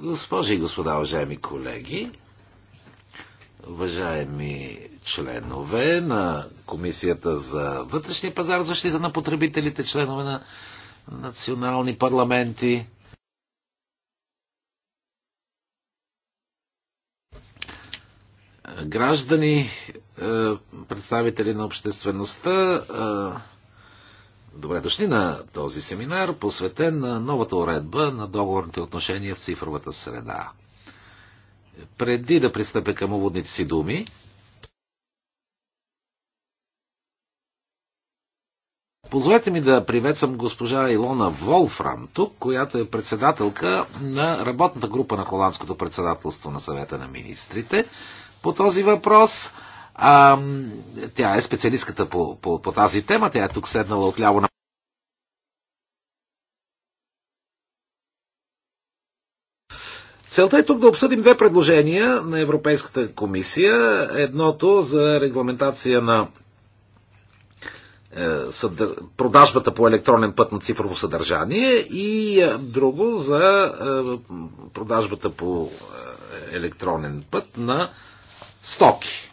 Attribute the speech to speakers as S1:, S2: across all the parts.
S1: Госпожи и господа, уважаеми колеги, уважаеми членове на Комисията за вътрешния пазар, защита на потребителите, членове на национални парламенти, граждани, е, представители на обществеността, е, Добре дошли на този семинар, посветен на новата уредба на договорните отношения в цифровата среда. Преди да пристъпя към уводните си думи, Позволете ми да приветствам госпожа Илона Волфрам тук, която е председателка на работната група на Холандското председателство на съвета на министрите по този въпрос. А, тя е специалистката по, по, по тази тема. Тя е тук седнала отляво на Целта е тук да обсъдим две предложения на Европейската комисия. Едното за регламентация на е, продажбата по електронен път на цифрово съдържание и е, друго за е, продажбата по електронен път на стоки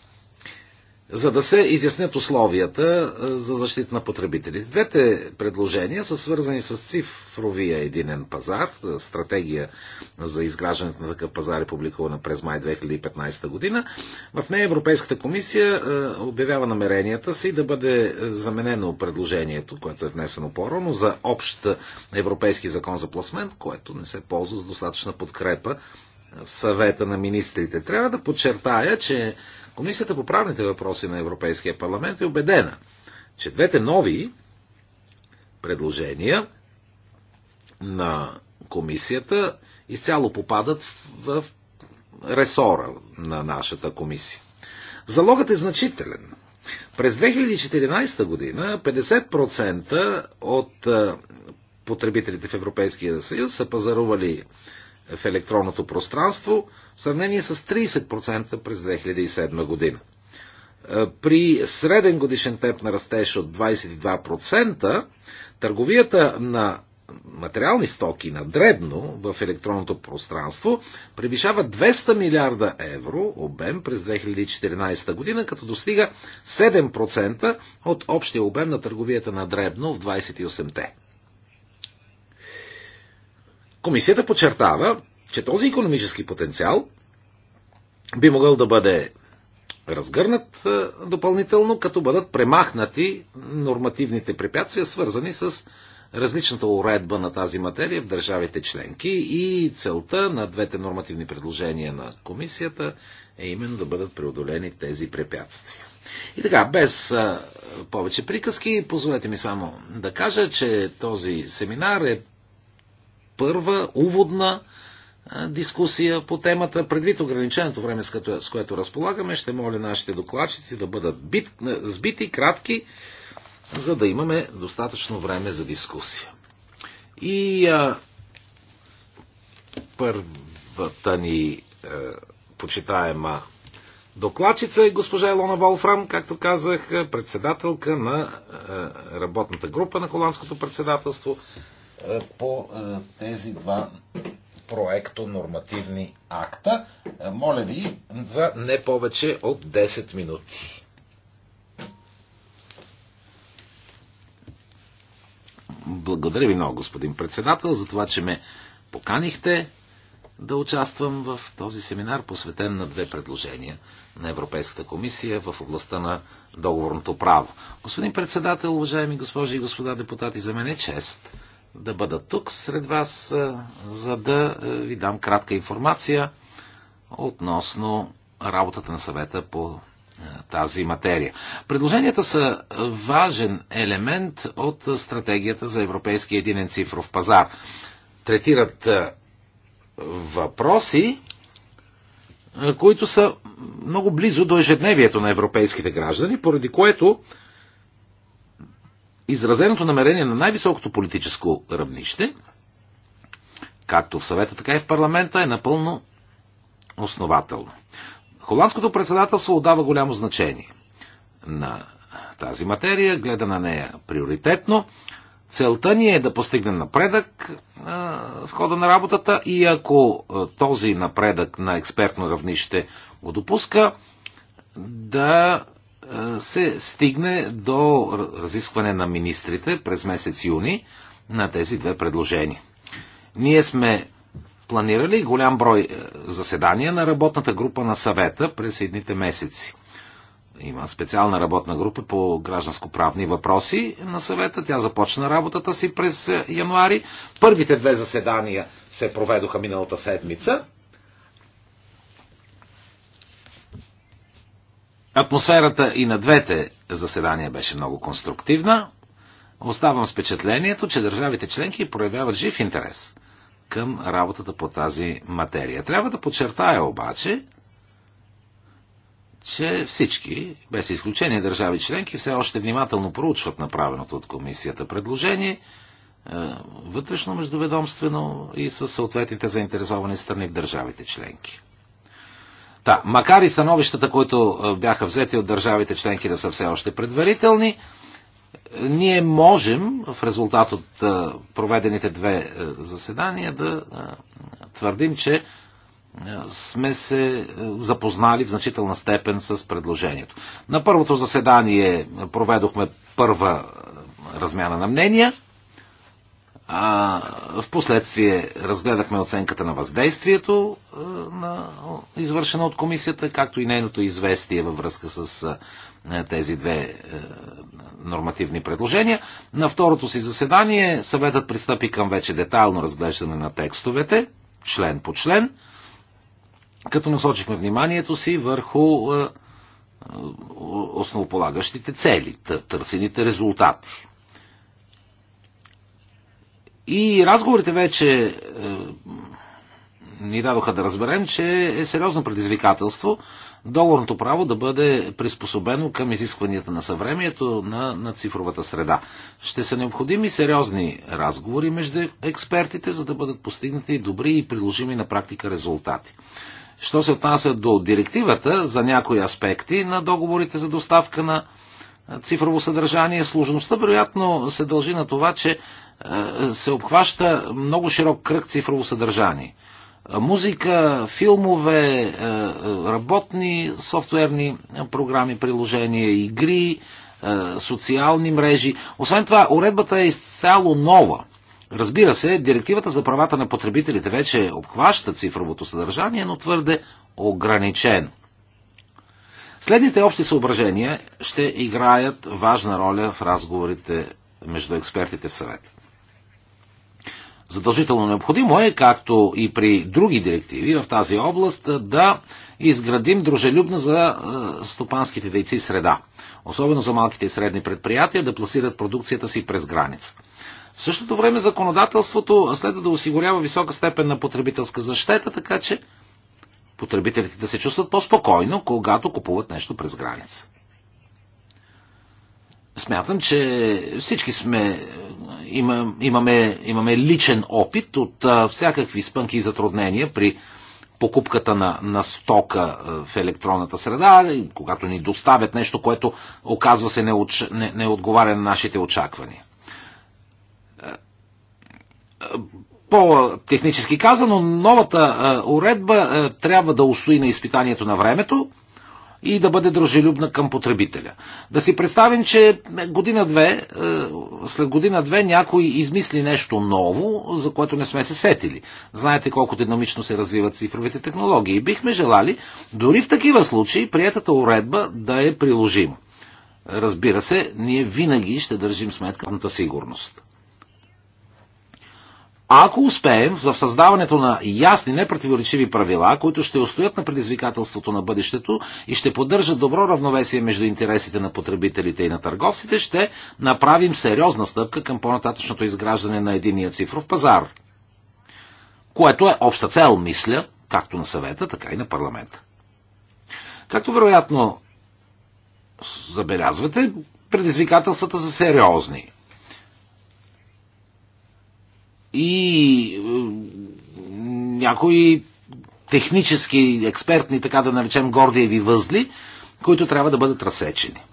S1: за да се изяснят условията е, за защита на потребителите. Двете предложения са свързани с цифровия единен пазар, е, стратегия за изграждането на такъв пазар е публикувана през май 2015 година. В нея Европейската комисия е, обявява намеренията си да бъде заменено предложението, което е внесено по-рано, за общ европейски закон за пласмент, което не се ползва с достатъчна подкрепа в съвета на министрите. Трябва да подчертая, че Комисията по правните въпроси на Европейския парламент е убедена, че двете нови предложения на комисията изцяло попадат в, в ресора на нашата комисия. Залогът е значителен. През 2014 година 50% от потребителите в Европейския съюз са пазарували в електронното пространство в сравнение с 30% през 2007 година. Е, при среден годишен темп на растеж от 22%, търговията на материални стоки на дребно в електронното пространство превишава 200 милиарда евро обем през 2014 година, като достига 7% от общия обем на търговията на дребно в 28-те. Комисията подчертава, че този економически потенциал би могъл да бъде разгърнат е, допълнително, като бъдат премахнати нормативните препятствия, свързани с различната уредба на тази материя в държавите членки и целта на двете нормативни предложения на комисията е именно да бъдат преодолени тези препятствия. И така, без е, повече приказки, позволете ми само да кажа, че този семинар е първа, уводна дискусия по темата. Предвид ограниченото време, с което разполагаме, ще моля нашите докладчици да бъдат бит, сбити, кратки, за да имаме достатъчно време за дискусия. И а, първата ни а, почитаема докладчица е госпожа Елона Волфрам, както казах, председателка на а, работната група на холандското председателство е, по е, тези два проекто нормативни акта. Е, моля ви за не повече от 10 минути. Благодаря ви много, господин председател, за това, че ме поканихте да участвам в този семинар, посветен на две предложения на Европейската комисия в областта на договорното право. Господин председател, уважаеми госпожи и господа депутати, за мен е чест да бъда тук сред вас, е, за да е, ви дам кратка информация относно работата на съвета по е, тази материя. Предложенията са важен елемент от стратегията за европейски единен цифров пазар. Третират въпроси, които са много близо до ежедневието на европейските граждани, поради което изразеното намерение на най-високото политическо равнище, както в съвета, така и в парламента, е напълно основателно. Холандското председателство отдава голямо значение на тази материя, гледа на нея приоритетно. Целта ни е да постигнем напредък в хода на работата и ако този напредък на експертно равнище го допуска, да се стигне до разискване на министрите през месец юни на тези две предложения. Ние сме планирали голям брой заседания на работната група на съвета през едните месеци. Има специална работна група по гражданско-правни въпроси на съвета. Тя започна работата си през януари. Първите две заседания се проведоха миналата седмица Атмосферата и на двете заседания беше много конструктивна. Оставам с впечатлението, че държавите членки проявяват жив интерес към работата по тази материя. Трябва да подчертая обаче, че всички, без изключение държави членки, все още внимателно проучват направеното от комисията предложение, е, вътрешно, междуведомствено и със съответните заинтересовани страни в държавите членки. Та, макар и становищата, които е, бяха взети от държавите членки да са все още предварителни, ние можем в резултат от е, проведените две е, заседания да твърдим, че сме се запознали в значителна степен с предложението. На първото заседание проведохме първа размяна на мнения а, в последствие разгледахме оценката на въздействието, е, на, извършена от комисията, както и нейното известие във връзка с е, тези две е, нормативни предложения. На второто си заседание съветът пристъпи към вече детайлно разглеждане на текстовете, член по член, като насочихме вниманието си върху основополагащите цели, търсените резултати. И разговорите вече е, ни дадоха да разберем, че е сериозно предизвикателство договорното право да бъде приспособено към изискванията на съвремието на, на цифровата среда. Ще са необходими сериозни разговори между експертите, за да бъдат постигнати добри и приложими на практика резултати. Що се отнася до директивата за някои аспекти на договорите за доставка на цифрово съдържание, сложността вероятно се дължи на това, че е, се обхваща много широк кръг цифрово съдържание. Е, музика, филмове, е, работни софтуерни програми, приложения, игри, социални мрежи. Освен това, уредбата е изцяло нова. Разбира се, директивата за правата на потребителите вече обхваща цифровото съдържание, но твърде ограничено. Следните общи съображения ще играят важна роля в разговорите между експертите в съвета. Задължително необходимо е, както и при други директиви в тази област, да изградим дружелюбна за е, стопанските дейци среда. Особено за малките и средни предприятия да пласират продукцията си през граница. В същото време законодателството следва да осигурява висока степен на потребителска защита, така че потребителите да се чувстват по-спокойно, когато купуват нещо през граница смятам, че всички сме, е, има, имаме, имаме личен опит от а, е, всякакви спънки и затруднения при покупката на, на стока е, в електронната среда, когато ни доставят нещо, което оказва се не, уч, не, не отговаря на нашите очаквания. По-технически казано, новата уредба трябва да устои на изпитанието на времето, и да бъде дружелюбна към потребителя. Да си представим, че година-две, е, след година-две някой измисли нещо ново, за което не сме се сетили. Знаете колко динамично се развиват цифровите технологии. И бихме желали, дори в такива случаи, приятата уредба да е приложима. Разбира се, ние винаги ще държим сметка на сигурност. Ако успеем в създаването на ясни, непротиворечиви правила, които ще устоят на предизвикателството на бъдещето и ще поддържат добро равновесие между интересите на потребителите и на търговците, ще направим сериозна стъпка към по-нататъчното изграждане на единия цифров пазар. Което е обща цел, мисля, както на съвета, така и на парламента. Както вероятно забелязвате, предизвикателствата са сериозни и някои технически, експертни, така да наречем, гордиеви възли, които трябва да бъдат разсечени.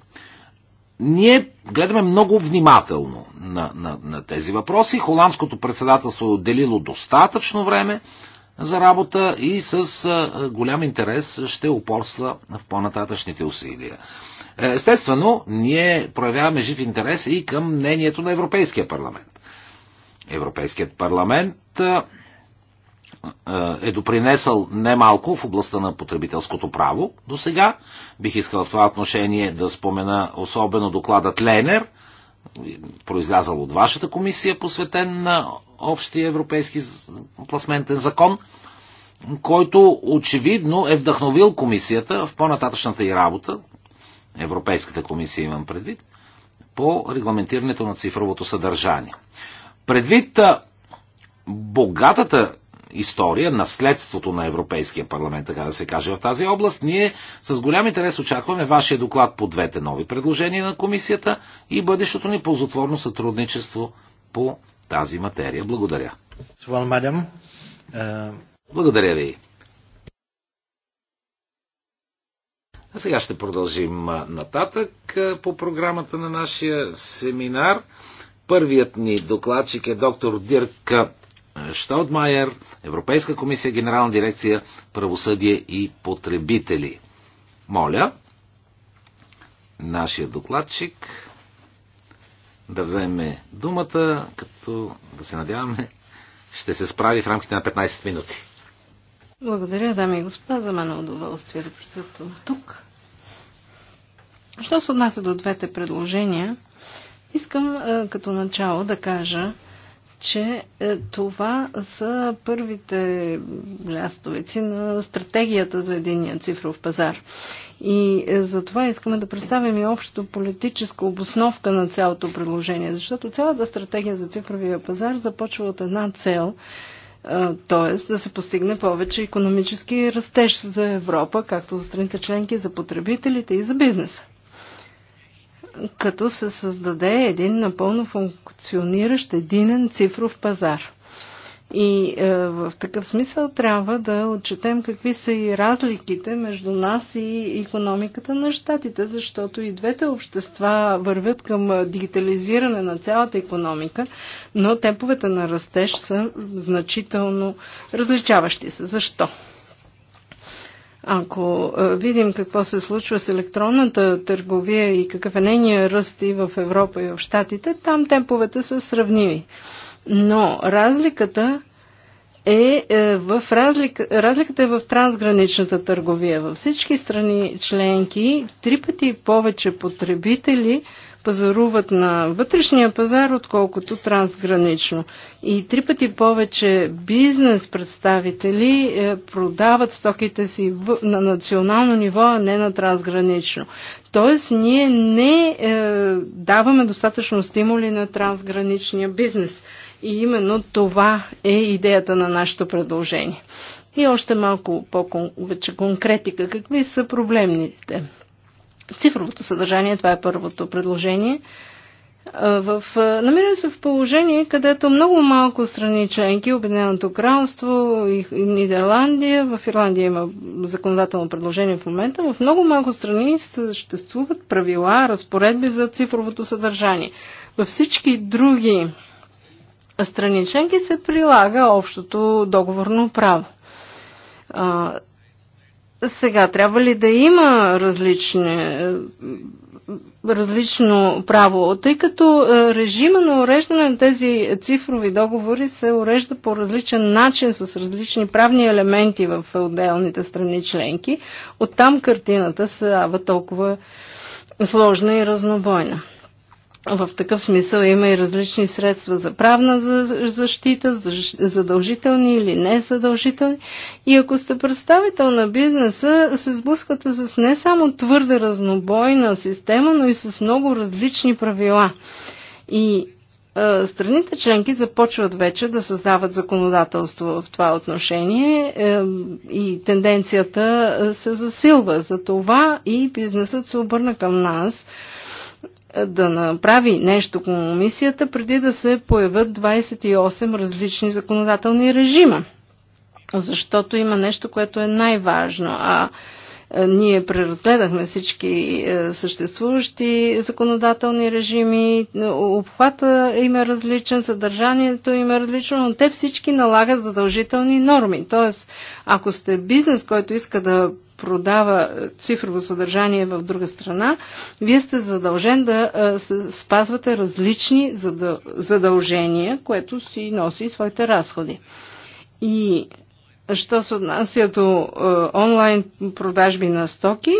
S1: Ние гледаме много внимателно на, на, на тези въпроси. Холандското председателство е отделило достатъчно време за работа и с а, голям интерес ще упорства в по-нататъчните усилия. Естествено, ние проявяваме жив интерес и към мнението на Европейския парламент. Европейският парламент е допринесъл немалко в областта на потребителското право до сега. Бих искал в това отношение да спомена особено докладът Ленер, произлязал от вашата комисия, посветен на общия европейски пласментен закон, който очевидно е вдъхновил комисията в по-нататъчната и работа, Европейската комисия имам предвид, по регламентирането на цифровото съдържание. Предвид богатата история, наследството на Европейския парламент, така да се каже, в тази област, ние с голям интерес очакваме вашия доклад по двете нови предложения на комисията и бъдещото ни ползотворно сътрудничество по тази материя. Благодаря. Well, uh... Благодаря ви. А сега ще продължим нататък по програмата на нашия семинар. Първият ни докладчик е доктор Дирк Штаудмайер, Европейска комисия, Генерална дирекция Правосъдие и потребители. Моля, нашия докладчик да вземе думата, като да се надяваме ще се справи в рамките на 15 минути.
S2: Благодаря, дами и господа, за мен е удоволствие да присъствам тук. Що се отнася до двете предложения, Искам е, като начало да кажа, че е, това са първите лястовици на стратегията за единия цифров пазар. И е, за това искаме да представим и общото политическа обосновка на цялото предложение, защото цялата стратегия за цифровия пазар започва от една цел, т.е. да се постигне повече економически растеж за Европа, както за страните членки, за потребителите и за бизнеса като се създаде един напълно функциониращ единен цифров пазар. И е, в такъв смисъл трябва да отчетем какви са и разликите между нас и економиката на щатите, защото и двете общества вървят към дигитализиране на цялата економика, но темповете на растеж са значително различаващи се. Защо? Ако е, видим какво се случва с електронната търговия и какъв е нейният ръст и в Европа и в Штатите, там темповете са сравними. Но разликата е, е в разлика, разликата е в трансграничната търговия. Във всички страни членки три пъти повече потребители пазаруват на вътрешния пазар, отколкото трансгранично. И три пъти повече бизнес представители е, продават стоките си на национално ниво, а не на трансгранично. Тоест, ние не е, даваме достатъчно стимули на трансграничния бизнес. И именно това е идеята на нашето предложение. И още малко по-конкретика. Какви са проблемните? цифровото съдържание, това е първото предложение. В, намирам се в положение, където много малко страни членки, Обединеното кралство и Нидерландия, в Ирландия има законодателно предложение в момента, в много малко страни съществуват правила, разпоредби за цифровото съдържание. Във всички други страни членки се прилага общото договорно право. Сега, трябва ли да има различни, различно право, тъй като е, режима на уреждане на тези цифрови договори се урежда по различен начин, с различни правни елементи в отделните страни членки. Оттам картината става толкова сложна и разнобойна. В такъв смисъл има и различни средства за правна защита, задължителни или незадължителни. И ако сте представител на бизнеса, се сблъсквате с не само твърде разнобойна система, но и с много различни правила. И е, страните членки започват вече да създават законодателство в това отношение е, и тенденцията е, се засилва. За това и бизнесът се обърна към нас – е, да направи нещо комисията, преди да се появят 28 различни законодателни режима. Защото има нещо, което е най-важно. А е, ние преразгледахме всички е, съществуващи законодателни режими, обхвата им е различен, съдържанието им е различно, но те всички налагат задължителни норми. Тоест, ако сте бизнес, който иска да продава е, цифрово съдържание в друга страна, вие сте задължен да е, спазвате различни задължения, което си носи своите разходи. И Що се отнася до е, онлайн продажби на стоки,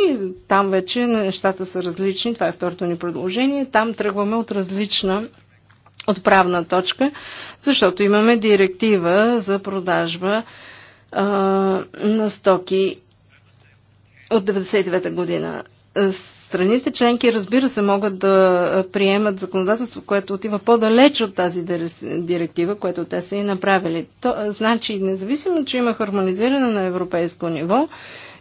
S2: там вече нещата са различни. Това е второто ни предложение. Там тръгваме от различна отправна точка, защото имаме директива за продажба на стоки от 99-та година. Е, страните членки, разбира се, могат да приемат законодателство, което отива по-далеч от тази директива, което те са и направили. То, значи, независимо, че има хармонизиране на европейско ниво,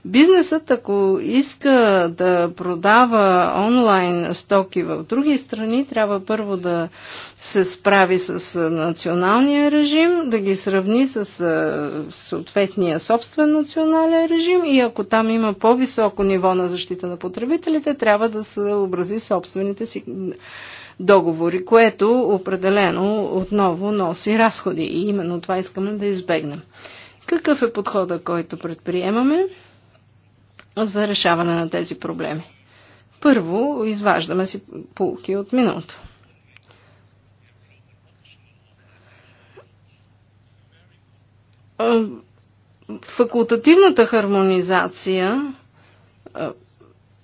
S2: Бизнесът, ако иска да продава онлайн стоки в други страни, трябва първо да се справи с националния режим, да ги сравни с съответния собствен национален режим и ако там има по-високо ниво на защита на потребителите, трябва да се образи собствените си договори, което определено отново носи разходи и именно това искаме да избегнем. Какъв е подхода, който предприемаме? за решаване на тези проблеми. Първо, изваждаме си полки от миналото. Факултативната хармонизация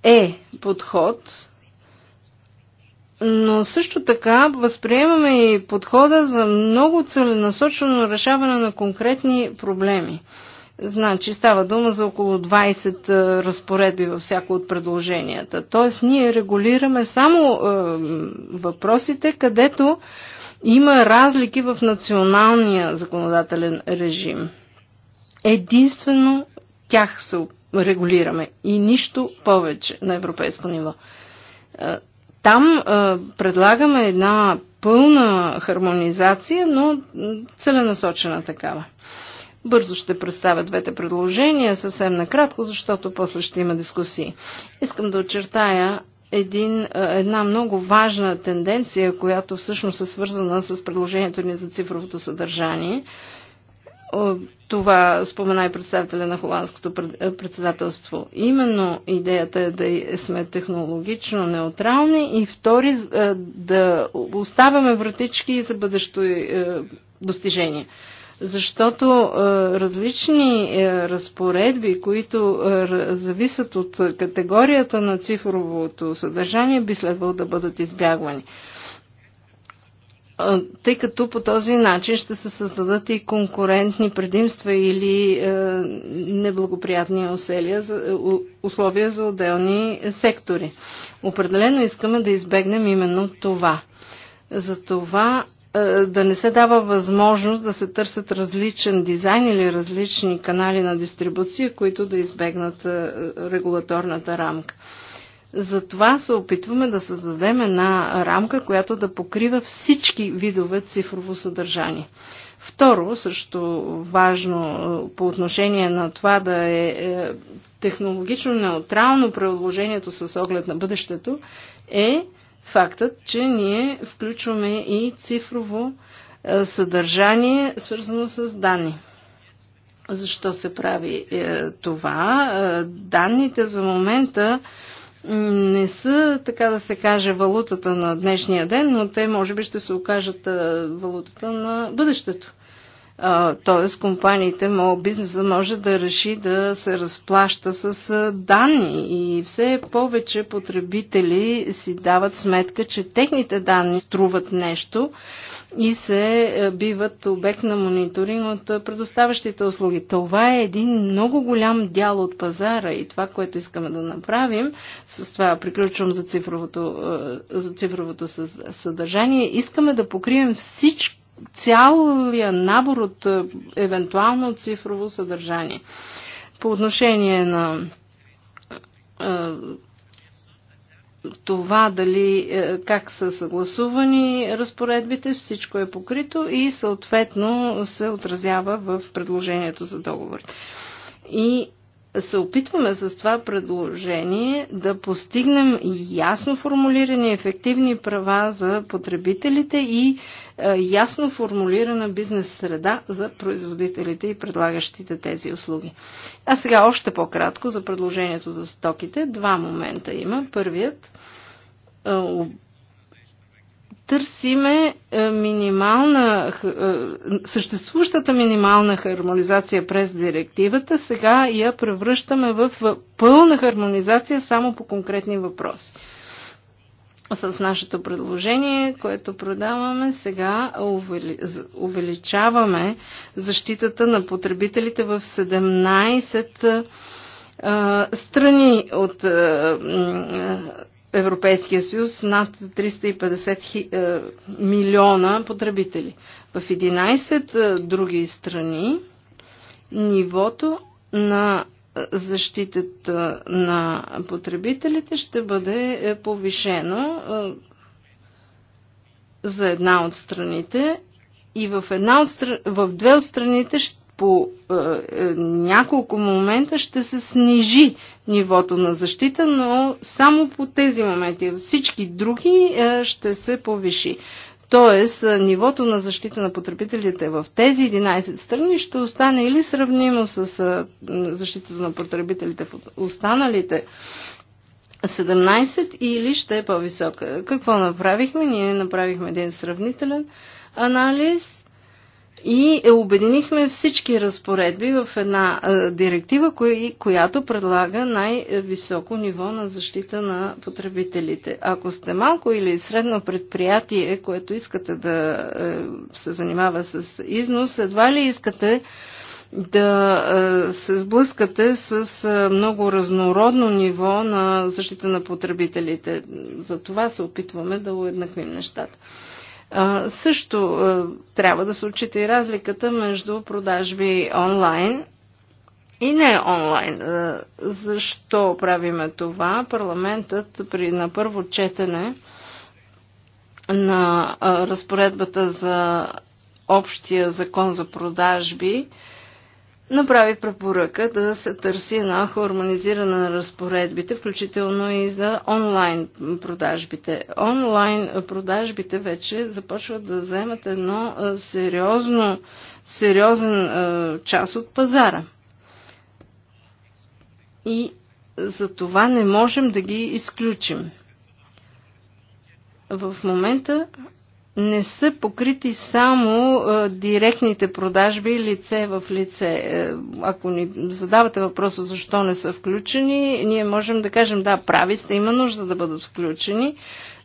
S2: е подход, но също така възприемаме и подхода за много целенасочено решаване на конкретни проблеми. Значи става дума за около 20 е, разпоредби във всяко от предложенията. Тоест ние регулираме само е, въпросите, където има разлики в националния законодателен режим. Единствено тях се регулираме и нищо повече на европейско ниво. Е, там е, предлагаме една пълна хармонизация, но целенасочена такава. Бързо ще представя двете предложения, съвсем накратко, защото после ще има дискусии. Искам да очертая един, една много важна тенденция, която всъщност е свързана с предложението ни за цифровото съдържание. Това спомена и представителя на холандското председателство. Именно идеята е да сме технологично неутрални и втори да оставяме вратички за бъдещо е, достижение защото е, различни е, разпоредби, които е, зависят от категорията на цифровото съдържание, би следвало да бъдат избягвани тъй като по този начин ще се създадат и конкурентни предимства или е, неблагоприятни оселия за, условия за отделни сектори. Определено искаме да избегнем именно това. Затова е, да не се дава възможност да се търсят различен дизайн или различни канали на дистрибуция, които да избегнат е, регулаторната рамка. Затова се опитваме да създадем една рамка, която да покрива всички видове цифрово съдържание. Второ, също важно е, по отношение на това да е технологично неутрално приложението с оглед на бъдещето, е фактът, че ние включваме и цифрово е, съдържание, свързано с данни. Защо се прави е, това? Е, данните за момента не са, така да се каже, валутата на днешния ден, но те може би ще се окажат валутата на бъдещето. Т.е. компаниите, бизнеса може да реши да се разплаща с данни и все повече потребители си дават сметка, че техните данни струват нещо и се биват обект на мониторинг от предоставящите услуги. Това е един много голям дял от пазара и това, което искаме да направим, с това приключвам за цифровото, за цифровото съдържание, искаме да покрием всички цялия набор от е, евентуално цифрово съдържание. По отношение на е, това дали е, как са съгласувани разпоредбите, всичко е покрито и съответно се отразява в предложението за договор. И се опитваме с това предложение да постигнем ясно формулирани ефективни права за потребителите и е, ясно формулирана бизнес среда за производителите и предлагащите тези услуги. А сега още по-кратко за предложението за стоките. Два момента има. Първият е, търсиме е, минимална, е, съществуващата минимална хармонизация през директивата, сега я превръщаме в е, пълна хармонизация само по конкретни въпроси. С нашето предложение, което продаваме, сега увеличаваме защитата на потребителите в 17 страни от Европейския съюз над 350 хи, е, милиона потребители. В 11 е, други страни нивото на е, защитата на потребителите ще бъде е, повишено е, за една от страните и в, една от, в две от страните ще по е, е, няколко момента ще се снижи нивото на защита, но само по тези моменти. Всички други е, ще се повиши. Тоест, е, нивото на защита на потребителите в тези 11 страни ще остане или сравнимо с е, защитата на потребителите в останалите 17 или ще е по-висока. Какво направихме? Ние направихме един сравнителен анализ и е, обединихме всички разпоредби в една е, директива, която предлага най-високо ниво на защита на потребителите. Ако сте малко или средно предприятие, което искате да е, се занимава с износ, едва ли искате да се сблъскате с много разнородно ниво на защита на потребителите. За това се опитваме да уеднаквим нещата. А, също а, трябва да се отчита и разликата между продажби онлайн и не онлайн. А, защо правиме това? Парламентът при, на първо четене на разпоредбата за общия закон за продажби а, направи препоръка да се търси една хармонизирана на разпоредбите, включително и за онлайн продажбите. Онлайн продажбите вече започват да вземат едно сериозно, сериозен част от пазара. И за това не можем да ги изключим. В момента не са покрити само а, директните продажби лице в лице. Е, ако ни задавате въпроса защо не са включени, ние можем да кажем да, прави сте, има нужда да бъдат включени,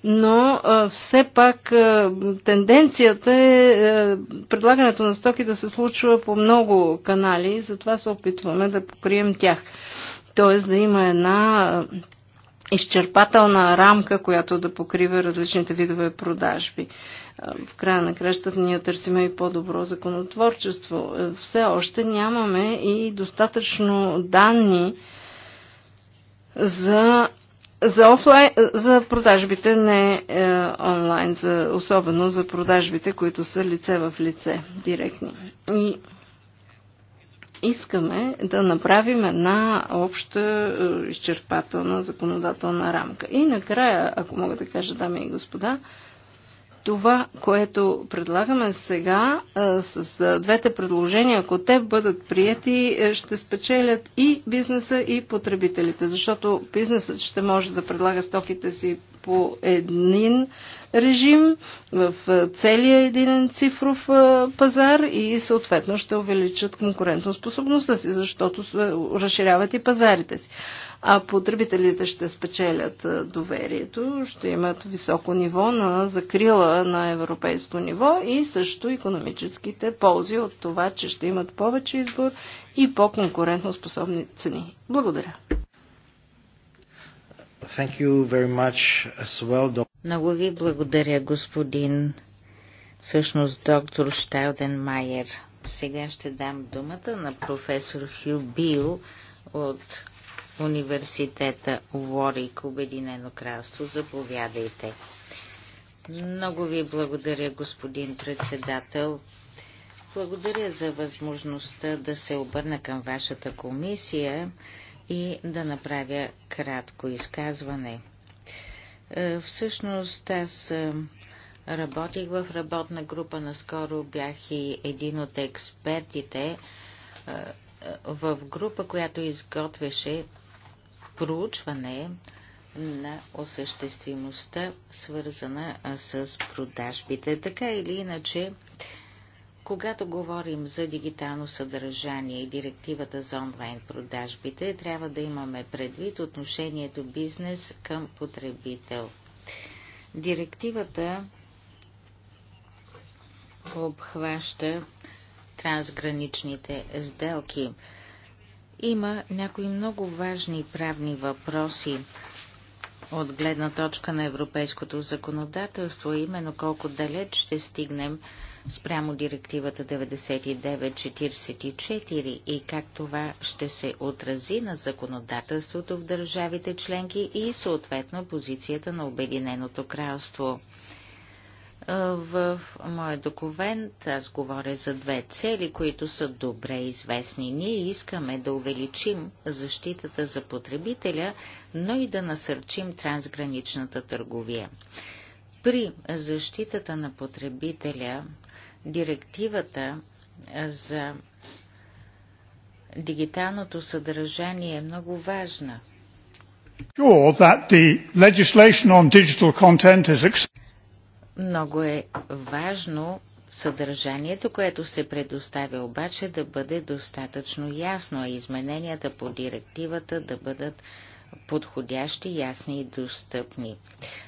S2: но а, все пак а, тенденцията е а, е, предлагането на стоки да се случва по много канали, и затова се опитваме да покрием тях. Тоест да има една изчерпателна рамка, която да покрива различните видове продажби в края на кращата ние търсиме и по-добро законотворчество. Е, все още нямаме и достатъчно данни за, за, офлайн, за продажбите, не е, онлайн, за, особено за продажбите, които са лице в лице, директни. И искаме да направим една обща е, изчерпателна законодателна рамка. И накрая, ако мога да кажа, дами и господа, това, което предлагаме сега с двете предложения, ако те бъдат прияти, е, ще спечелят и бизнеса, и потребителите, защото бизнесът ще може да предлага стоките си по един режим в целия един цифров пазар и съответно ще увеличат конкурентоспособността си, защото разширяват и пазарите си. А потребителите ще спечелят доверието, ще имат високо ниво на закрила на европейско ниво и също економическите ползи от това, че ще имат повече избор и по-конкурентно способни цени. Благодаря.
S1: Thank you very much as well,
S2: Много ви
S3: благодаря, господин, всъщност доктор Штайлден Майер. Сега ще дам думата на професор Хю Бил от университета Уорик, Обединено кралство. Заповядайте. Много ви благодаря, господин председател. Благодаря за възможността да се обърна към вашата комисия и да направя кратко изказване. Е, всъщност аз е, работих в работна група, наскоро бях и един от експертите е, в група, която изготвяше проучване на осъществимостта, свързана с продажбите. Така или иначе, когато говорим за дигитално съдържание и директивата за онлайн продажбите, трябва да имаме предвид отношението бизнес към потребител. Директивата обхваща трансграничните сделки. Има някои много важни правни въпроси от гледна точка на европейското законодателство, именно колко далеч ще стигнем спрямо директивата 9944 и как това ще се отрази на законодателството в държавите членки и съответно позицията на Обединеното кралство. В моя документ аз говоря за две цели, които са добре известни. Ние искаме да увеличим защитата за потребителя, но и да насърчим трансграничната търговия. При защитата на потребителя, директивата за дигиталното съдържание е много важна. Много е важно съдържанието, което се предоставя обаче да бъде достатъчно ясно, а измененията по директивата да бъдат подходящи, ясни и достъпни.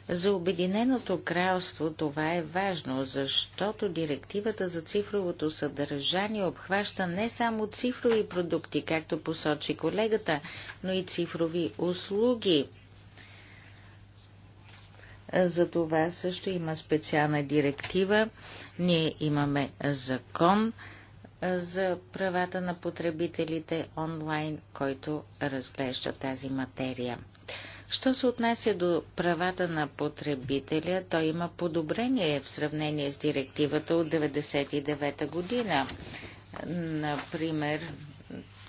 S3: За Обединеното кралство това е важно, защото директивата за цифровото съдържание обхваща не само цифрови продукти, както посочи колегата, но и цифрови услуги. За това също има специална директива. Ние имаме закон, за правата на потребителите онлайн, който разглежда тази материя. Що се отнася до правата на потребителя, той има подобрение в сравнение с директивата от 1999 година. Например,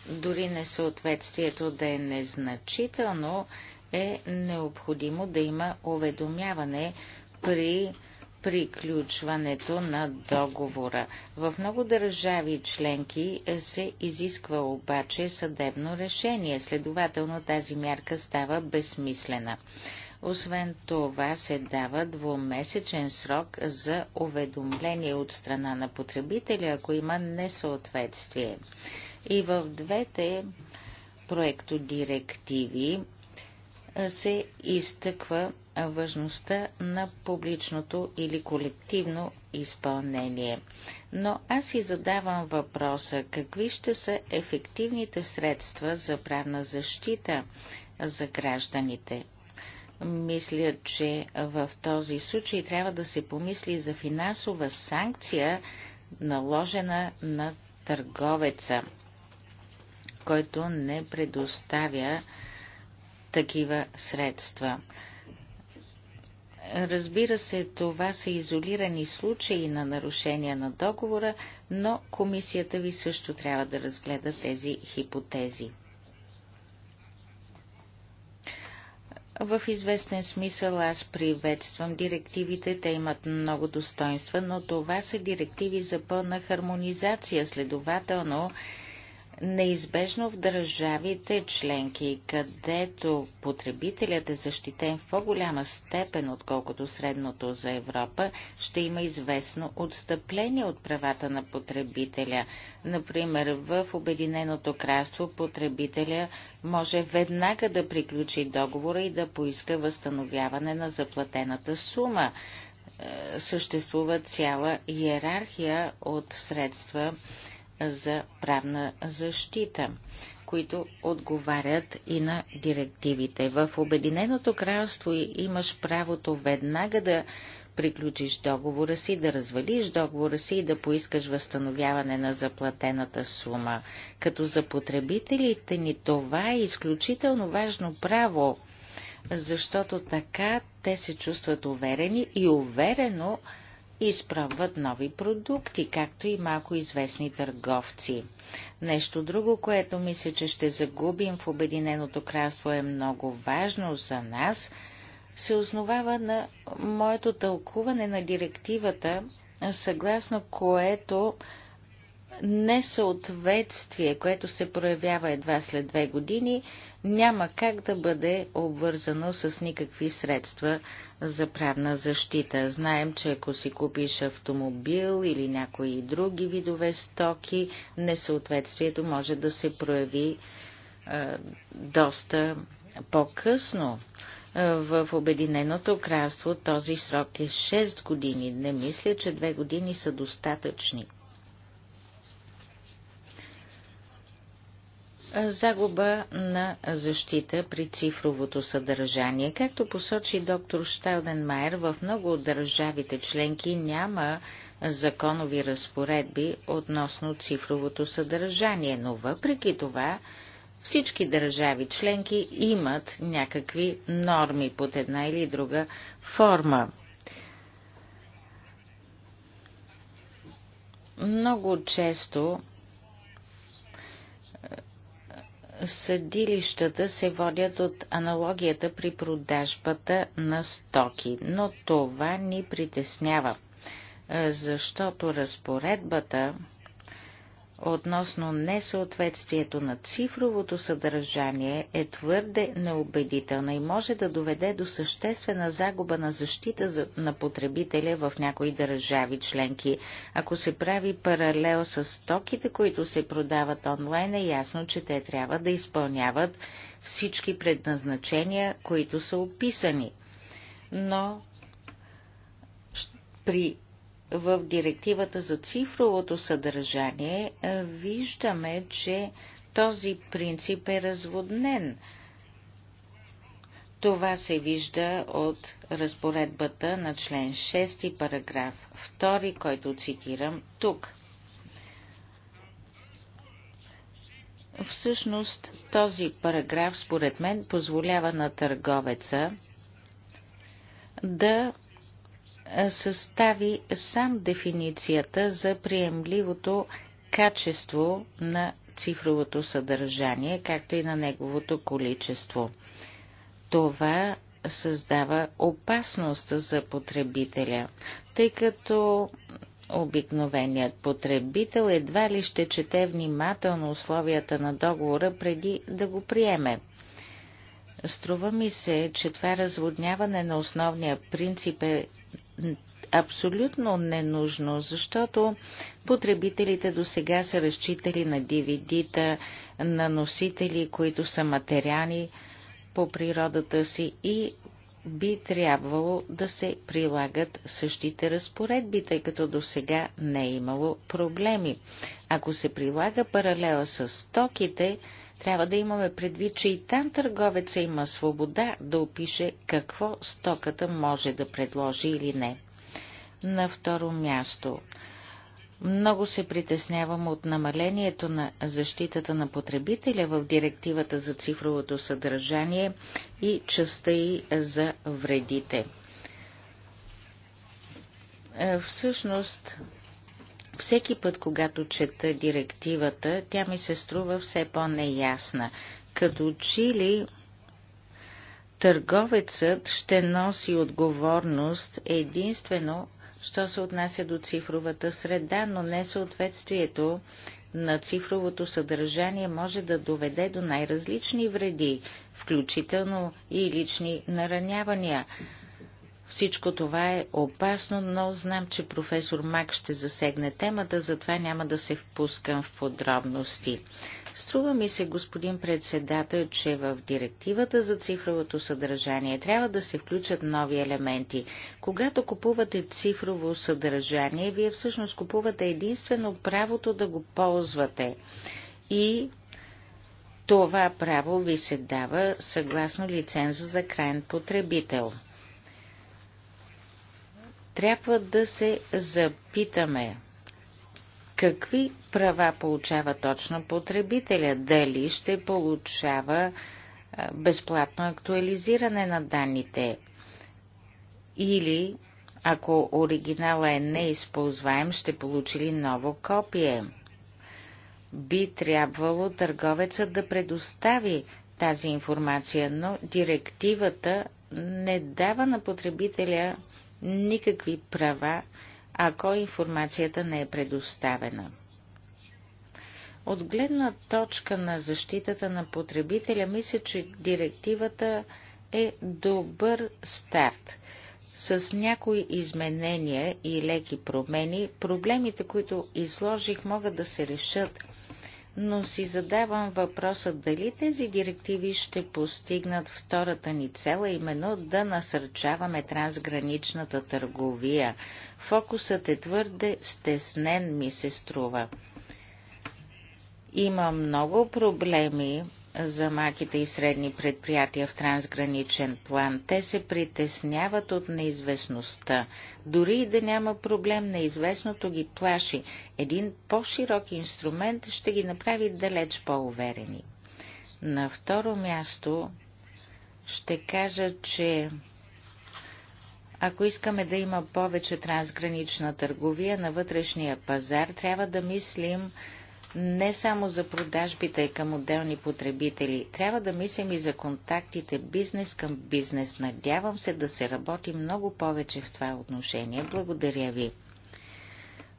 S3: дори несъответствието да е незначително, е необходимо да има уведомяване при приключването на договора. В много държави членки се изисква обаче съдебно решение, следователно тази мярка става безсмислена. Освен това се дава двумесечен срок за уведомление от страна на потребителя, ако има несъответствие. И в двете проектодирективи се изтъква важността на публичното или колективно изпълнение. Но аз си задавам въпроса, какви ще са ефективните средства за правна защита за гражданите? Мисля, че в този случай трябва да се помисли за финансова санкция, наложена на търговеца, който не предоставя такива средства. Разбира се, това са изолирани случаи на нарушения на договора, но комисията ви също трябва да разгледа тези хипотези. В известен смисъл аз приветствам директивите, те имат много достоинства, но това са директиви за пълна хармонизация, следователно неизбежно в държавите членки, където потребителят е защитен в по-голяма степен, отколкото средното за Европа, ще има известно отстъпление от правата на потребителя. Например, в Обединеното кралство потребителя може веднага да приключи договора и да поиска възстановяване на заплатената сума. Е, съществува цяла иерархия от средства, за правна защита, които отговарят и на директивите. В Обединеното кралство имаш правото веднага да приключиш договора си, да развалиш договора си и да поискаш възстановяване на заплатената сума. Като за потребителите ни това е изключително важно право, защото така те се чувстват уверени и уверено изпробват нови продукти, както и малко известни търговци. Нещо друго, което мисля, че ще загубим в Обединеното кралство е много важно за нас, се основава на моето тълкуване на директивата, съгласно което несъответствие, което се проявява едва след две години, няма как да бъде обвързано с никакви средства за правна защита. Знаем, че ако си купиш автомобил или някои други видове стоки, несъответствието може да се прояви е, доста по-късно. Е, в Обединеното кралство този срок е 6 години. Не мисля, че 2 години са достатъчни. загуба на защита при цифровото съдържание. Както посочи доктор Штелденмайер, в много от държавите членки няма законови разпоредби относно цифровото съдържание, но въпреки това всички държави членки имат някакви норми под една или друга форма. Много често съдилищата се водят от аналогията при продажбата на стоки, но това ни притеснява, защото разпоредбата относно несъответствието на цифровото съдържание е твърде неубедителна и може да доведе до съществена загуба на защита на потребителя в някои държави членки. Ако се прави паралел с стоките, които се продават онлайн, е ясно, че те трябва да изпълняват всички предназначения, които са описани. Но при в директивата за цифровото съдържание е, виждаме, че този принцип е разводнен. Това се вижда от разпоредбата на член 6, параграф 2, който цитирам тук. Всъщност този параграф, според мен, позволява на търговеца да е, състави сам дефиницията за приемливото качество на цифровото съдържание, както и на неговото количество. Това създава опасност за потребителя, тъй като обикновеният потребител едва ли ще чете внимателно условията на договора преди да го приеме. Струва ми се, че това разводняване на основния принцип е абсолютно ненужно, защото потребителите до сега са разчитали на DVD-та, на носители, които са материани по природата си и би трябвало да се прилагат същите разпоредби, тъй като до сега не е имало проблеми. Ако се прилага паралела с токите, трябва да имаме предвид, че и там търговеца има свобода да опише какво стоката може да предложи или не. На второ място. Много се притеснявам от намалението на защитата на потребителя в директивата за цифровото съдържание и частта и за вредите. Е, всъщност, всеки път, когато чета директивата, тя ми се струва все по-неясна. Като чили търговецът ще носи отговорност единствено, що се отнася до цифровата среда, но не съответствието на цифровото съдържание може да доведе до най-различни вреди, включително и лични наранявания. Всичко това е опасно, но знам, че професор Мак ще засегне темата, затова няма да се впускам в подробности. Струва ми се, господин председател, че в директивата за цифровото съдържание трябва да се включат нови елементи. Когато купувате цифрово съдържание, вие всъщност купувате единствено правото да го ползвате. И това право ви се дава съгласно лиценза за крайен потребител трябва да се запитаме какви права получава точно потребителя, дали ще получава безплатно актуализиране на данните или ако оригинала е неизползваем, ще получи ли ново копие. Би трябвало търговецът да предостави тази информация, но директивата не дава на потребителя никакви права, ако информацията не е предоставена. От гледна точка на защитата на потребителя, мисля, че директивата е добър старт. С някои изменения и леки промени, проблемите, които изложих, могат да се решат но си задавам въпроса дали тези директиви ще постигнат втората ни цела, именно да насърчаваме трансграничната търговия. Фокусът е твърде стеснен, ми се струва. Има много проблеми за малките и средни предприятия в трансграничен план. Те се притесняват от неизвестността. Дори и да няма проблем, неизвестното ги плаши. Един по-широк инструмент ще ги направи далеч по-уверени. На второ място ще кажа, че ако искаме да има повече трансгранична търговия на вътрешния пазар, трябва да мислим не само за продажбите към отделни потребители. Трябва да мислим и за контактите бизнес към бизнес. Надявам се да се работи много повече в това отношение. Благодаря ви.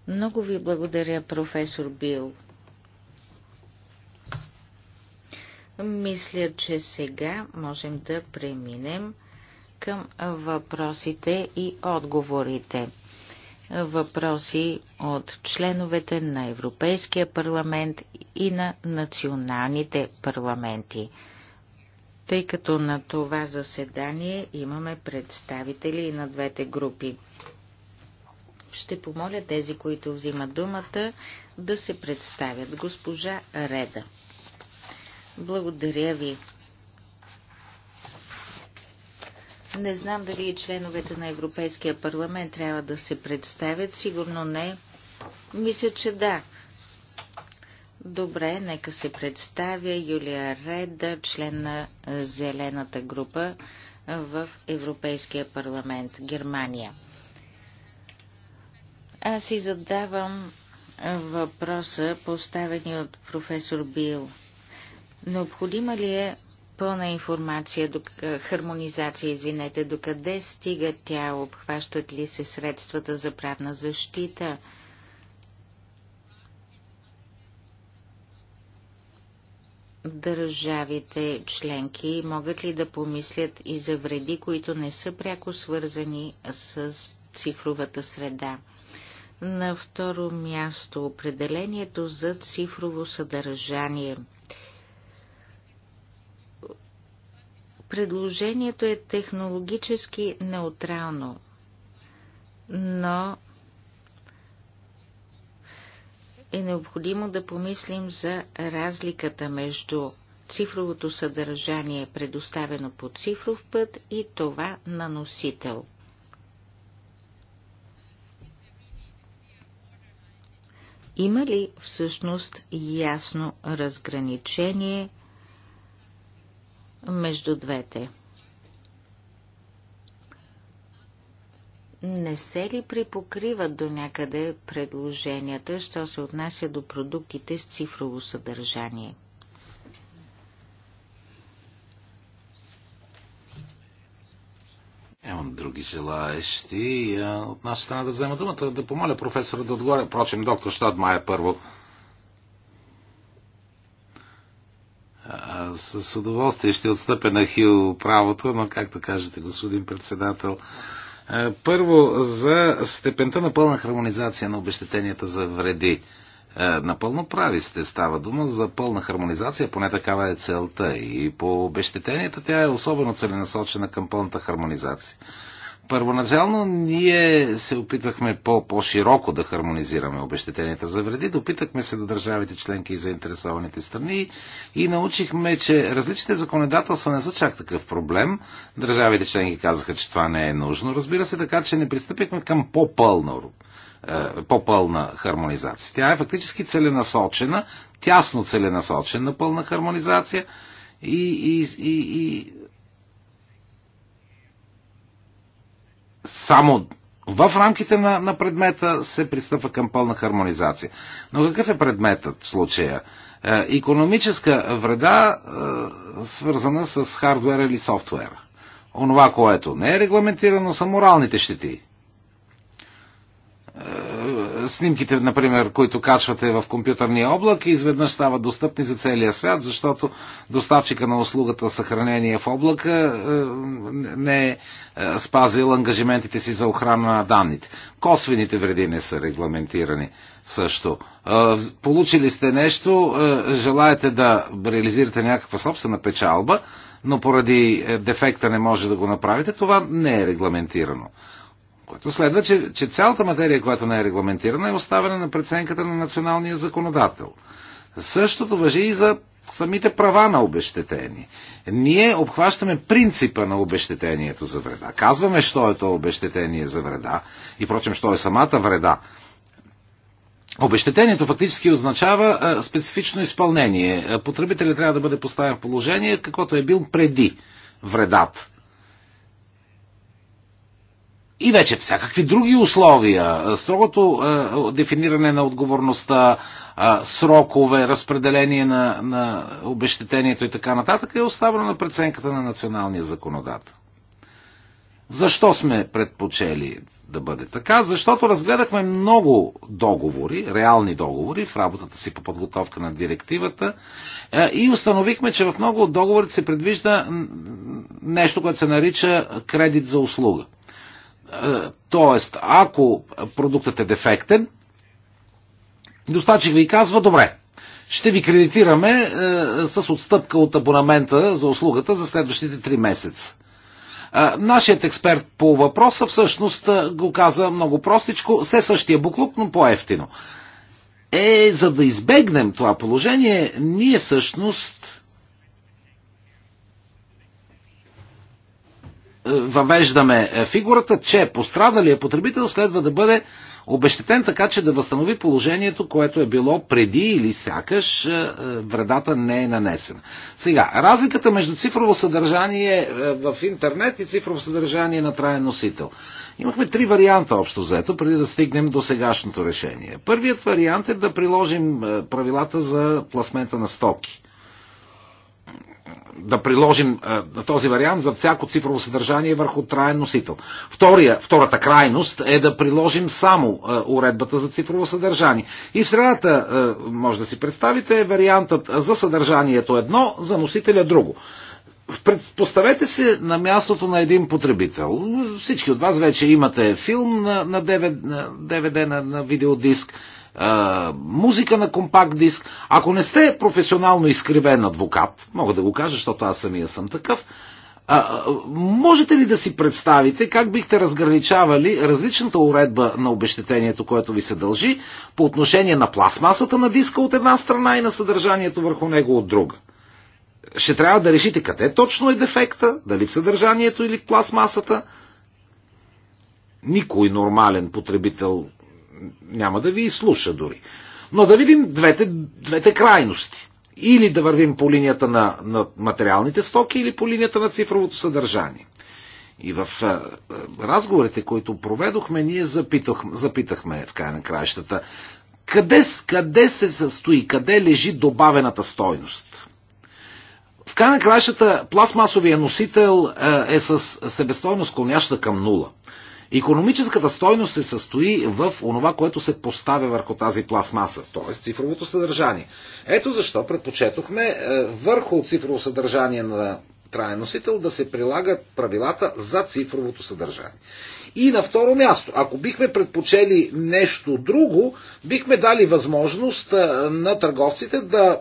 S3: Много ви благодаря, професор Бил. Мисля, че сега можем да преминем към въпросите и отговорите въпроси от членовете на Европейския парламент и на националните парламенти. Тъй като на това заседание имаме представители на двете групи. Ще помоля тези, които взимат думата, да се представят госпожа Реда. Благодаря ви, Не знам дали и членовете на Европейския парламент трябва да се представят. Сигурно не. Мисля, че да. Добре, нека се представя Юлия Реда, член на Зелената група в Европейския парламент, Германия. Аз си задавам въпроса, поставени от професор Бил. Необходима ли е пълна информация, докъ... хармонизация, извинете, докъде стига тя, обхващат ли се средствата за правна защита. Държавите членки могат ли да помислят и за вреди, които не са пряко свързани с цифровата среда? На второ място определението за цифрово съдържание – Предложението е технологически неутрално, но е необходимо да помислим за разликата между цифровото съдържание, предоставено по цифров път и това на носител. Има ли всъщност ясно разграничение – между двете. Не се ли припокриват до някъде предложенията, що се отнася до продуктите с цифрово съдържание?
S1: Нямам други желаещи. Е, от нас страна да взема думата, да помоля професора да отговоря. Впрочем, доктор е първо. А, с удоволствие ще отстъпя на Хил правото, но както кажете, господин председател, първо за степента на пълна хармонизация на обещетенията за вреди. Напълно прави сте, става дума за пълна хармонизация, поне такава е целта. И по обещетенията тя е особено целенасочена към пълната хармонизация. Първоначално ние се опитвахме по-широко -по да хармонизираме обещетенията за вреди, допитахме се до държавите членки и заинтересованите страни и научихме, че различните законодателства не са чак такъв проблем. Държавите членки казаха, че това не е нужно, разбира се, така че не пристъпихме към по-пълно е, по-пълна хармонизация. Тя е фактически целенасочена, тясно целенасочена пълна хармонизация и, и, и, и само в рамките на, на предмета се пристъпва към пълна хармонизация. Но какъв е предметът в случая? Е, економическа вреда, е, свързана с хардвера или софтуера. Онова, което не е регламентирано, са моралните щети. Е, снимките, например, които качвате в компютърния облак, изведнъж стават достъпни за целия свят, защото доставчика на услугата съхранение в облака е, не е, е спазил ангажиментите си за охрана на данните. Косвените вреди не са регламентирани също. Е, получили сте нещо, желаете да реализирате някаква собствена печалба, но поради дефекта не може да го направите, това не е регламентирано. Което следва, че, че цялата материя, която не е регламентирана, е оставена на преценката на националния законодател. Същото въжи и за самите права на обещетени. Ние обхващаме принципа на обещетението за вреда. Казваме, що е то обещетение за вреда и, впрочем, що е самата вреда. Обещетението фактически означава специфично изпълнение. Потребителят трябва да бъде поставен в положение, каквото е бил преди вредата. И вече всякакви други условия, строгото е, дефиниране на отговорността, е, срокове, разпределение на, на обещетението и така нататък е оставено на преценката на националния законодател. Защо сме предпочели да бъде така? Защото разгледахме много договори, реални договори в работата си по подготовка на директивата и установихме, че в много от договорите се предвижда нещо, което се нарича кредит за услуга – е, тоест, ако продуктът е дефектен, доставчик ви казва, добре, ще ви кредитираме е, с отстъпка от абонамента за услугата за следващите 3 месеца. Е, нашият експерт по въпроса всъщност е, го каза много простичко, все същия буклук, но по-ефтино. Е, за да избегнем това положение, ние всъщност въвеждаме е, фигурата, че е пострадалият потребител следва да бъде обещетен така, че да възстанови положението, което е било преди или сякаш е, вредата не е нанесена. Сега, разликата между цифрово съдържание в интернет и цифрово съдържание на траен носител. Имахме три варианта общо взето, преди да стигнем до сегашното решение. Първият вариант е да приложим правилата за пласмента на стоки да приложим е, а, този вариант за всяко цифрово съдържание върху траен носител. Втория, втората крайност е да приложим само а, е, уредбата за цифрово съдържание. И в средата, а, е, може да си представите, вариантът за съдържанието едно, за носителя друго. Поставете се на мястото на един потребител. Всички от вас вече имате филм на, на DVD, на, на видеодиск музика на компакт диск. Ако не сте професионално изкривен адвокат, мога да го кажа, защото аз самия съм такъв, а, можете ли да си представите как бихте разграничавали различната уредба на обещетението, което ви се дължи, по отношение на пластмасата на диска от една страна и на съдържанието върху него от друга? Ще трябва да решите къде точно е дефекта, дали в съдържанието или в пластмасата. Никой нормален потребител няма да ви слуша дори. Но да видим двете, двете крайности. Или да вървим по линията на, на материалните стоки, или по линията на цифровото съдържание. И в а, разговорите, които проведохме, ние запитах, запитахме в края на краищата, къде, къде се състои, къде лежи добавената стойност. В края на краищата пластмасовия носител е с себестойност клоняща към нула. Економическата стойност се състои в онова, което се поставя върху тази пластмаса, т.е. цифровото съдържание. Ето защо предпочетохме е, върху цифрово съдържание на траен носител да се прилагат правилата за цифровото съдържание. И на второ място, ако бихме предпочели нещо друго, бихме дали възможност е, на търговците да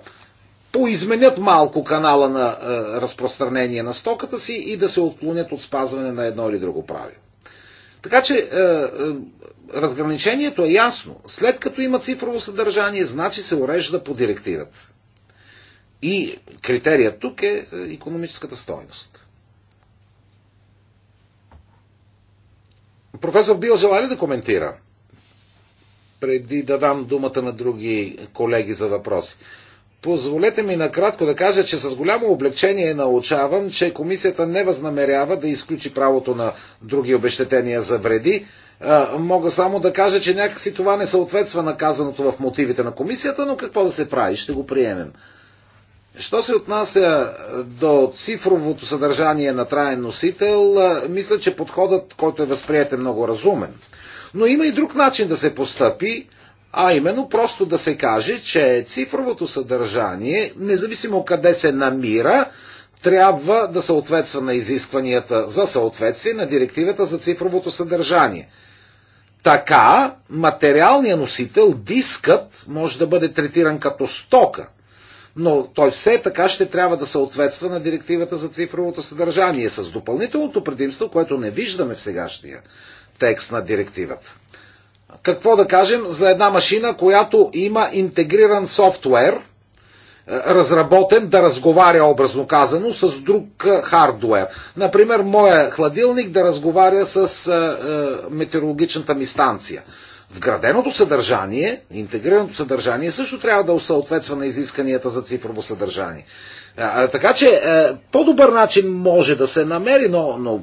S1: поизменят малко канала на е, разпространение на стоката си и да се отклонят от спазване на едно или друго правило. Така че е, е, разграничението е ясно. След като има цифрово съдържание, значи се урежда по директивата. И критерият тук е економическата стойност. Професор Бил желая ли да коментира? Преди да дам думата на други колеги за въпроси. Позволете ми накратко да кажа, че с голямо облегчение научавам, че комисията не възнамерява да изключи правото на други обещетения за вреди. Мога само да кажа, че някакси това не съответства на казаното в мотивите на комисията, но какво да се прави, ще го приемем. Що се отнася до цифровото съдържание на траен носител, мисля, че подходът, който е възприят е много разумен. Но има и друг начин да се постъпи а именно просто да се каже, че цифровото съдържание, независимо къде се намира, трябва да съответства на изискванията за съответствие на директивата за цифровото съдържание. Така материалният носител, дискът, може да бъде третиран като стока, но той все така ще трябва да съответства на директивата за цифровото съдържание с допълнителното предимство, което не виждаме в сегашния текст на директивата какво да кажем за една машина, която има интегриран софтуер, е, разработен да разговаря, образно казано, с друг е, хардуер. Например, моя хладилник да разговаря с е, метеорологичната ми станция. Вграденото съдържание, интегрираното съдържание също трябва да съответства на изисканията за цифрово съдържание. така че по-добър начин може да се намери, но, но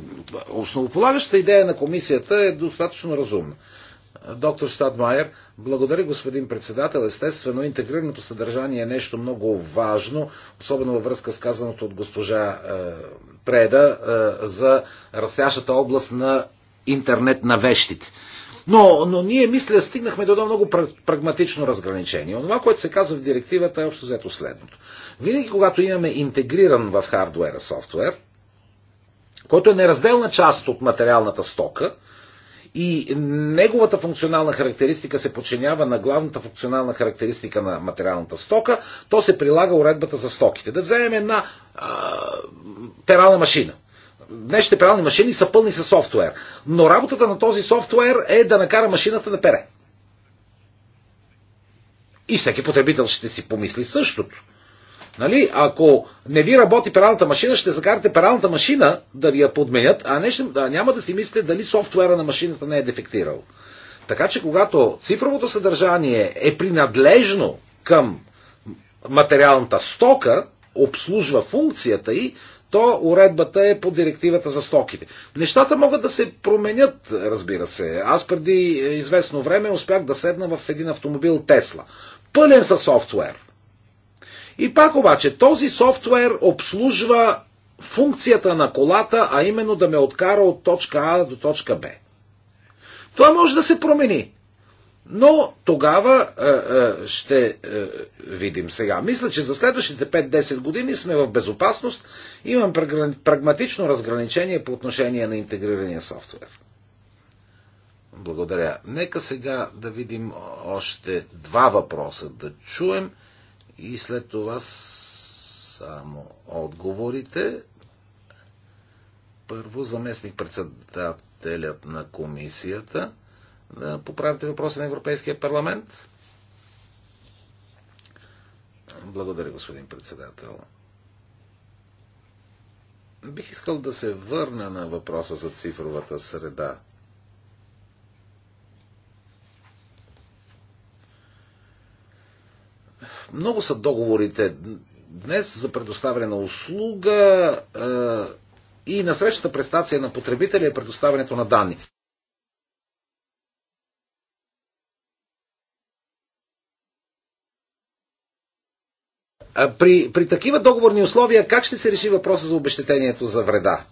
S1: основополагащата идея на комисията е достатъчно разумна. Доктор Штадмайер, благодаря господин председател. Естествено, интегрираното съдържание е нещо много важно, особено във връзка с казаното от госпожа е, Преда е, за растящата област на интернет на вещите. Но, но ние, мисля, стигнахме до едно много прагматично разграничение. Онова, което се казва в директивата е общо взето следното. Винаги, когато имаме интегриран в хардуера софтуер, който е неразделна част от материалната стока, и неговата функционална характеристика се подчинява на главната функционална характеристика на материалната стока, то се прилага уредбата за стоките. Да вземем една а, перална машина. Днешните перални машини са пълни с софтуер, но работата на този софтуер е да накара машината да пере. И всеки потребител ще си помисли същото. Нали? Ако не ви работи пералната машина, ще закарате пералната машина да ви я подменят, а, не ще, да, няма да си мислите дали софтуера на машината не е дефектирал. Така че когато цифровото съдържание е принадлежно към материалната стока, обслужва функцията й, то уредбата е по директивата за стоките. Нещата могат да се променят, разбира се. Аз преди известно време успях да седна в един автомобил Тесла. Пълен със софтуер и пак обаче, този софтуер обслужва функцията на колата, а именно да ме откара от точка А до точка Б. Това може да се промени. Но тогава е, е, ще е, видим сега. Мисля, че за следващите 5-10 години сме в безопасност. Имам прагматично разграничение по отношение на интегрирания софтуер. Благодаря. Нека сега да видим още два въпроса да чуем и след това само отговорите. Първо заместник председателят на комисията да поправите въпроса на Европейския парламент. Благодаря, господин председател. Бих искал да се върна на въпроса за цифровата среда. Много са договорите днес за предоставяне на услуга е, и на срещата престация на потребителя е предоставянето на данни. При, при такива договорни условия как ще се реши въпроса за обещетението за вреда?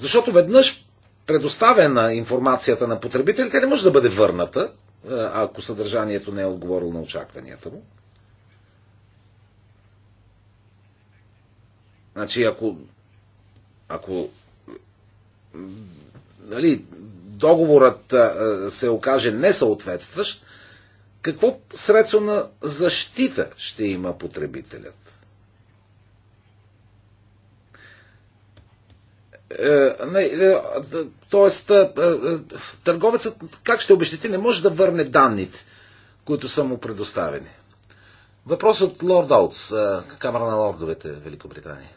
S1: Защото веднъж предоставена информацията на потребителите не може да бъде върната, е, ако съдържанието не е отговорило на очакванията му. Значи, ако, ако нали, договорът се окаже несъответстващ, какво средство на защита ще има потребителят? Е, е, тоест, е, търговецът как ще обещати, не може да върне данните, които са му предоставени. Въпрос от Лорд Аутс, Камера на лордовете в Великобритания.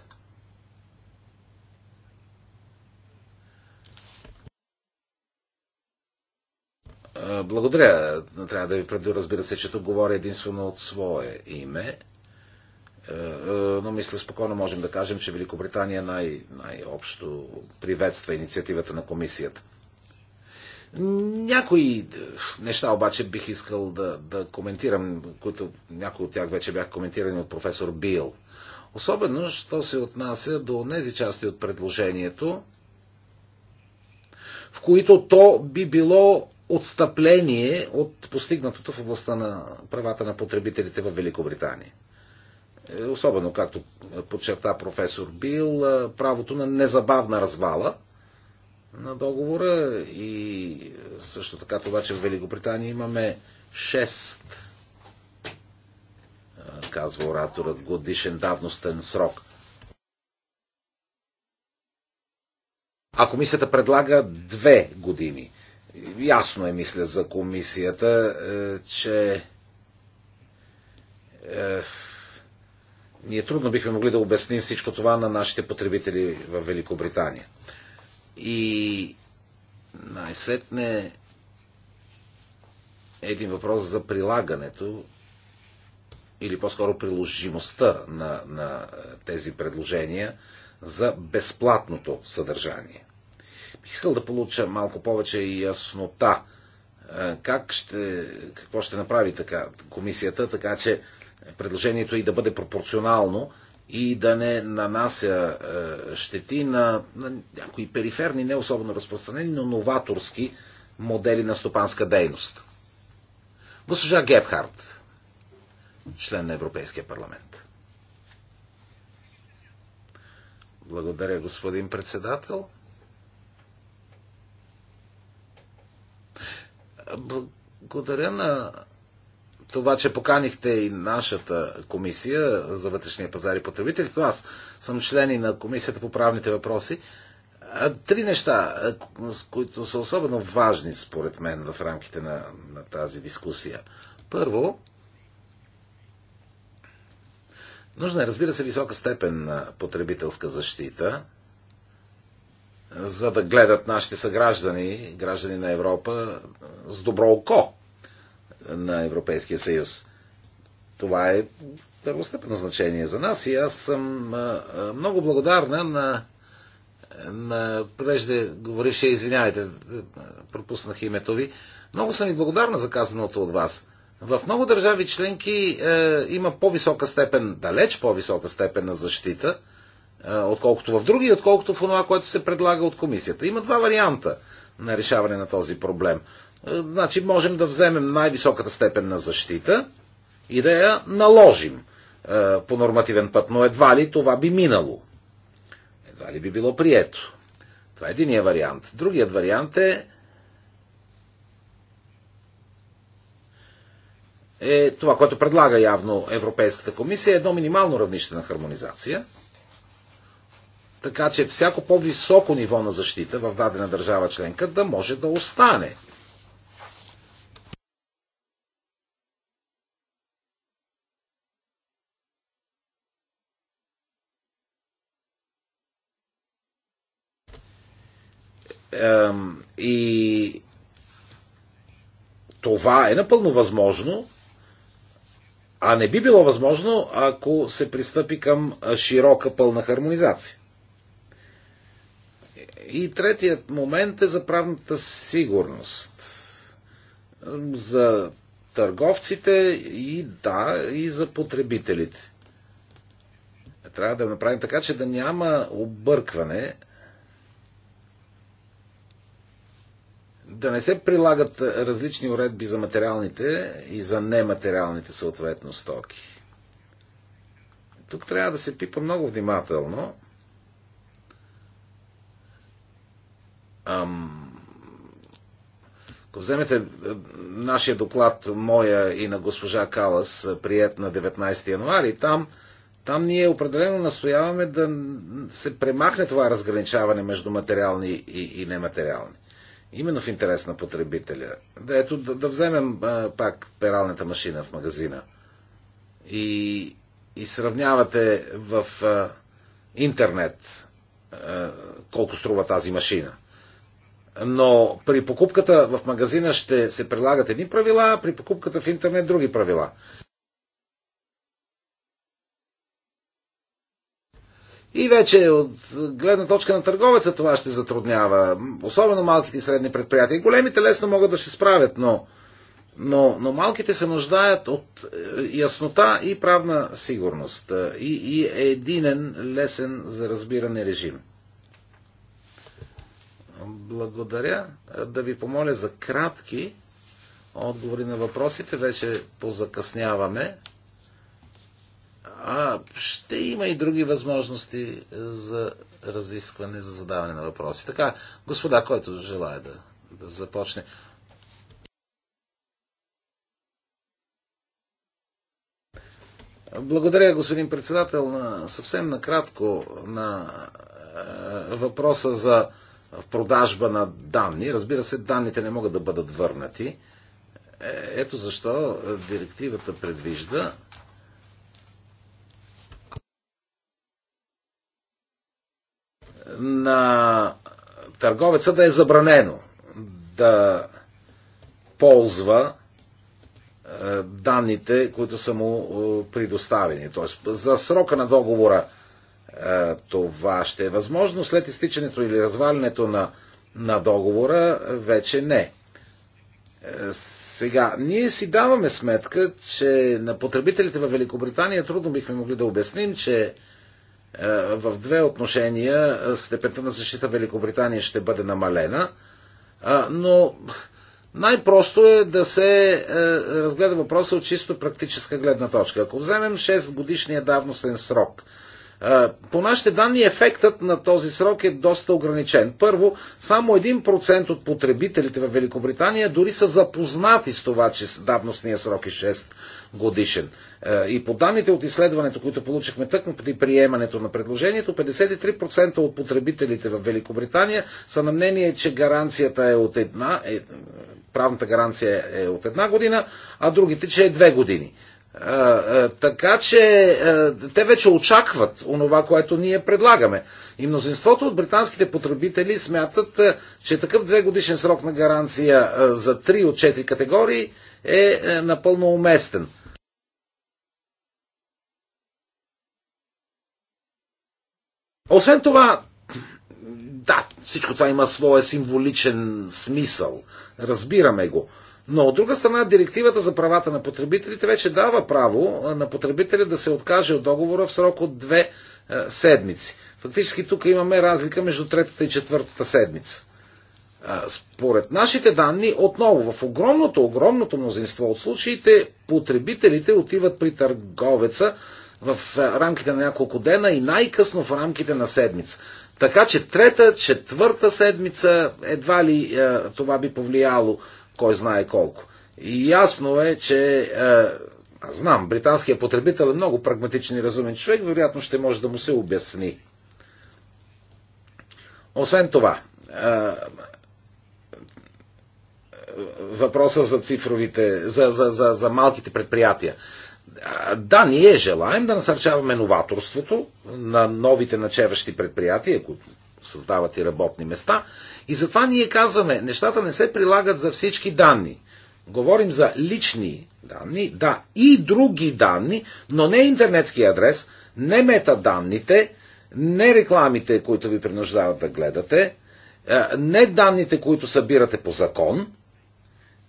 S1: Благодаря. Трябва да ви предупредя, разбира се, че тук говоря единствено от свое име. Е, е, но мисля спокойно можем да кажем, че Великобритания е най- най-общо приветства инициативата на комисията. Някои неща обаче бих искал да, да коментирам, които някои от тях вече бяха коментирани от професор Бил. Особено, що се отнася до тези части от предложението, в които то би било отстъпление от постигнатото в областта на правата на потребителите в Великобритания. Е, особено, както подчерта професор Бил, е, правото на незабавна развала на договора и е, също така това, че в Великобритания имаме 6 казва ораторът, годишен давностен срок. А комисията предлага две години – Ясно е, мисля, за комисията, е, че е, ние трудно бихме могли да обясним всичко това на нашите потребители в Великобритания. И най-сетне е един въпрос за прилагането или по-скоро приложимостта на, на тези предложения за безплатното съдържание искал да получа малко повече яснота. Е, как ще, какво ще направи така комисията, така че предложението и да бъде пропорционално и да не нанася е, щети на, на някои периферни, не особено разпространени, но новаторски модели на стопанска дейност. Госпожа Гебхарт, член на Европейския парламент. Благодаря, господин председател. Благодаря на това, че поканихте и нашата комисия за вътрешния пазар и потребители. Аз съм член и на комисията по правните въпроси. Три неща, които са особено важни според мен в рамките на, на тази дискусия. Първо, нужна е, разбира се, висока степен на потребителска защита – за да гледат нашите съграждани, граждани на Европа, с добро око на Европейския съюз. Това е първостепенно значение за нас и аз съм много благодарна на, на прежде говорише, извинявайте, пропуснах името ви, много съм и благодарна за казаното от вас. В много държави членки е, има по-висока степен, далеч по-висока степен на защита – отколкото в други, отколкото в това, което се предлага от комисията. Има два варианта на решаване на този проблем. Значи можем да вземем най-високата степен на защита и да я наложим по нормативен път, но едва ли това би минало. Едва ли би било прието. Това е единия вариант. Другият вариант е е това, което предлага явно Европейската комисия, е едно минимално равнище на хармонизация – така че всяко по-високо ниво на защита в дадена държава членка да може да остане. И това е напълно възможно, а не би било възможно, ако се пристъпи към широка пълна хармонизация. И третият момент е за правната сигурност. За търговците и да, и за потребителите. Трябва да направим така, че да няма объркване, да не се прилагат различни уредби за материалните и за нематериалните съответно стоки. Тук трябва да се пипа много внимателно, Ако вземете е, нашия доклад, моя и на госпожа Калас, е, прият на 19 януари, там, там ние определено настояваме да се премахне това разграничаване между материални и, и нематериални. Именно в интерес на потребителя. Да, ето, да, да вземем а, е, пак пералната машина в магазина и, и сравнявате в а, интернет а, колко струва тази машина – но при покупката в магазина ще се прилагат едни правила, а при покупката в интернет други правила. И вече от гледна точка на търговеца това ще затруднява. Особено малките и средни предприятия. Големите лесно могат да се справят, но, но, но малките се нуждаят от е, яснота и правна сигурност. Е, и, и единен, лесен за разбиране режим. Благодаря. Да ви помоля за кратки отговори на въпросите. Вече позакъсняваме. А ще има и други възможности за разискване, за задаване на въпроси. Така, господа, който желая да, да започне. Благодаря, господин председател, на, съвсем накратко на е, въпроса за е, продажба на данни. Разбира се, данните не могат да бъдат върнати. Е, ето защо директивата предвижда на търговеца да е забранено да ползва е, данните, които са му е, предоставени. Тоест, за срока на договора е, това ще е възможно. След изтичането или развалянето на, на договора вече не. Е, сега, ние си даваме сметка, че на потребителите в Великобритания трудно бихме могли да обясним, че е, в две отношения степента на защита Великобритания ще бъде намалена, но най-просто е да се разгледа въпроса от чисто практическа гледна точка. Ако вземем 6 годишния давностен срок – по нашите данни ефектът на този срок е доста ограничен. Първо, само 1% от потребителите в Великобритания дори са запознати с това, че давностният срок е 6 годишен. И по данните от изследването, които получихме тъкмо при приемането на предложението, 53% от потребителите в Великобритания са на мнение, че гаранцията е от една, е, правната гаранция е от една година, а другите, че е две години така че те вече очакват онова, което ние предлагаме. И мнозинството от британските потребители смятат, че такъв две годишен срок на гаранция за три от четири категории е, е напълно уместен. Освен това, да, всичко това има своя символичен смисъл. Разбираме го. Но от друга страна, директивата за правата на потребителите вече дава право на потребителя да се откаже от договора в срок от две е, седмици. Фактически тук имаме разлика между третата и четвъртата седмица. Е, според нашите данни, отново в огромното, огромното мнозинство от случаите, потребителите отиват при търговеца в е, рамките на няколко дена и най-късно в рамките на седмица. Така че трета, четвърта седмица едва ли е, това би повлияло кой знае колко. И ясно е, че е, аз знам, британският потребител е много прагматичен и разумен човек, вероятно ще може да му се обясни. Освен това, е, въпроса за цифровите, за, за, за, за малките предприятия. Да, ние желаем да насърчаваме новаторството на новите начеващи предприятия, които създават и работни места, и затова ние казваме, нещата не се прилагат за всички данни. Говорим за лични данни, да, и други данни, но не интернетски адрес, не метаданните, не рекламите, които ви принуждават да гледате, е, не данните, които събирате по закон,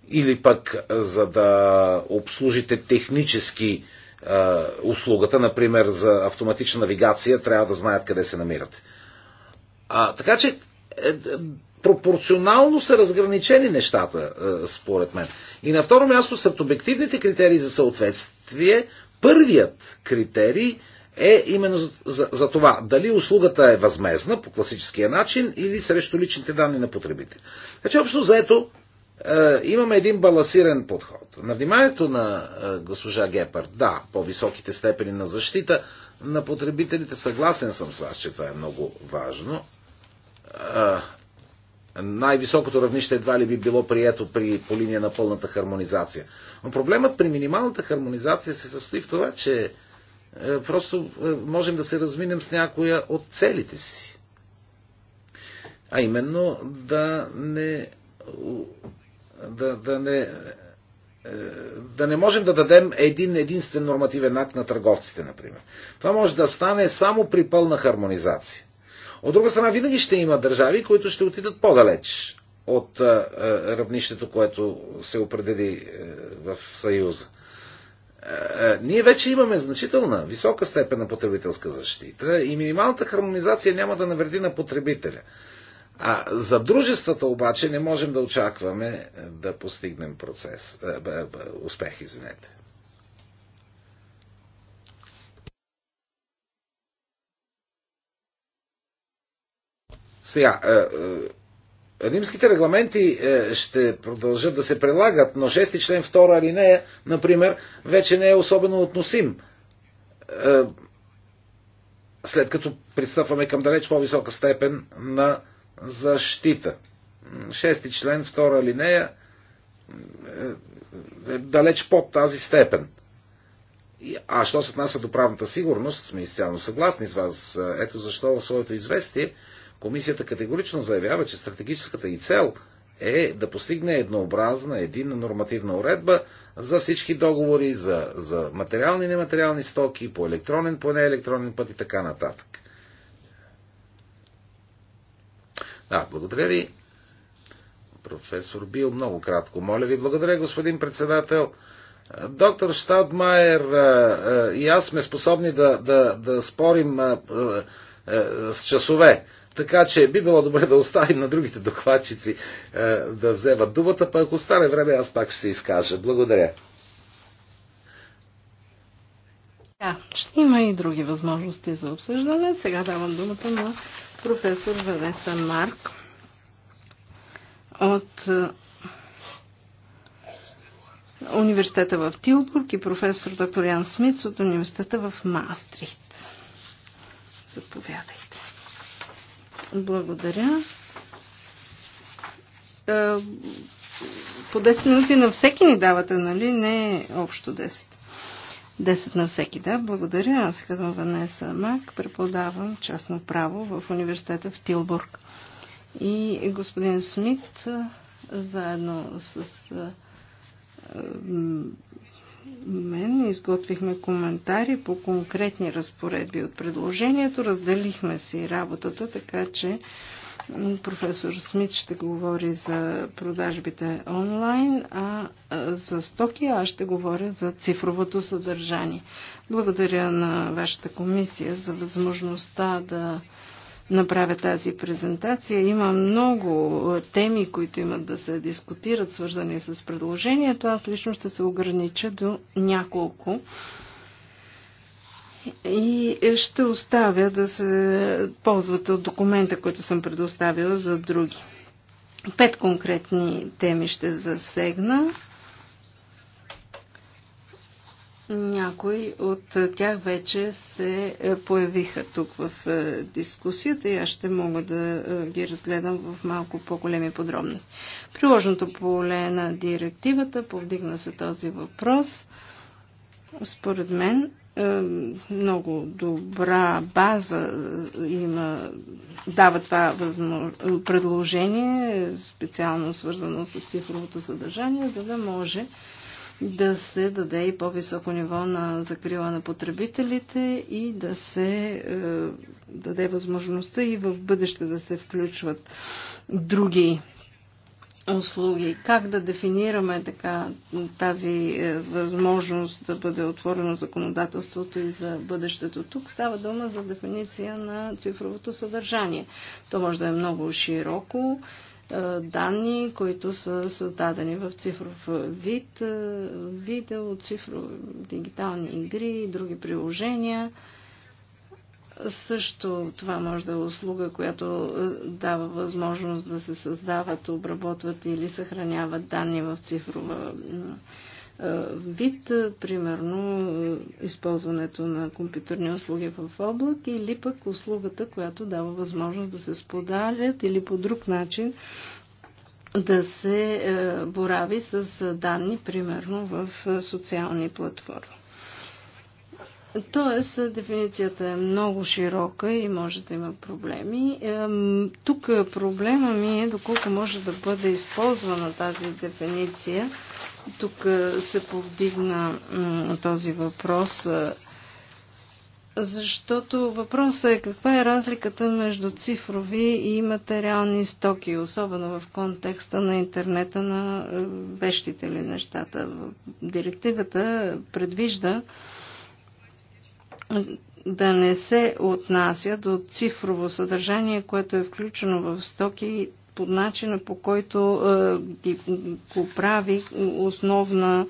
S1: или пък е, за да обслужите технически е, услугата, например за автоматична навигация, трябва да знаят къде се намирате. А, така че е, пропорционално са разграничени нещата, е, според мен. И на второ място, сред обективните критерии за съответствие, първият критерий е именно за, за, за това дали услугата е възмезна по класическия начин или срещу личните данни на потребителя. Така че общо заето е, имаме един балансиран подход. На вниманието на е, госпожа Гепард, да, по-високите степени на защита на потребителите, съгласен съм с вас, че това е много важно, най-високото равнище едва ли би било прието при, по линия на пълната хармонизация. Но проблемът при минималната хармонизация се състои в това, че е, просто е, можем да се разминем с някоя от целите си. А именно да не. Да, да не е, да не можем да дадем един единствен нормативен акт на търговците, например. Това може да стане само при пълна хармонизация. От друга страна, винаги ще има държави, които ще отидат по-далеч от е, е, равнището, което се определи е, в Съюза. Ние вече имаме значителна, висока степен на потребителска защита и минималната хармонизация няма да навреди на потребителя. А за дружествата обаче не можем да очакваме да постигнем процес, успех, извинете. Сега, е, е, римските регламенти е, ще продължат да се прилагат, но 6 член 2 алинея, например, вече не е особено относим. След като пристъпваме към далеч по-висока степен на защита. 6 член 2 алинея е далеч под тази степен. А що се отнася до правната сигурност, сме изцяло съгласни с вас. Ето защо в своето известие Комисията категорично заявява, че стратегическата и цел е да постигне еднообразна, единна нормативна уредба за всички договори, за, за материални и нематериални стоки, по електронен, по неелектронен път и така нататък. Да, благодаря ви. Професор Бил, много кратко. Моля ви, благодаря, господин председател. Доктор Штадмайер и аз сме способни да, да, да спорим е, с часове. Така че би било добре да оставим на другите докладчици е, да вземат думата, па ако стане време, аз пак ще се изкажа. Благодаря.
S2: Да, ще има и други възможности за обсъждане. Сега давам думата на професор Венеса Марк от е, университета в Тилбург и професор доктор Ян Смитс от университета в Маастрихт. Заповядайте. Благодаря. Е, по 10 минути на всеки ни давате, нали? Не общо 10. 10 на всеки, да. Благодаря. Аз се казвам Ванеса Мак. Преподавам частно право в университета в Тилбург. И господин Смит, е, заедно с е, мен изготвихме коментари по конкретни разпоредби от предложението. Разделихме си работата, така че професор Смит ще говори за продажбите онлайн, а за стоки аз ще говоря за цифровото съдържание. Благодаря на вашата комисия за възможността да направя тази презентация. Има много теми, които имат да се дискутират, свързани с предложението. Аз лично ще се огранича до няколко и ще оставя да се ползвате от документа, който съм предоставила за други. Пет конкретни теми ще засегна. Някои от тях вече се е, появиха тук в е, дискусията и аз ще мога да е, ги разгледам в малко по-големи подробности. Приложното поле на директивата повдигна се този въпрос. Според мен много добра база има, дава това възможно предложение, специално свързано с цифровото съдържание, за да може да се даде и по-високо ниво на закрила на потребителите и да се е, даде възможността и в бъдеще да се включват други услуги. Как да дефинираме така тази е, възможност да бъде отворено законодателството и за бъдещето? Тук става дума за дефиниция на цифровото съдържание. То може да е много широко данни, които са създадени в цифров вид, видео, цифрови дигитални игри и други приложения. Също това може да е услуга, която дава възможност да се създават, обработват или съхраняват данни в цифрова вид, примерно използването на компютърни услуги в облак или пък услугата, която дава възможност да се споделят или по друг начин да се борави с данни, примерно в социални платформи. Тоест, дефиницията е много широка и може да има проблеми. Тук проблема ми е доколко може да бъде използвана тази дефиниция. Тук е, се повдигна този въпрос, е, защото въпросът е каква е разликата между цифрови и материални стоки, особено в контекста на интернета на е, вещите или нещата. Директивата предвижда да не се отнася до цифрово съдържание, което е включено в стоки под начина по който е, го прави основна,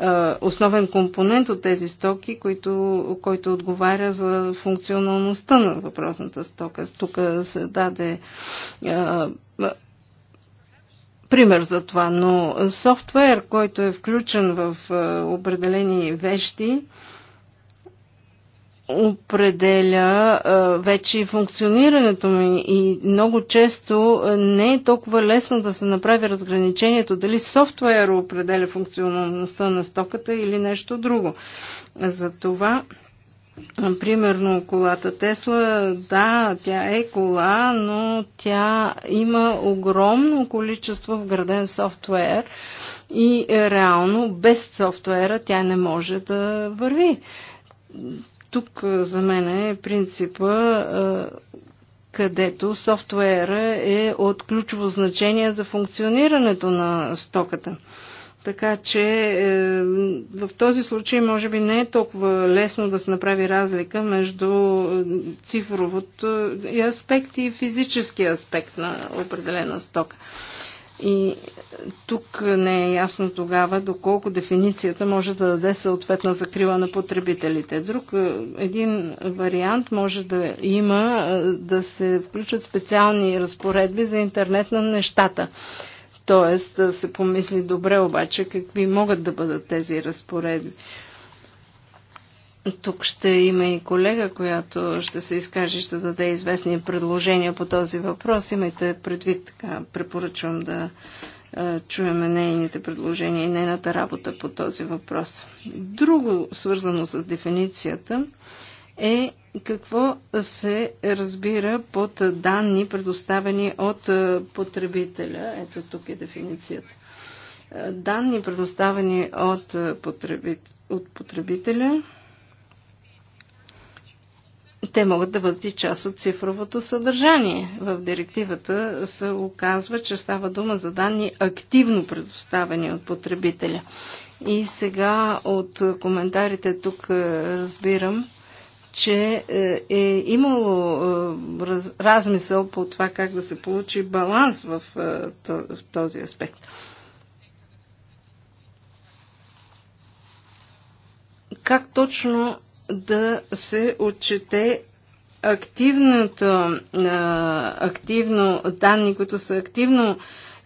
S2: е, основен компонент от тези стоки, който, който отговаря за функционалността на въпросната стока. Тук се даде е, пример за това, но софтуер, който е включен в е, определени вещи, определя вече и функционирането ми и много често не е толкова лесно да се направи разграничението дали софтуер определя функционалността на стоката или нещо друго. Затова, примерно, колата Тесла, да, тя е кола, но тя има огромно количество вграден софтуер и реално без софтуера тя не може да върви тук за мен е принципа, където софтуера е от ключово значение за функционирането на стоката. Така че е, в този случай може би не е толкова лесно да се направи разлика между е, цифровото е, и аспект и физически аспект на определена стока. И тук не е ясно тогава доколко дефиницията може да даде съответна закрила на потребителите. Друг е, един вариант може да има е, да се включат специални разпоредби за интернет на нещата. Тоест да се помисли добре обаче какви могат да бъдат тези разпоредби. Тук ще има и колега, която ще се изкаже и ще даде известни предложения по този въпрос. Имайте предвид, така препоръчвам да чуеме нейните предложения и нейната работа по този въпрос. Друго, свързано с дефиницията, е какво се разбира под данни, предоставени от потребителя. Ето тук е дефиницията. Данни, предоставени от, потребит... от потребителя, те могат да бъдат и част от цифровото съдържание. В директивата се оказва, че става дума за данни активно предоставени от потребителя. И сега от коментарите тук е, разбирам, че е, е имало е, размисъл по това как да се получи баланс в този аспект. Как точно да се отчете активното, активно данни, които са активно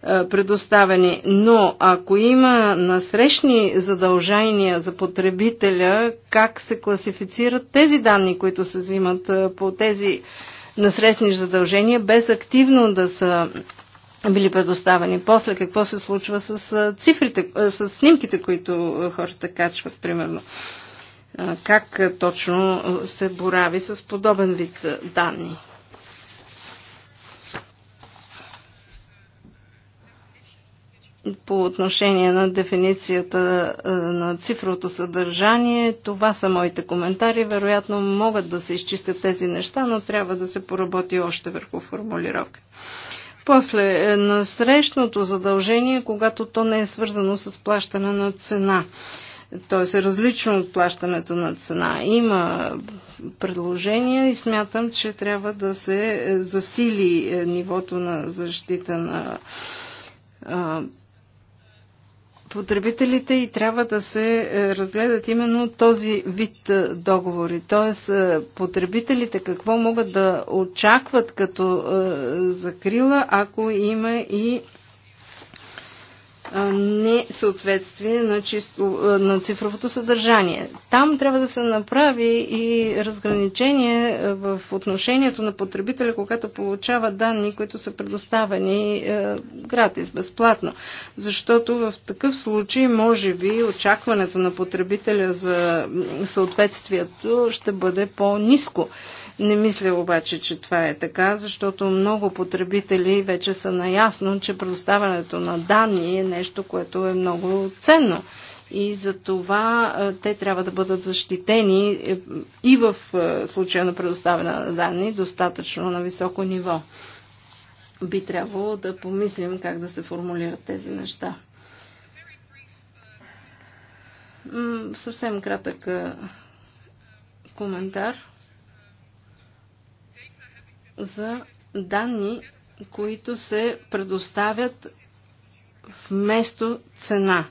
S2: предоставени. Но ако има насрещни задължения за потребителя, как се класифицират тези данни, които се взимат по тези насрещни задължения, без активно да са били предоставени. После какво се случва с цифрите, с снимките, които хората качват, примерно как точно се борави с подобен вид данни. По отношение на дефиницията на цифровото съдържание, това са моите коментари. Вероятно могат да се изчистят тези неща, но трябва да се поработи още върху формулировка. После, е, насрещното задължение, когато то не е свързано с плащане на цена. Тоест е различно от плащането на цена. Има предложения и смятам, че трябва да се е, засили е, нивото на защита на потребителите и трябва да се е, разгледат именно този вид договори. Тоест, потребителите какво могат да очакват като закрила, ако има и несъответствие на, чисто, на цифровото съдържание. Там трябва да се направи и разграничение в отношението на потребителя, когато получава данни, които са предоставени е, гратис, безплатно. Защото в такъв случай, може би, очакването на потребителя за съответствието ще бъде по-низко. Не мисля обаче, че това е така, защото много потребители вече са наясно, че предоставянето на данни е нещо, което е много ценно. И за това те трябва да бъдат защитени е, и в е, случая на предоставяне на данни достатъчно на високо ниво. Би трябвало да помислим как да се формулират тези неща. Съвсем кратък е, коментар за данни, които се предоставят вместо цена.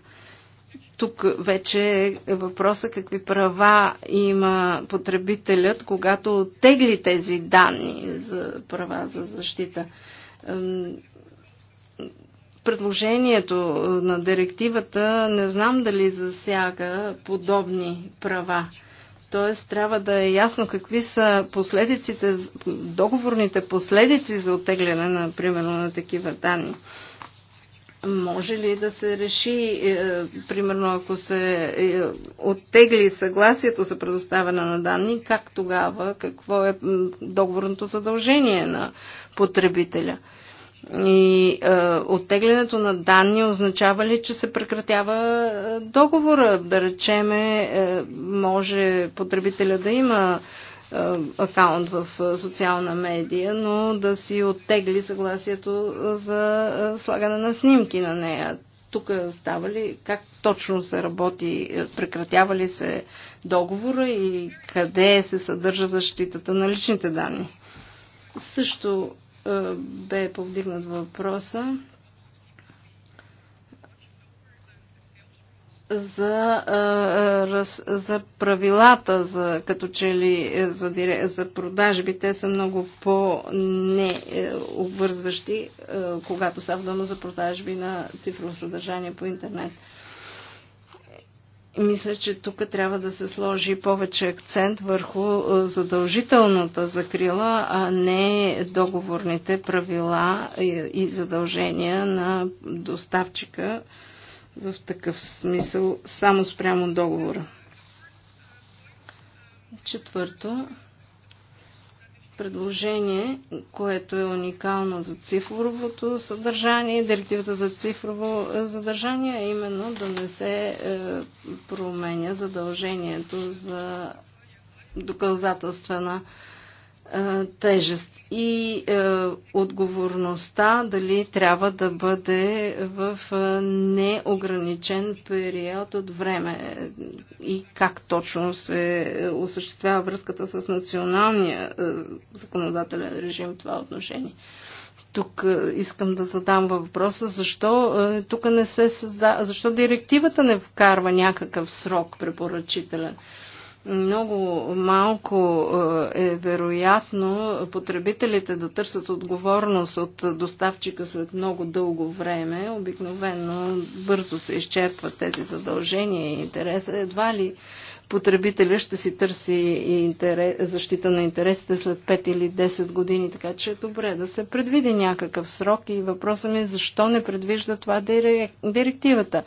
S2: Тук вече е въпроса какви права има потребителят, когато оттегли тези данни за права за защита. Предложението на директивата не знам дали засяга подобни права т.е. трябва да е ясно какви са последиците, договорните последици за отегляне, на, примерно, на такива данни. Може ли да се реши, е, примерно, ако се е, оттегли съгласието за предоставяне на данни, как тогава, какво е договорното задължение на потребителя? И е, оттеглянето на данни означава ли, че се прекратява е, договора? Да речеме, е, може потребителя да има е, акаунт в е, социална медия, но да си оттегли съгласието е, за е, слагане на снимки на нея. Тук става ли, как точно се работи, прекратява ли се договора и къде се съдържа защитата на личните данни? Също е, бе повдигнат въпроса за, е, е, за правилата, за, като че ли за, за продажби, те са много по-необвързващи, когато са в дума за продажби на цифрово съдържание по интернет. Мисля, че тук трябва да се сложи повече акцент върху е, задължителната закрила, а не договорните правила и задължения на доставчика в такъв смисъл само спрямо договора. Четвърто, предложение, което е уникално за цифровото съдържание, директивата за цифрово съдържание, е именно да не се е, променя задължението за доказателствена на е, тежест и е, отговорността дали трябва да бъде в е, неограничен период от време и как точно се осъществява връзката с националния е, законодателен режим в това отношение. Тук е, искам да задам въпроса защо е, тук не се създава, защо директивата не вкарва някакъв срок препоръчителен. Е, много малко е, е вероятно потребителите да търсят отговорност от доставчика след много дълго време. Обикновено бързо се изчерпват тези задължения и интереса. Едва ли потребителя ще си търси и защита на интересите след 5 или 10 години, така че е добре да се предвиди някакъв срок и въпросът ми е защо не предвижда това директивата,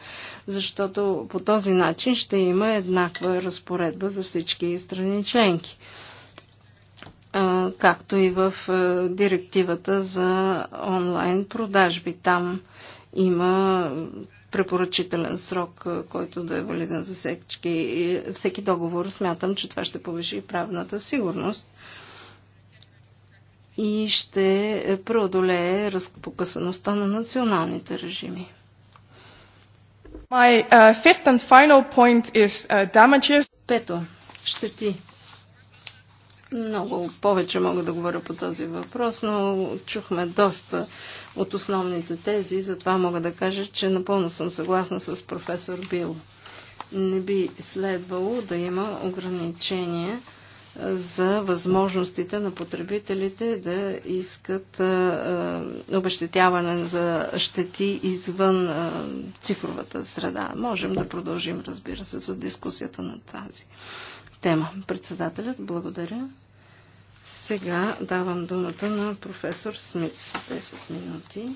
S2: защото по този начин ще има еднаква разпоредба за всички страни членки както и в директивата за онлайн продажби. Там има препоръчителен срок, който да е валиден за всеки, всеки договор. Смятам, че това ще повиши правната сигурност и ще преодолее разпокъсаността на националните режими. My uh, fifth and final point is uh, damages. Пето, щети. Много повече мога да говоря по този въпрос, но чухме доста от основните тези, затова мога да кажа, че напълно съм съгласна с професор Бил. Не би следвало да има ограничения за възможностите на потребителите да искат обещетяване за щети извън цифровата среда. Можем да продължим, разбира се, за дискусията на тази тема. Председателят, благодаря. Сега давам думата на професор Смит. 10 минути.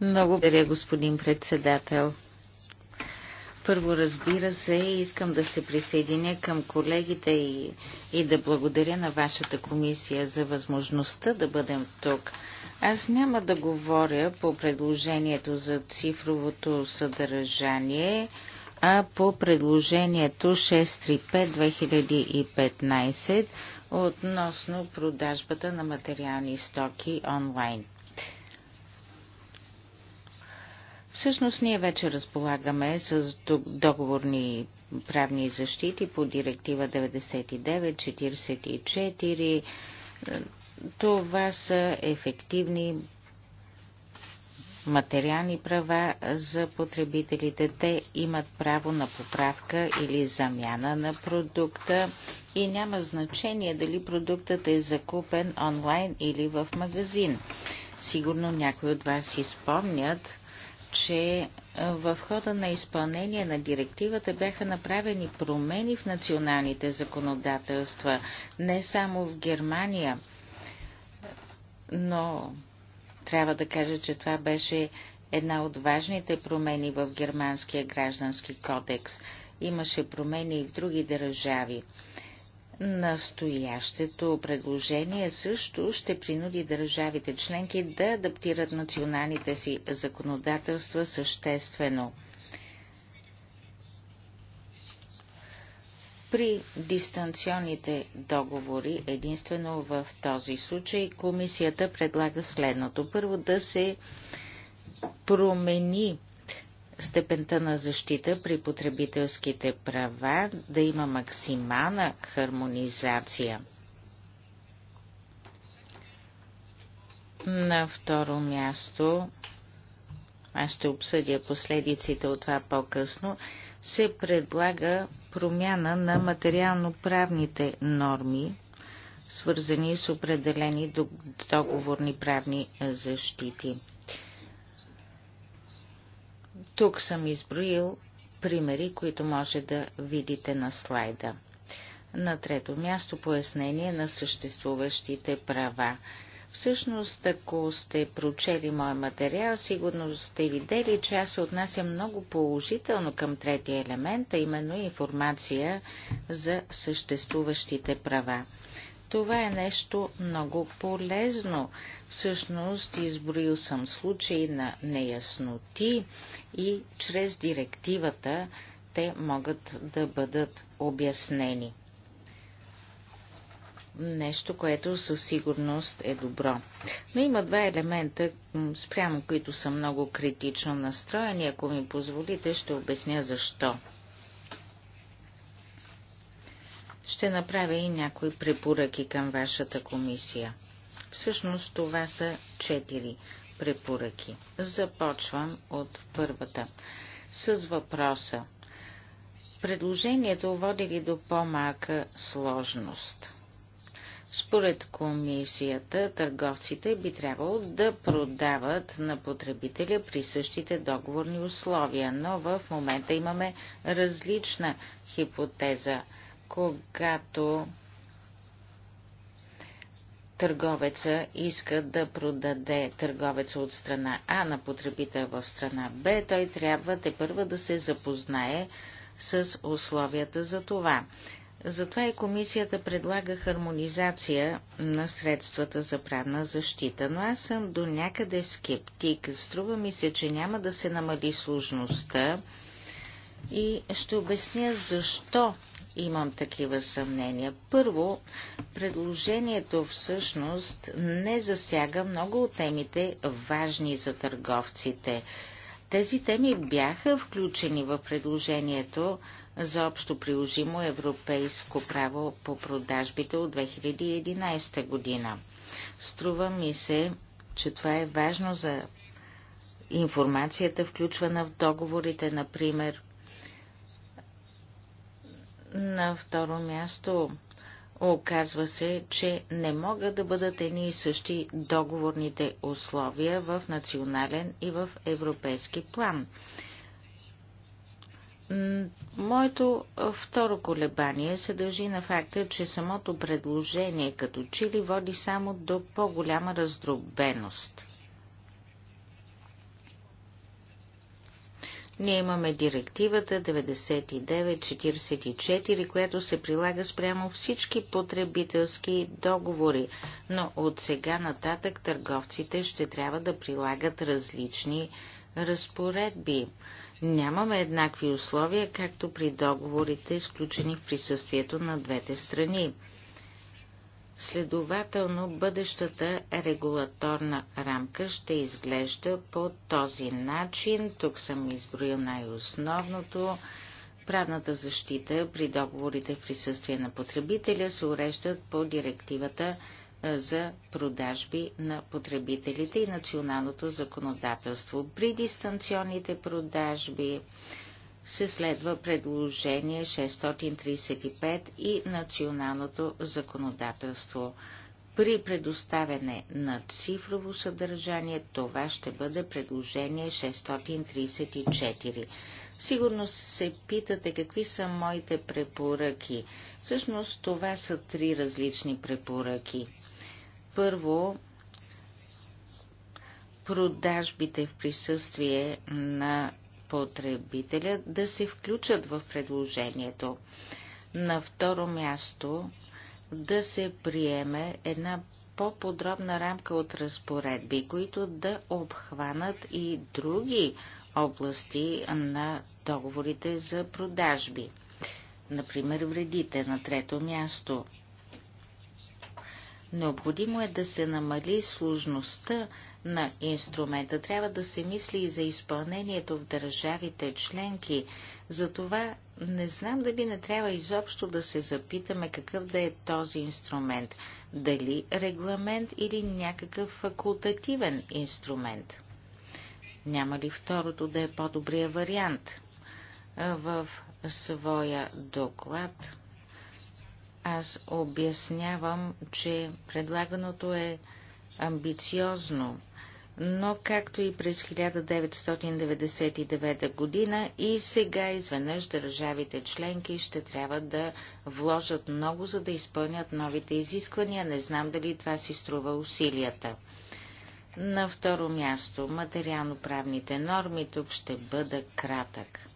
S3: Много благодаря, господин председател. Първо, разбира се, искам да се присъединя към колегите и, и да благодаря на вашата комисия за възможността да бъдем тук. Аз няма да говоря по предложението за цифровото съдържание, а по предложението 635-2015 относно продажбата на материални стоки онлайн. Всъщност ние вече разполагаме с договорни правни защити по директива 99-44. Това са ефективни материални права за потребителите. Те имат право на поправка или замяна на продукта и няма значение дали продуктът е закупен онлайн или в магазин. Сигурно някои от вас си спомнят, че е, в хода на изпълнение на директивата бяха направени промени в националните законодателства, не само в Германия, но трябва да кажа, че това беше една от важните промени в Германския граждански кодекс. Имаше промени и в други държави. Настоящето предложение също ще принуди държавите членки да адаптират националните си законодателства съществено. При дистанционните договори, единствено в този случай, комисията предлага следното. Първо да се промени степента на защита при потребителските права да има максимална хармонизация. На второ място, аз ще обсъдя последиците от това по-късно, се предлага промяна на материално-правните норми, свързани с определени договорни правни защити. Тук съм изброил примери, които може да видите на слайда. На трето място пояснение на съществуващите права. Всъщност, ако сте прочели мой материал, сигурно сте видели, че аз се отнася много положително към третия елемент, а именно информация за съществуващите права. Това е нещо много полезно, Всъщност изброил съм случаи на неясноти и чрез директивата те могат да бъдат обяснени. Нещо, което със сигурност е добро. Но има два елемента, спрямо които са много критично настроени. Ако ми позволите, ще обясня защо. Ще направя и някои препоръки към вашата комисия. Всъщност това са четири препоръки. Започвам от първата. С въпроса. Предложението води ли до по-малка сложност? Според комисията, търговците би трябвало да продават на потребителя при същите договорни условия, но в момента имаме различна хипотеза, когато търговеца иска да продаде търговеца от страна А на потребител в страна Б, той трябва те първа да се запознае с условията за това. Затова и комисията предлага хармонизация на средствата за правна защита, но аз съм до някъде скептик. Струва ми се, че няма да се намали сложността, и ще обясня защо имам такива съмнения. Първо, предложението всъщност не засяга много от темите важни за търговците. Тези теми бяха включени в предложението за общо приложимо европейско право по продажбите от 2011 година. Струва ми се, че това е важно за информацията, включвана в договорите, например, на второ място Оказва се, че не могат да бъдат едни и същи договорните условия в национален и в европейски план. Моето второ колебание се дължи на факта, че самото предложение като че ли води само до по-голяма раздробеност. Ние имаме директивата 9944, която се прилага спрямо всички потребителски договори, но от сега нататък търговците ще трябва да прилагат различни разпоредби. Нямаме еднакви условия, както при договорите, изключени в присъствието на двете страни. Следователно, бъдещата регулаторна рамка ще изглежда по този начин. Тук съм изброил най-основното. Правната защита при договорите в присъствие на потребителя се уреждат по директивата за продажби на потребителите и националното законодателство. При дистанционните продажби се следва предложение 635 и националното законодателство. При предоставяне на цифрово съдържание това ще бъде предложение 634. Сигурно се питате какви са моите препоръки. Всъщност това са три различни препоръки. Първо, продажбите в присъствие на потребителя да се включат в предложението. На второ място да се приеме една по-подробна рамка от разпоредби, които да обхванат и други области на договорите за продажби. Например, вредите на трето място. Необходимо е да се намали сложността на инструмента. Трябва да се мисли и за изпълнението в държавите членки. Затова не знам дали не трябва изобщо да се запитаме какъв да е този инструмент. Дали регламент или някакъв факултативен инструмент. Няма ли второто да е по-добрия вариант? В своя доклад аз обяснявам, че предлаганото е амбициозно но както и през 1999 година и сега изведнъж държавите членки ще трябва да вложат много, за да изпълнят новите изисквания. Не знам дали това си струва усилията. На второ място, материално-правните норми тук ще бъда кратък.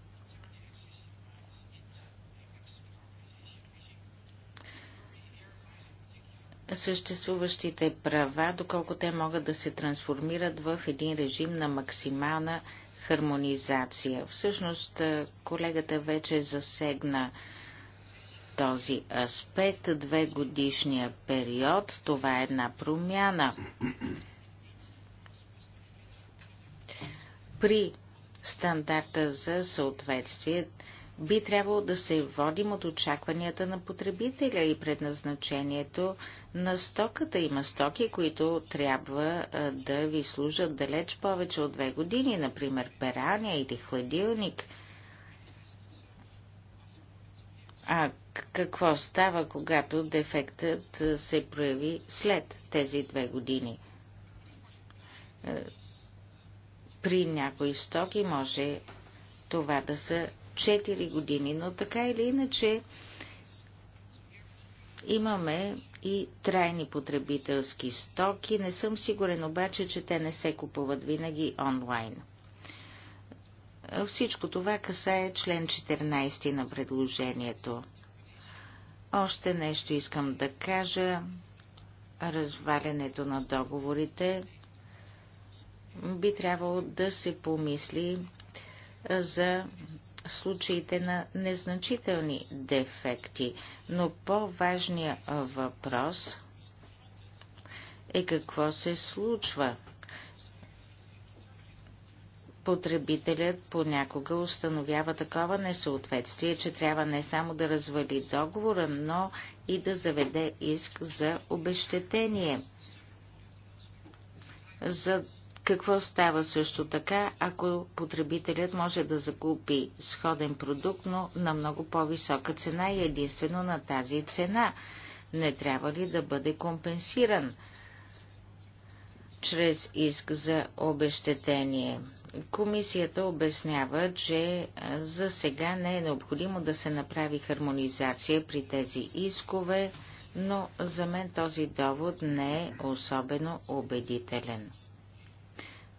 S3: съществуващите права, доколко те могат да се трансформират в един режим на максимална хармонизация. Всъщност, колегата вече засегна този аспект, две годишния период, това е една промяна. При стандарта за съответствие би трябвало да се водим от очакванията на потребителя и предназначението на стоката. Има стоки, които трябва да ви служат далеч повече от две години, например пераня или хладилник. А какво става, когато дефектът се прояви след тези две години? При някои стоки може това да са 4 години, но така или иначе имаме и трайни потребителски стоки. Не съм сигурен обаче, че те не се купуват винаги онлайн. Всичко това касае член 14 на предложението. Още нещо искам да кажа. Развалянето на договорите би трябвало да се помисли за случаите на незначителни дефекти, но по-важният въпрос е какво се случва. Потребителят понякога установява такова несъответствие, че трябва не само да развали договора, но и да заведе иск за обещетение. За какво става също така, ако потребителят може да закупи сходен продукт, но на много по-висока цена и единствено на тази цена? Не трябва ли да бъде компенсиран чрез иск за обещетение? Комисията обяснява, че за сега не е необходимо да се направи хармонизация при тези искове, но за мен този довод не е особено убедителен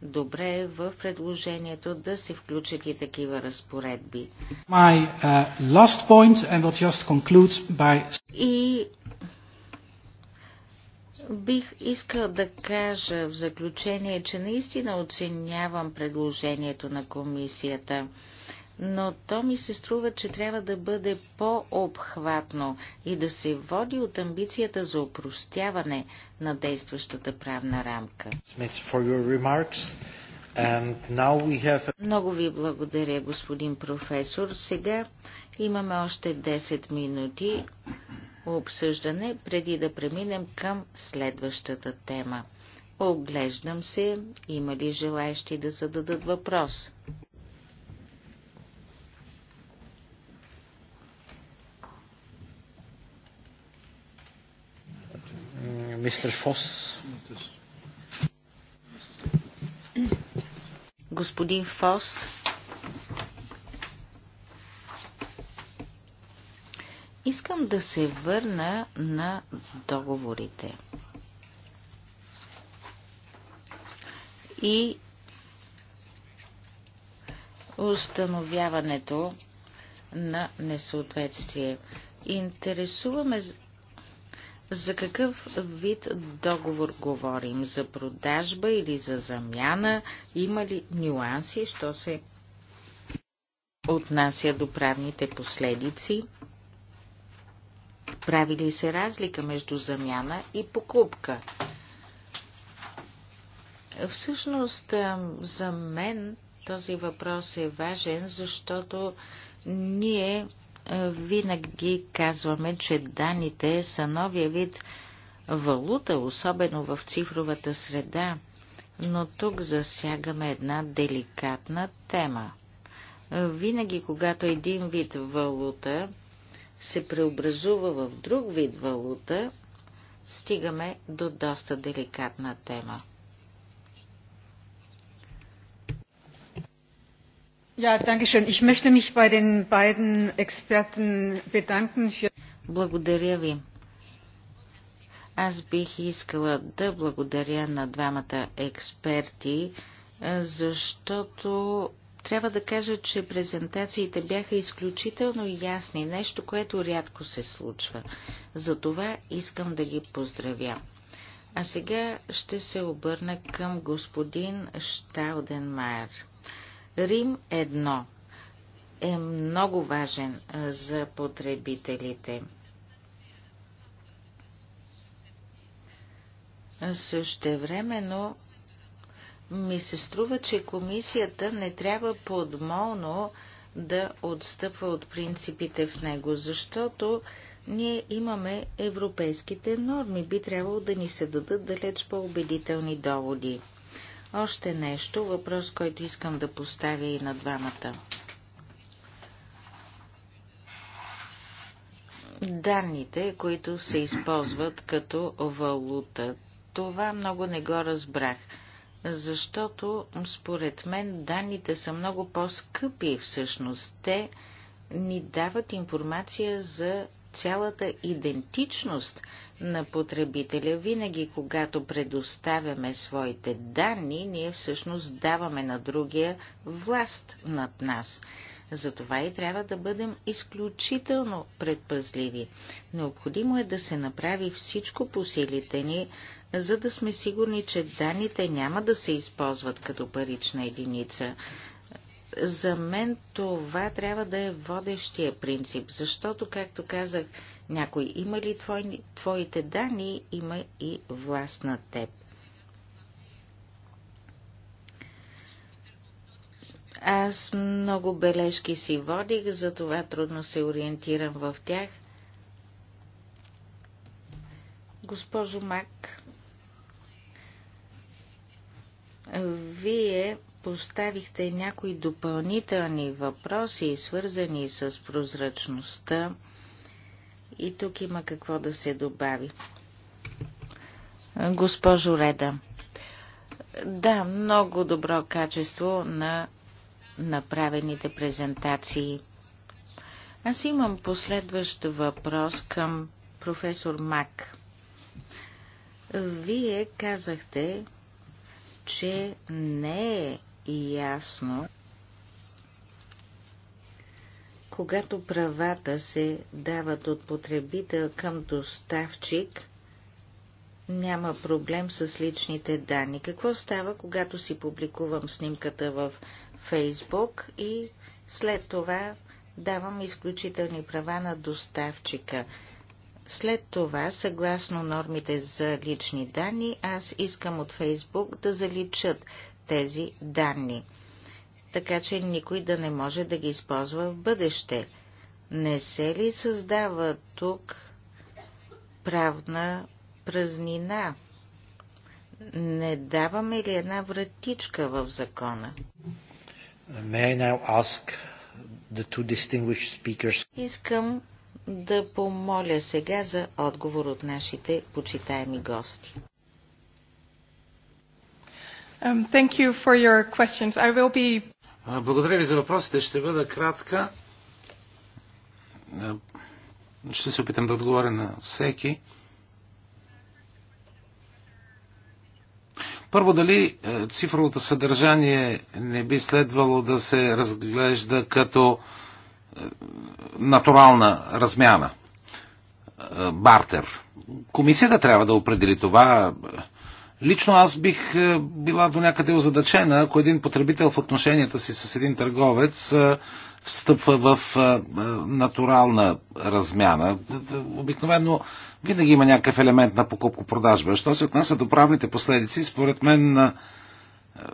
S3: добре е в предложението да се включат и такива разпоредби.
S1: My, uh, last point and we'll just by...
S3: И бих искал да кажа в заключение, че наистина оценявам предложението на комисията. Uh, но то ми се струва, че трябва да бъде по-обхватно и да се води от амбицията за опростяване на действащата правна рамка.
S1: Have...
S3: Много ви благодаря, господин професор. Сега имаме още 10 минути обсъждане, преди да преминем към следващата тема. Оглеждам се, има ли желаещи да зададат въпрос?
S1: Мистер Фос.
S3: Господин Фос. Искам да се върна на договорите. И установяването на несъответствие. Интересуваме за какъв вид договор говорим? За продажба или за замяна? Има ли нюанси, що се отнася до правните последици? Прави ли се разлика между замяна и покупка? Всъщност, за мен този въпрос е важен, защото ние винаги казваме, че данните са новия вид валута, особено в цифровата среда, но тук засягаме една деликатна тема. Винаги, когато един вид валута се преобразува в друг вид валута, стигаме до доста деликатна тема.
S2: Ich möchte mich bei den beiden Experten
S3: bedanken für Благодаря ви. Аз бих искала да благодаря на двамата експерти, е, защото трябва да кажа, че презентациите бяха изключително ясни, нещо, което рядко се случва. За това искам да ги поздравя. А сега ще се обърна към господин Шталденмайер. Рим 1 е много важен за потребителите. Същевременно ми се струва, че комисията не трябва подмолно да отстъпва от принципите в него, защото ние имаме европейските норми. Би трябвало да ни се дадат далеч по-убедителни доводи. Още нещо, въпрос, който искам да поставя и на двамата. Данните, които се използват като валута. Това много не го разбрах, защото според мен данните са много по-скъпи всъщност. Те ни дават информация за цялата идентичност на потребителя. Винаги, когато предоставяме своите данни, ние всъщност даваме на другия власт над нас. Затова и трябва да бъдем изключително предпазливи. Необходимо е да се направи всичко по силите ни, за да сме сигурни, че данните няма да се използват като парична единица. За мен това трябва да е водещия принцип, защото, както казах, някой има ли твой, твоите данни, има и власт на теб. Аз много бележки си водих, затова трудно се ориентирам в тях. Госпожо Мак, вие Поставихте някои допълнителни въпроси, свързани с прозрачността. И тук има какво да се добави. Госпожо Реда, да, много добро качество на направените презентации. Аз имам последващ въпрос към професор Мак. Вие казахте, че не е и ясно, когато правата се дават от потребител към доставчик, няма проблем с личните данни. Какво става, когато си публикувам снимката в Фейсбук и след това давам изключителни права на доставчика? След това, съгласно нормите за лични данни, аз искам от Фейсбук да заличат тези данни, така че никой да не може да ги използва в бъдеще. Не се ли създава тук правна празнина? Не даваме ли една вратичка в закона? Искам да помоля сега за отговор от нашите почитаеми гости.
S1: Um, thank you for your questions. I will be... Благодаря ви за въпросите. Ще бъда кратка. Ще се опитам да отговоря на всеки. Първо, дали е, цифровото съдържание не би следвало да се разглежда като е, натурална размяна, е, бартер. Комисията трябва да определи това. Лично аз бих е, била до някъде озадачена, ако един потребител в отношенията си с един търговец е, встъпва в е, натурална размяна. Обикновено винаги има някакъв елемент на покупко-продажба. Що се отнася до правните последици, според мен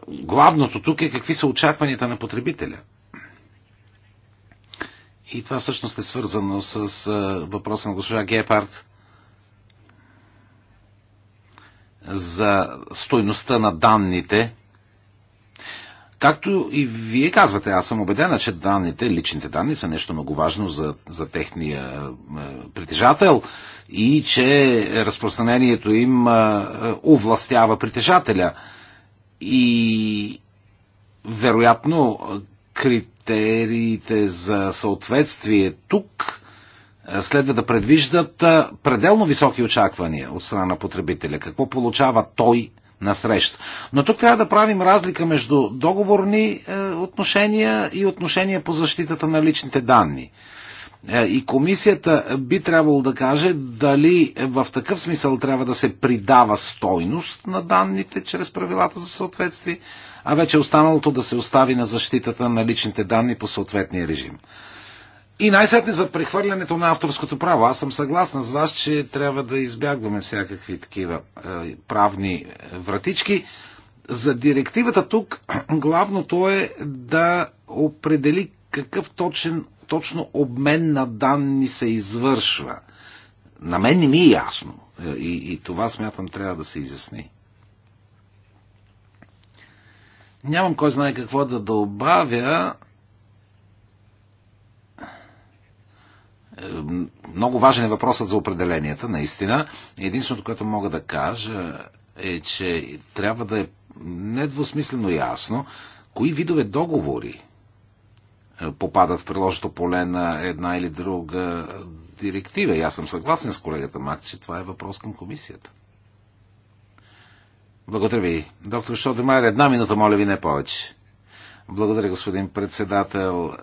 S1: главното тук е какви са очакванията на потребителя. И това всъщност е свързано с въпроса на госпожа Гепард за стойността на данните. Както и вие казвате, аз съм убедена, че данните, личните данни са нещо много важно за, за техния е, притежател и че разпространението им е, е, овластява притежателя. И вероятно критериите за съответствие тук следва да предвиждат пределно високи очаквания от страна на потребителя. Какво получава той на среща. Но тук трябва да правим разлика между договорни е, отношения и отношения по защитата на личните данни. Е, и комисията би трябвало да каже дали в такъв смисъл трябва да се придава стойност на данните чрез правилата за съответствие, а вече останалото да се остави на защитата на личните данни по съответния режим. И най-сетне за прехвърлянето на авторското право. Аз съм съгласна с вас, че трябва да избягваме всякакви такива е, правни е, вратички. За директивата тук главното е да определи какъв точен, точно обмен на данни се извършва. На мен не ми е ясно. Е, и, и това смятам трябва да се изясни. Нямам кой знае какво да добавя Е, много важен е въпросът за определенията, наистина. Единственото, което мога да кажа е, че трябва да е недвусмислено ясно кои видове договори е, попадат в приложното поле на една или друга директива. И аз съм съгласен с колегата Мак, че това е въпрос към комисията. Благодаря ви. Доктор Шодемайер, една минута, моля ви, не повече. Благодаря, господин председател.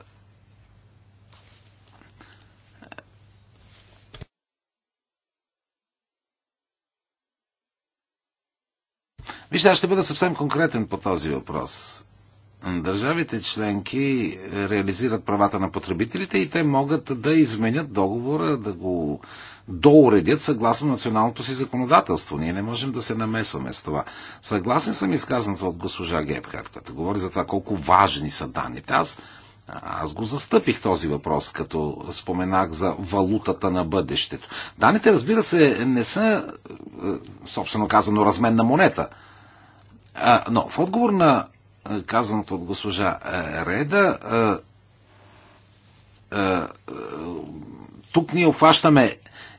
S1: Вижте, аз ще бъда съвсем конкретен по този въпрос. Държавите членки реализират правата на потребителите и те могат да изменят договора, да го доуредят съгласно националното си законодателство. Ние не можем да се намесваме с това. Съгласен съм изказаното от госпожа Гебхард, като говори за това колко важни са данните. Аз, аз го застъпих този въпрос, като споменах за валутата на бъдещето. Даните, разбира се, не са, е, собствено казано, разменна монета – но в отговор на казаното от госпожа Реда, тук ние обхващаме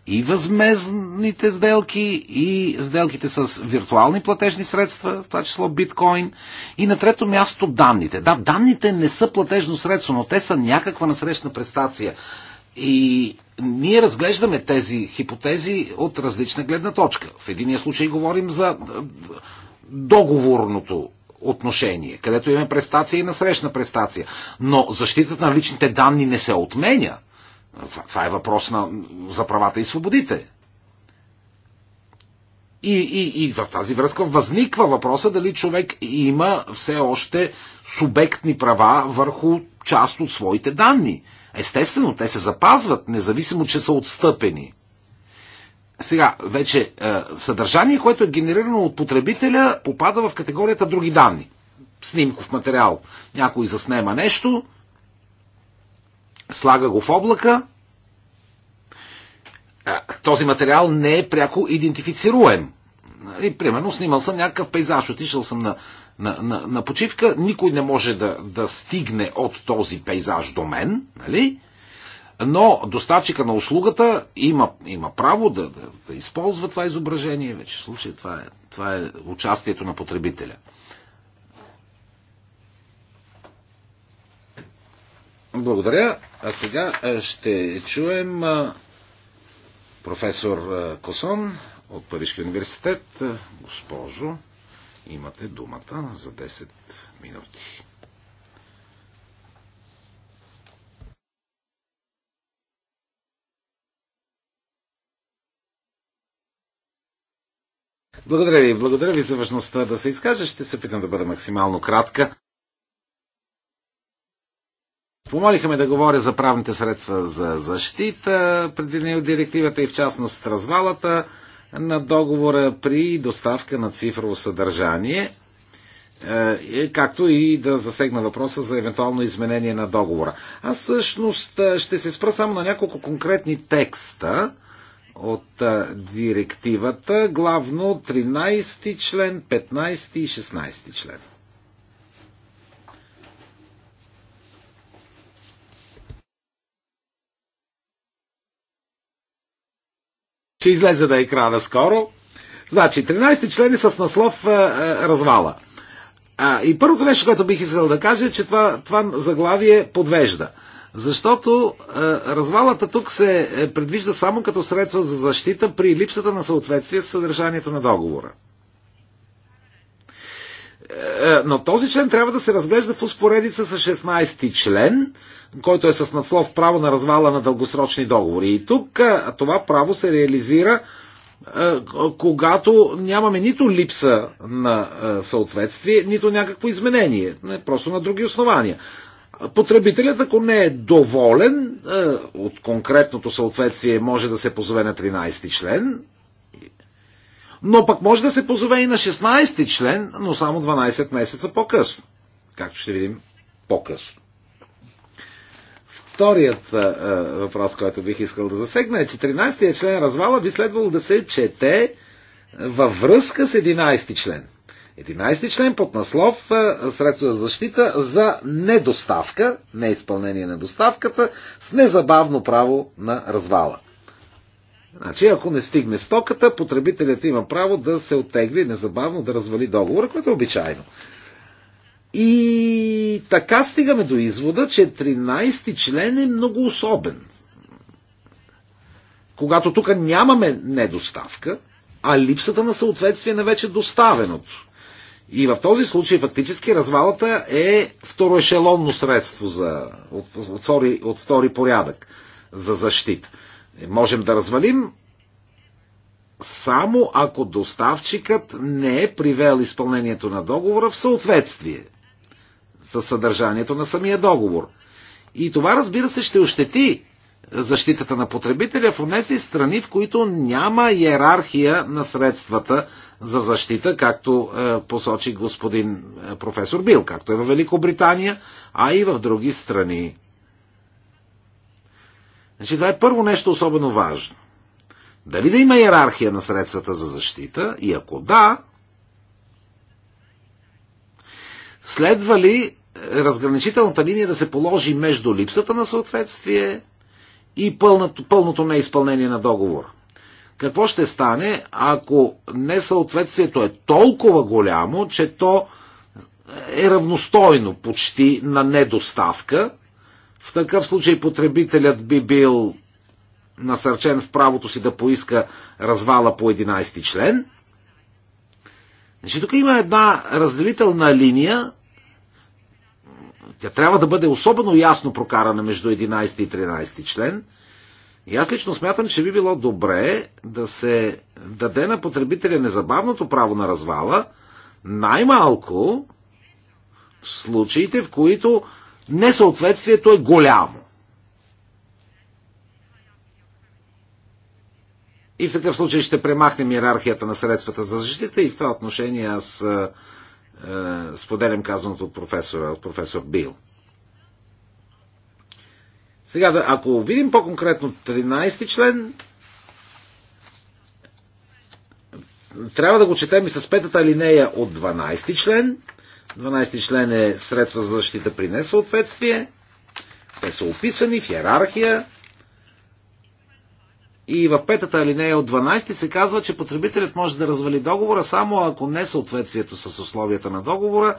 S1: и възмезните сделки, и сделките с виртуални платежни средства, в това число биткоин. И на трето място данните. Да, данните не са платежно средство, но те са някаква насрещна престация. И ние разглеждаме тези хипотези от различна гледна точка. В единия случай говорим за договорното отношение, където имаме престация и насрещна престация. Но защитата на личните данни не се отменя. Това е въпрос на, за правата и свободите. И, и, и в тази връзка възниква въпроса дали човек има все още субектни права върху част от своите данни. Естествено, те се запазват, независимо, че са отстъпени. Сега, вече е, съдържание, което е генерирано от потребителя, попада в категорията други данни. Снимков материал. Някой заснема нещо, слага го в облака. Е, този материал не е пряко идентифицируем. И, нали, примерно, снимал съм някакъв пейзаж, отишъл съм на, на, на, на почивка, никой не може да, да стигне от този пейзаж до мен, нали? но доставчика на услугата има, има право да, да, да използва това изображение. Вече в случай това е, това е участието на потребителя. Благодаря. А сега ще чуем професор Косон от Парижския университет. Госпожо, имате думата за 10 минути. Благодаря ви. Благодаря ви за важността да се изкажа. Ще се питам да бъда максимално кратка. Помолиха ме да говоря за правните средства за защита, предвидени от директивата и в частност развалата на договора при доставка на цифрово съдържание, е, както и да засегна въпроса за евентуално изменение на договора. Аз всъщност ще се спра само на няколко конкретни текста, от директивата, главно 13 член, 15 и 16 член. Ще излезе да екрана скоро. Значи, 13 члени с наслов е, е, развала. А, и първото нещо, което бих искал да кажа, е, че това, това заглавие подвежда. Защото е, развалата тук се е, предвижда само като средство за защита при липсата на съответствие с съдържанието на договора. Е, е но този член трябва да се разглежда в успоредица с 16-ти член, който е с надслов право на развала на дългосрочни договори. И тук е, това право се реализира е, когато нямаме нито липса на съответствие, нито някакво изменение, просто на други основания. Потребителят, ако не е доволен е, от конкретното съответствие, може да се позове на 13 член, но пък може да се позове и на 16 член, но само 12 месеца по-късно. Както ще видим по-късно. Вторият е, е, въпрос, който бих искал да засегна е, че 13 член развала би следвало да се чете във връзка с 11 член. 11 член под наслов е, средство за защита за недоставка, неизпълнение на доставката с незабавно право на развала. Значи, ако не стигне стоката, потребителят има право да се оттегли незабавно, да развали договора, което е обичайно. И така стигаме до извода, че 13-ти член е много особен. Когато тук нямаме недоставка, а липсата на съответствие на вече доставеното. И в този случай фактически развалата е второешелонно средство за, от, от, втори, от втори порядък за защита. Е, можем да развалим само ако доставчикът не е привел изпълнението на договора в съответствие с съдържанието на самия договор. И това, разбира се, ще ощети защитата на потребителя в тези страни, в които няма иерархия на средствата за защита, както е, посочи господин е, професор Бил, както е в Великобритания, а и в други страни. Значи това е първо нещо особено важно. Дали да има иерархия на средствата за защита и ако да, следва ли разграничителната линия да се положи между липсата на съответствие и пълното, пълното неизпълнение на договора. Какво ще стане, ако несъответствието е толкова голямо, че то е равностойно почти на недоставка? В такъв случай потребителят би бил насърчен в правото си да поиска развала по 11 член. Значи тук има една разделителна линия, тя трябва да бъде особено ясно прокарана между 11 и 13 член. И аз лично смятам, че би било добре да се даде на потребителя незабавното право на развала, най-малко в случаите, в които несъответствието е голямо. И в такъв случай ще премахнем иерархията на средствата за защита и в това отношение аз е, споделям казаното от професора, от професор Бил. Сега, ако видим по-конкретно 13 член, трябва да го четем и с петата алинея от 12 член. 12 член е средства за защита при несъответствие. Те са описани в иерархия. И в петата алинея от 12 се казва, че потребителят може да развали договора само ако не съответствието с условията на договора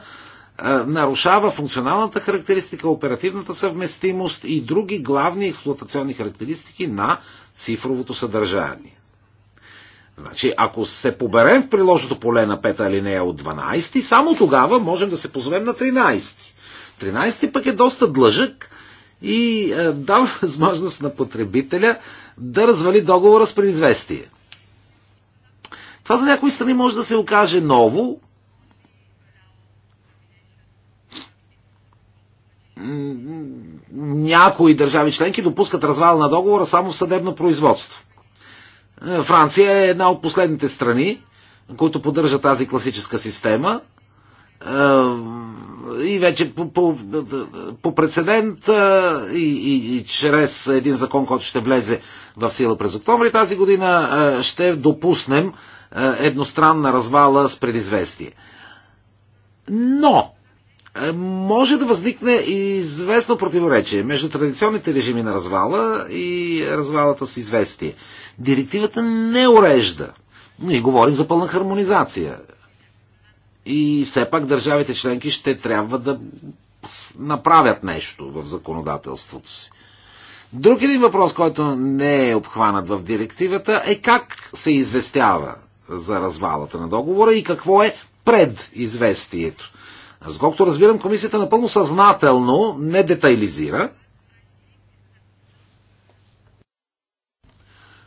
S1: е, нарушава функционалната характеристика, оперативната съвместимост и други главни експлуатационни характеристики на цифровото съдържание. Значи, ако се поберем в приложното поле на пета алинея от 12, само тогава можем да се позовем на 13. 13 пък е доста длъжък, и е, дава възможност на потребителя да развали договора с предизвестие. Това за някои страни може да се окаже ново. Някои държави членки допускат развал на договора само в съдебно производство. Е, Франция е една от последните страни, които поддържа тази класическа система е, и вече по, по, по прецедент и, и, и чрез един закон, който ще влезе в сила през октомври тази година, ще допуснем едностранна развала с предизвестие. Но, може да възникне известно противоречие между традиционните режими на развала и развалата с известие. Директивата не урежда. Ние говорим за пълна хармонизация и все пак държавите членки ще трябва да направят нещо в законодателството си. Друг един въпрос, който не е обхванат в директивата е как се известява за развалата на договора и какво е предизвестието. Сколкото разбирам, комисията напълно съзнателно не детайлизира,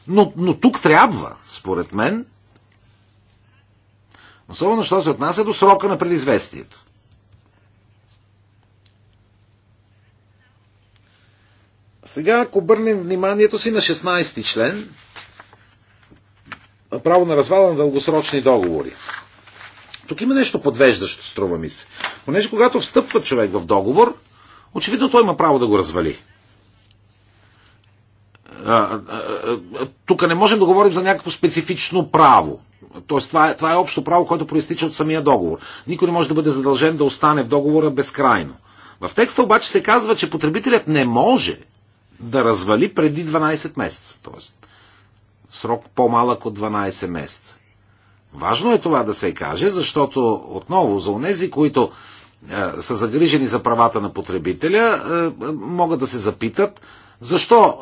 S1: но, но тук трябва, според мен, Особено, що се отнася до срока на предизвестието. Сега, ако обърнем вниманието си на 16 член, право на развала на дългосрочни договори. Тук има нещо подвеждащо, струва ми се. Понеже когато встъпва човек в договор, очевидно той има право да го развали. тук не можем да говорим за някакво специфично право. Тоест, това е, това е общо право, което проистича от самия договор. Никой не може да бъде задължен да остане в договора безкрайно. В текста обаче се казва, че потребителят не може да развали преди 12 месеца. Тоест, срок по-малък от 12 месеца. Важно е това да се каже, защото отново за онези, които е, са загрижени за правата на потребителя, е, е могат да се запитат защо,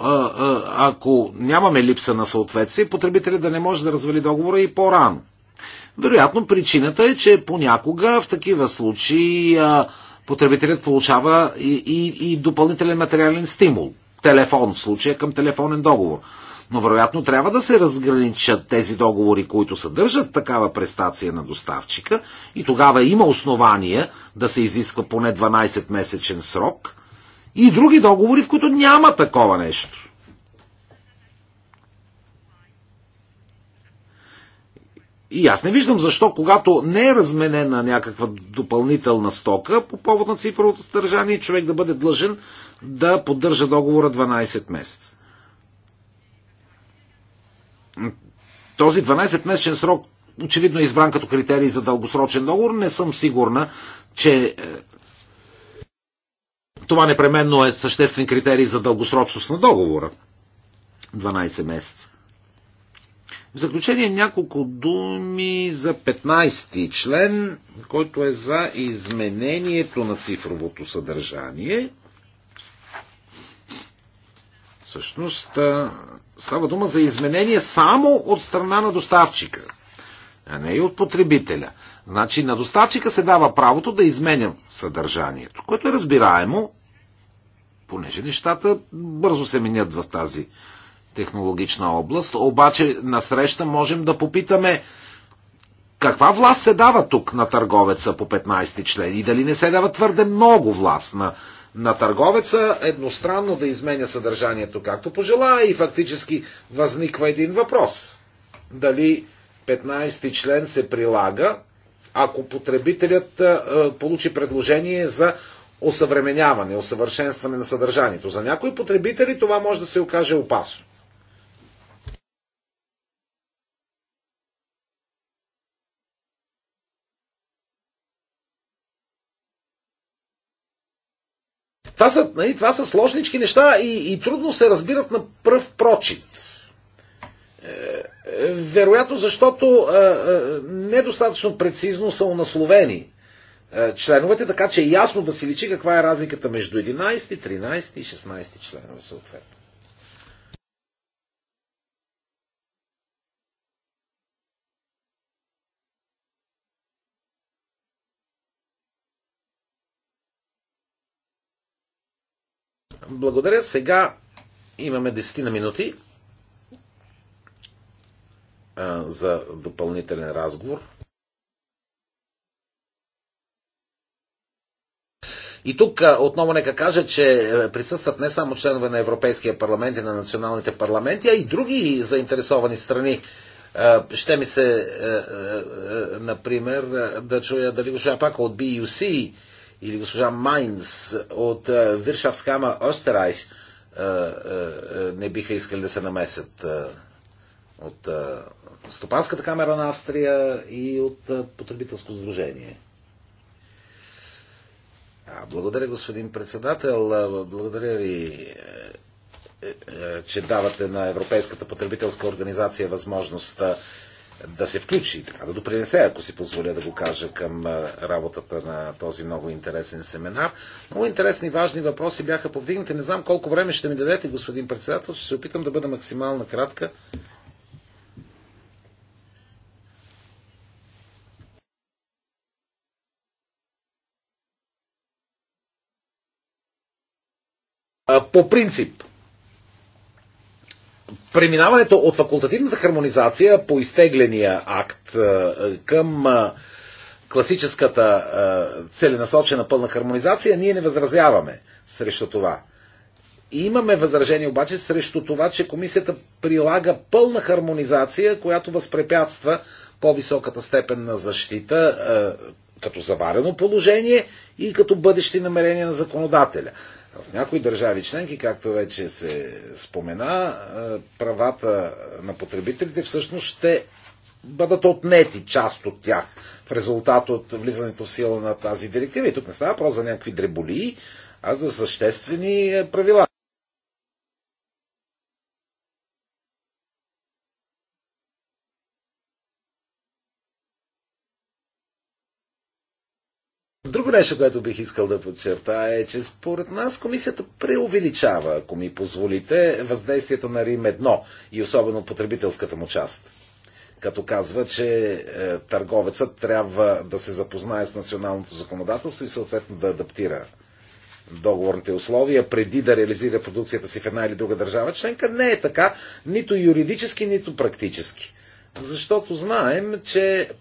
S1: ако нямаме липса на съответствие, потребителят да не може да развали договора и по-рано? Вероятно причината е, че понякога в такива случаи потребителят получава и, и, и допълнителен материален стимул. Телефон в случая към телефонен договор. Но вероятно трябва да се разграничат тези договори, които съдържат такава престация на доставчика и тогава има основания да се изисква поне 12-месечен срок – и други договори, в които няма такова нещо. И аз не виждам защо, когато не е разменена някаква допълнителна стока по повод на цифровото съдържание, човек да бъде длъжен да поддържа договора 12 месеца. Този 12-месечен срок очевидно е избран като критерий за дългосрочен договор. Не съм сигурна, че е, това непременно е съществен критерий за дългосрочност на договора. 12 месеца. В заключение няколко думи за 15-ти член, който е за изменението на цифровото съдържание. Всъщност става дума за изменение само от страна на доставчика, а не и от потребителя. Значи на доставчика се дава правото да изменя съдържанието, което е разбираемо, понеже нещата бързо се минят в тази технологична област. Обаче насреща можем да попитаме каква власт се дава тук на търговеца по 15 член и дали не се дава твърде много власт на, на търговеца едностранно да изменя съдържанието както пожелая и фактически възниква един въпрос. Дали 15 ти член се прилага, ако потребителят получи предложение за осъвременяване, усъвършенстване на съдържанието. За някои потребители това може да се окаже опасно. Това са, нали, това са сложнички неща и, и трудно се разбират на пръв прочит. Е, е, вероятно, защото е, недостатъчно прецизно са унасловени е, членовете, така че е ясно да се личи каква е разликата между 11, 13 и 16 членове съответно. Благодаря. Сега имаме 10 на минути е, за допълнителен разговор. И тук отново нека кажа, че е, присъстват не само членове на Европейския парламент и на националните парламенти, а и други заинтересовани страни. Е, ще ми се, е, например, да чуя дали госпожа Пака от BUC или госпожа Майнс от Виршавскама Остерайх не биха искали да се намесят от Стопанската камера на Австрия и от Потребителско сдружение. Благодаря, господин председател. Благодаря ви, е, е, че давате на Европейската потребителска организация възможност да се включи, така да допринесе, ако си позволя да го кажа, към работата на този много интересен семинар. Много интересни и важни въпроси бяха повдигнати. Не знам колко време ще ми дадете, господин председател. Ще се опитам да бъда максимално кратка. по принцип, преминаването от факултативната хармонизация по изтегления акт е, към е, класическата е, целенасочена пълна хармонизация, ние не възразяваме срещу това. Имаме възражение обаче срещу това, че комисията прилага пълна хармонизация, която възпрепятства по-високата степен на защита като заварено положение и като бъдещи намерения на законодателя. В някои държави членки, както вече се спомена, е, правата на потребителите всъщност ще бъдат отнети част от тях в резултат от влизането в сила на тази директива. И тук не става просто за някакви дреболии, а за съществени е, правила. нещо, което бих искал да подчертая е, че според нас комисията преувеличава, ако ми позволите, въздействието на Рим 1 и особено потребителската му част. Като казва, че е, търговецът трябва да се запознае с националното законодателство и съответно да адаптира договорните условия, преди да реализира продукцията си в една или друга държава членка, не е така, нито юридически, нито практически защото знаем, че е, е,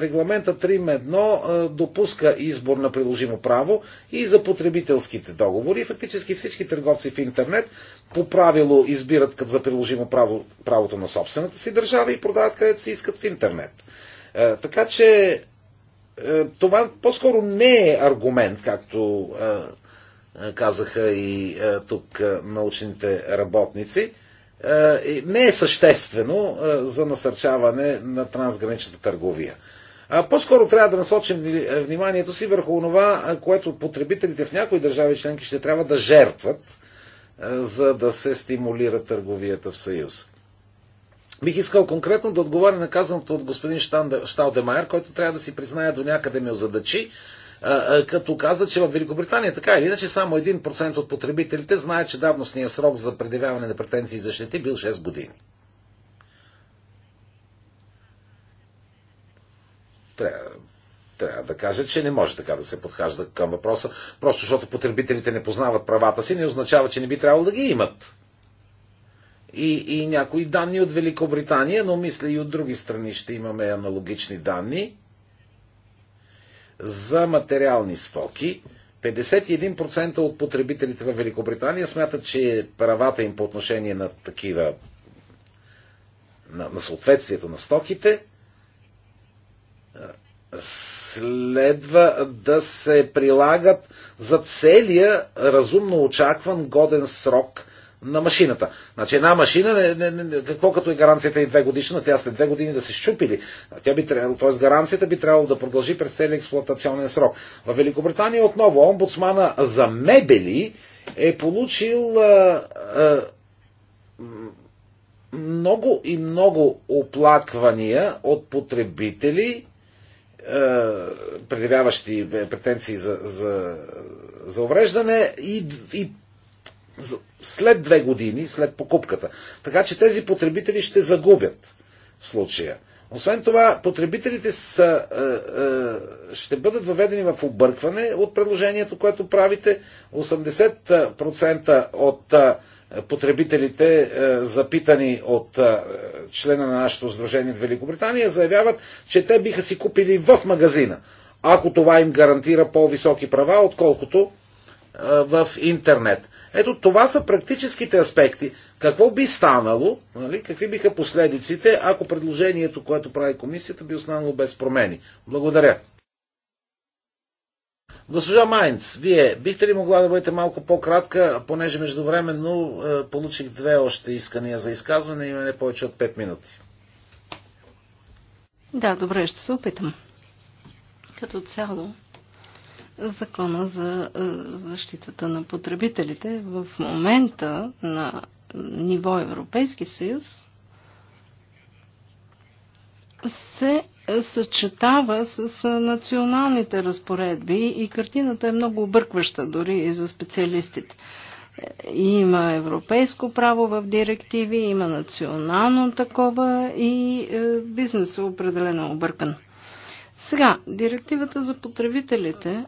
S1: регламента 3.1 е, допуска избор на приложимо право и за потребителските договори. Фактически всички търговци в интернет по правило избират като за приложимо право, правото на собствената си държава и продават където си искат в интернет. Така че това по-скоро не е аргумент, както казаха и тук научните работници е, не е съществено е, за насърчаване на трансграничната търговия. по-скоро трябва да насочим е, вниманието си върху това, което потребителите в някои държави членки ще трябва да жертват, за да се стимулира търговията в Съюз. Бих искал конкретно да отговаря на казаното от господин Шталдемайер, който трябва да си призная до някъде ме озадачи, като каза, че в Великобритания така или иначе само 1% от потребителите знае, че давностният срок за предявяване на претенции за щети бил 6 години. Трябва, трябва да кажа, че не може така да се подхажда към въпроса. Просто защото потребителите не познават правата си, не означава, че не би трябвало да ги имат. И, и някои данни от Великобритания, но мисля и от други страни ще имаме аналогични данни за материални стоки. 51% от потребителите в Великобритания смятат, че е правата им по отношение на такива на, на съответствието на стоките следва да се прилагат за целия разумно очакван годен срок на машината. Значи една машина, не, не, не, какво като е гаранцията и две годишна, тя след две години да се щупили. Тя би трябвало, т.е. гаранцията би трябвало да продължи през целия експлуатационен срок. В Великобритания отново омбудсмана за мебели е получил а, а, много и много оплаквания от потребители, предявяващи претенции за, за, за увреждане и, и след две години, след покупката. Така че тези потребители ще загубят в случая. Освен това, потребителите са, е, е, ще бъдат въведени в объркване от предложението, което правите. 80% от е, потребителите, е, запитани от е, члена на нашето сдружение в Великобритания, заявяват, че те биха си купили в магазина, ако това им гарантира по-високи права, отколкото е, в интернет. Ето това са практическите аспекти. Какво би станало, нали, какви биха последиците, ако предложението, което прави комисията, би останало без промени? Благодаря. Госпожа Майнц, вие бихте ли могла да бъдете малко по-кратка, понеже междувременно е, получих две още искания за изказване и не повече от 5 минути.
S2: Да, добре, ще се опитам. Като цяло, закона за е, защитата на потребителите. В момента на ниво Европейски съюз се съчетава с е, националните разпоредби и картината е много объркваща дори и за специалистите. Е, има европейско право в директиви, има национално такова и бизнесът е определено объркан. Сега, директивата за потребителите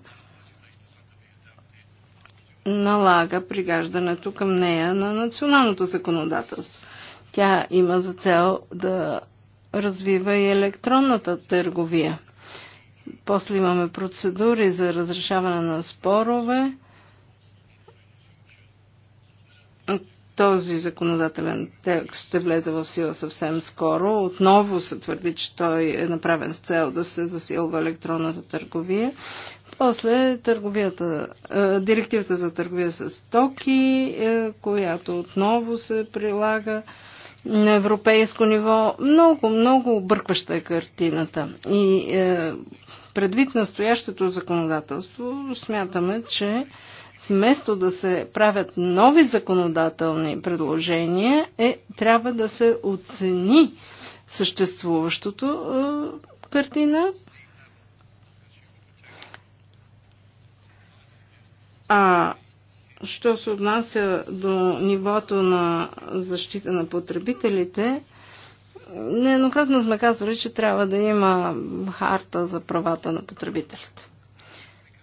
S2: налага пригаждането към нея на националното законодателство. Тя има за цел да развива и електронната търговия. После имаме процедури за разрешаване на спорове. Този законодателен текст ще влезе в сила съвсем скоро. Отново се твърди, че той е направен с цел да се засилва електронната търговия. После търговията, е, директивата за търговия с стоки, е, която отново се прилага на европейско ниво. Много, много объркваща е картината. И е, предвид настоящето законодателство, смятаме, че вместо да се правят нови законодателни предложения, е, трябва да се оцени съществуващото е, картина, А що се отнася до нивото на защита на потребителите, нееднократно сме казвали, че трябва да има харта за правата на потребителите.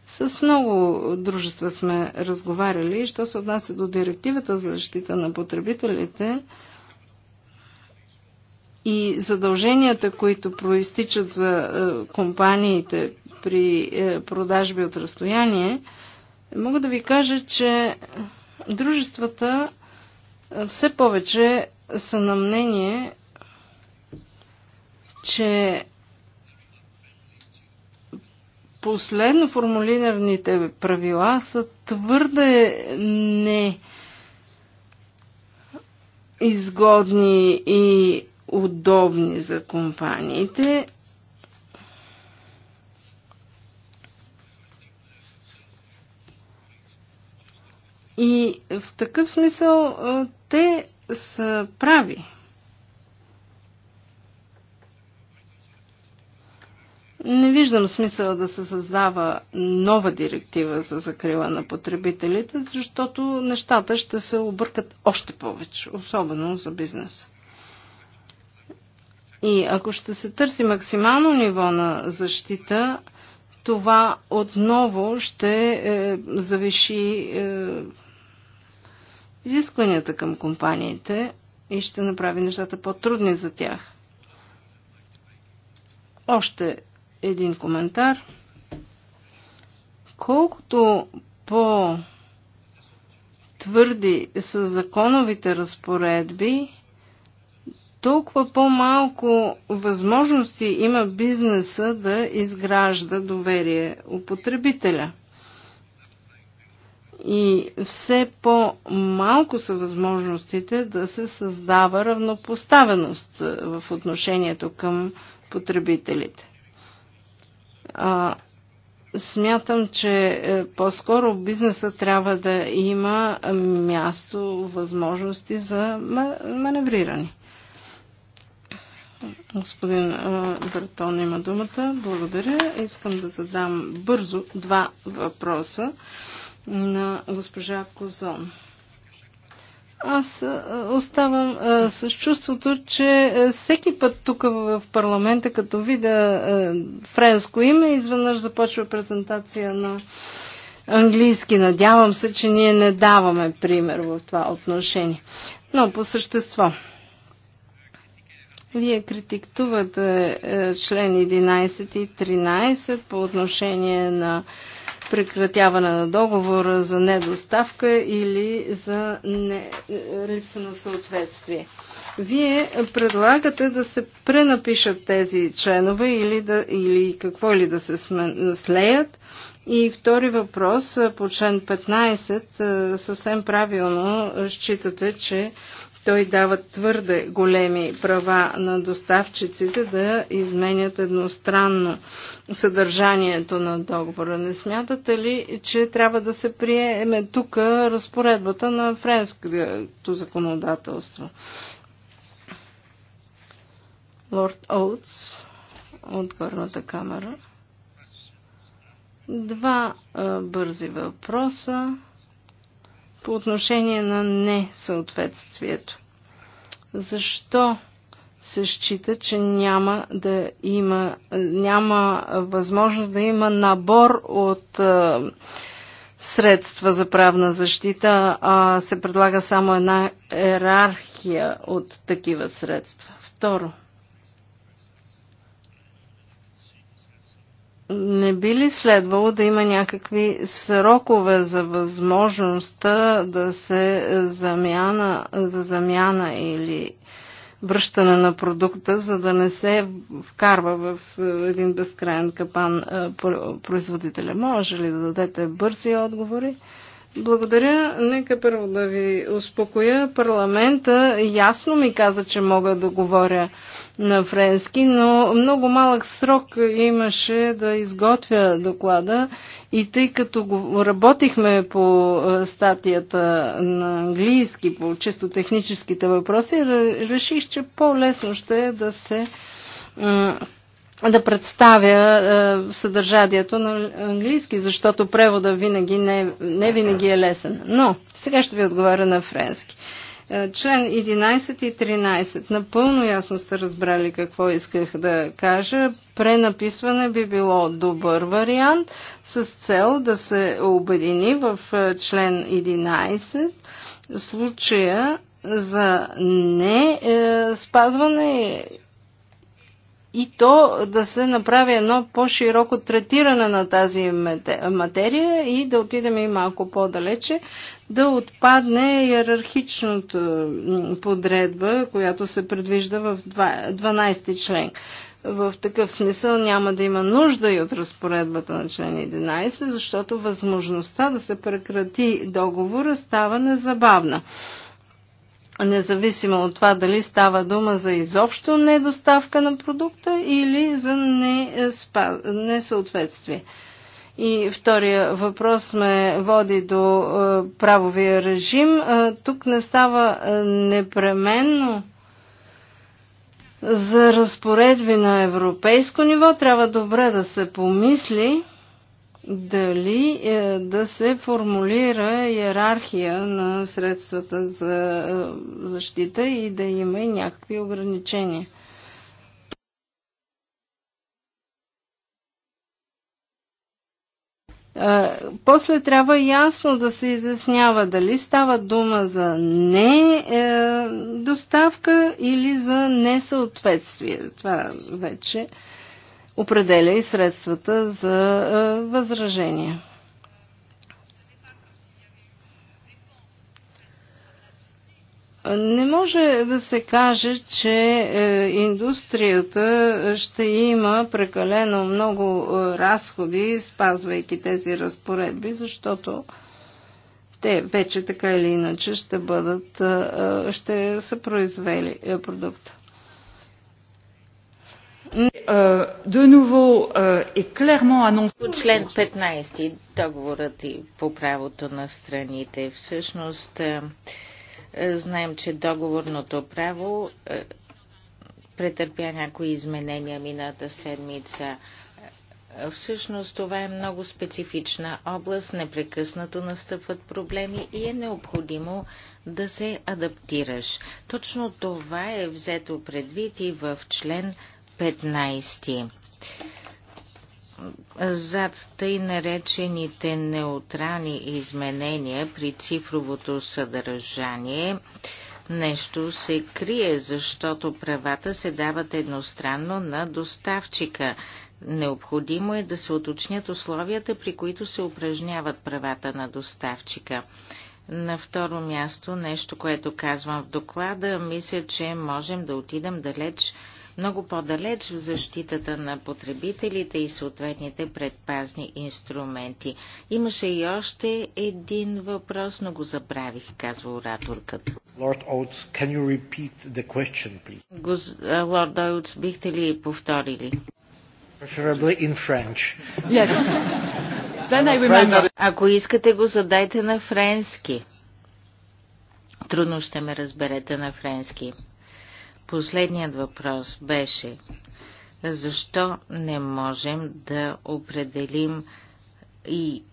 S2: С много дружества сме разговаряли. Що се отнася до директивата за защита на потребителите и задълженията, които проистичат за е, компаниите при е, продажби от разстояние, Мога да ви кажа, че дружествата е, все повече са на мнение, че последно формулираните правила са твърде не изгодни и удобни за компаниите И в такъв смисъл те са прави. Не виждам смисъл да се създава нова директива за закрила на потребителите, защото нещата ще се объркат още повече, особено за бизнеса. И ако ще се търси максимално ниво на защита, това отново ще е, завиши е, изискванията към компаниите и ще направи нещата по-трудни за тях. Още един коментар. Колкото по твърди са законовите разпоредби, толкова по-малко възможности има бизнеса да изгражда доверие у потребителя – и все по-малко са възможностите да се създава равнопоставеност е, в отношението към потребителите. А, смятам, че е, по-скоро бизнеса трябва да има място, възможности за маневриране. Господин е, Бертон има думата. Благодаря. Искам да задам бързо два въпроса на госпожа Козон. Аз оставам с чувството, че всеки път тук в парламента, като видя френско име, изведнъж започва презентация на английски. Надявам се, че ние не даваме пример в това отношение. Но по същество. Вие критиктувате е, член 11 и 13 по отношение на прекратяване на договора за недоставка или за не, липса на съответствие. Вие предлагате да се пренапишат тези членове или, да, или какво или да се слеят. И втори въпрос по член 15. Е, съвсем правилно е, считате, че той дава твърде големи права на доставчиците да изменят едностранно съдържанието на договора. Не смятате ли, че трябва да се приеме тук разпоредбата на френското законодателство? Лорд Оутс от горната камера. Два а, бързи въпроса по отношение на несъответствието. Защо се счита, че няма да има, няма възможност да има набор от е, средства за правна защита, а се предлага само една ерархия от такива средства. Второ, не би ли следвало да има някакви срокове за възможността да се замяна, за замяна или връщане на продукта, за да не се вкарва в е, един безкрайен капан е, производителя? Може ли да дадете бързи отговори? Благодаря. Нека първо да ви успокоя. Парламента ясно ми каза, че мога да говоря на френски, но много малък срок имаше да изготвя доклада и тъй като работихме по статията на английски, по чисто техническите въпроси, реших, че по-лесно ще е да се да представя е, съдържанието на английски, защото превода винаги не, не винаги е лесен. Но сега ще ви отговаря на френски. Е, член 11 и 13. Напълно ясно сте разбрали какво исках да кажа. Пренаписване би било добър вариант с цел да се обедини в е, член 11 случая за не е, спазване е и то да се направи едно по-широко третиране на тази материя и да отидем и малко по-далече, да отпадне иерархичната подредба, която се предвижда в 12 член. В такъв смисъл няма да има нужда и от разпоредбата на член 11, защото възможността да се прекрати договора става незабавна независимо от това дали става дума за изобщо недоставка на продукта или за несъответствие. И втория въпрос ме води до е, правовия режим. Е, тук не става е, непременно за разпоредби на европейско ниво. Трябва добре да се помисли дали е, да се формулира иерархия на средствата за е, защита и да има и някакви ограничения. Е, после трябва ясно да се изяснява дали става дума за не е, доставка или за несъответствие. Това вече е, определя и средствата за е, възражения. Не може да се каже, че е, индустрията ще има прекалено много е, разходи, спазвайки тези разпоредби, защото те вече така или иначе ще бъдат, ще са произвели продукта de nouveau
S3: est clairement annoncé. Член 15, договорът и по правото на страните. Всъщност, е, е, знаем, че договорното право е, претърпя някои изменения мината седмица. Всъщност това е много специфична област, непрекъснато настъпват проблеми и е необходимо да се адаптираш. Точно това е взето предвид и в член 15. 15. Зад тъй наречените неутрални изменения при цифровото съдържание нещо се крие, защото правата се дават едностранно на доставчика. Необходимо е да се уточнят условията, при които се упражняват правата на доставчика. На второ място, нещо, което казвам в доклада, мисля, че можем да отидем далеч много по-далеч в защитата на потребителите и съответните предпазни инструменти. Имаше и още един въпрос, но го забравих, казва ораторката.
S1: Лорд Оутс, can you repeat the question, please?
S3: Гос... Лорд Оутс, бихте ли повторили?
S1: Preferably in French. Yes. Then I remember.
S3: Ако искате го задайте на френски. Трудно ще ме разберете на френски. Последният въпрос беше защо не можем да определим и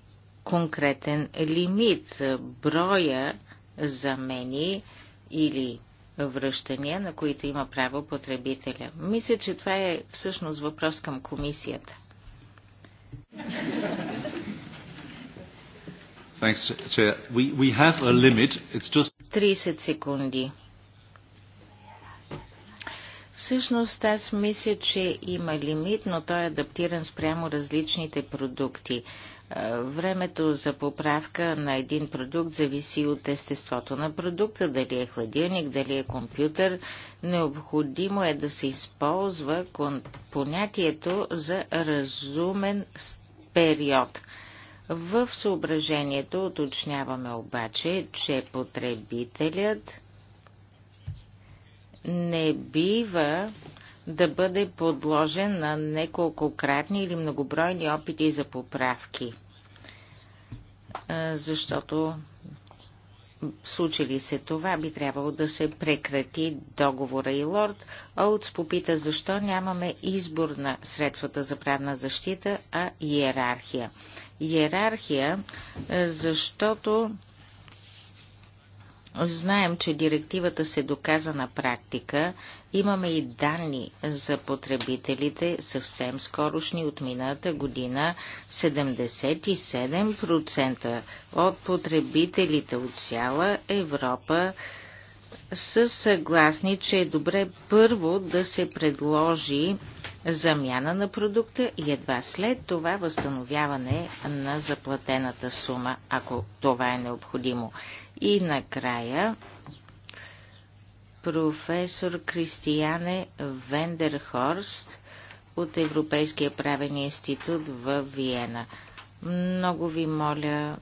S3: конкретен лимит, броя замени или връщания, на които има право потребителя. Мисля, че това е всъщност въпрос към комисията.
S1: Thanks, Chair.
S3: We,
S2: we have a limit. It's just...
S3: 30 секунди. Всъщност аз мисля, че има лимит, но той е адаптиран спрямо различните продукти. Времето за поправка на един продукт зависи от естеството на продукта, дали е хладилник, дали е компютър. Необходимо е да се използва понятието за разумен период. В съображението уточняваме обаче, че потребителят не бива да бъде подложен на неколкократни или многобройни опити за поправки, защото случили се това, би трябвало да се прекрати договора и лорд Оутс попита защо нямаме избор на средствата за правна защита, а иерархия. Иерархия, защото Знаем, че директивата се доказа на практика. Имаме и данни за потребителите съвсем скорошни от миналата година. 77% от потребителите от цяла Европа са съгласни, че е добре първо да се предложи замяна на продукта и едва след това възстановяване на заплатената сума, ако това е необходимо. И накрая професор Кристияне Вендерхорст от Европейския правен институт в Виена. Много ви моля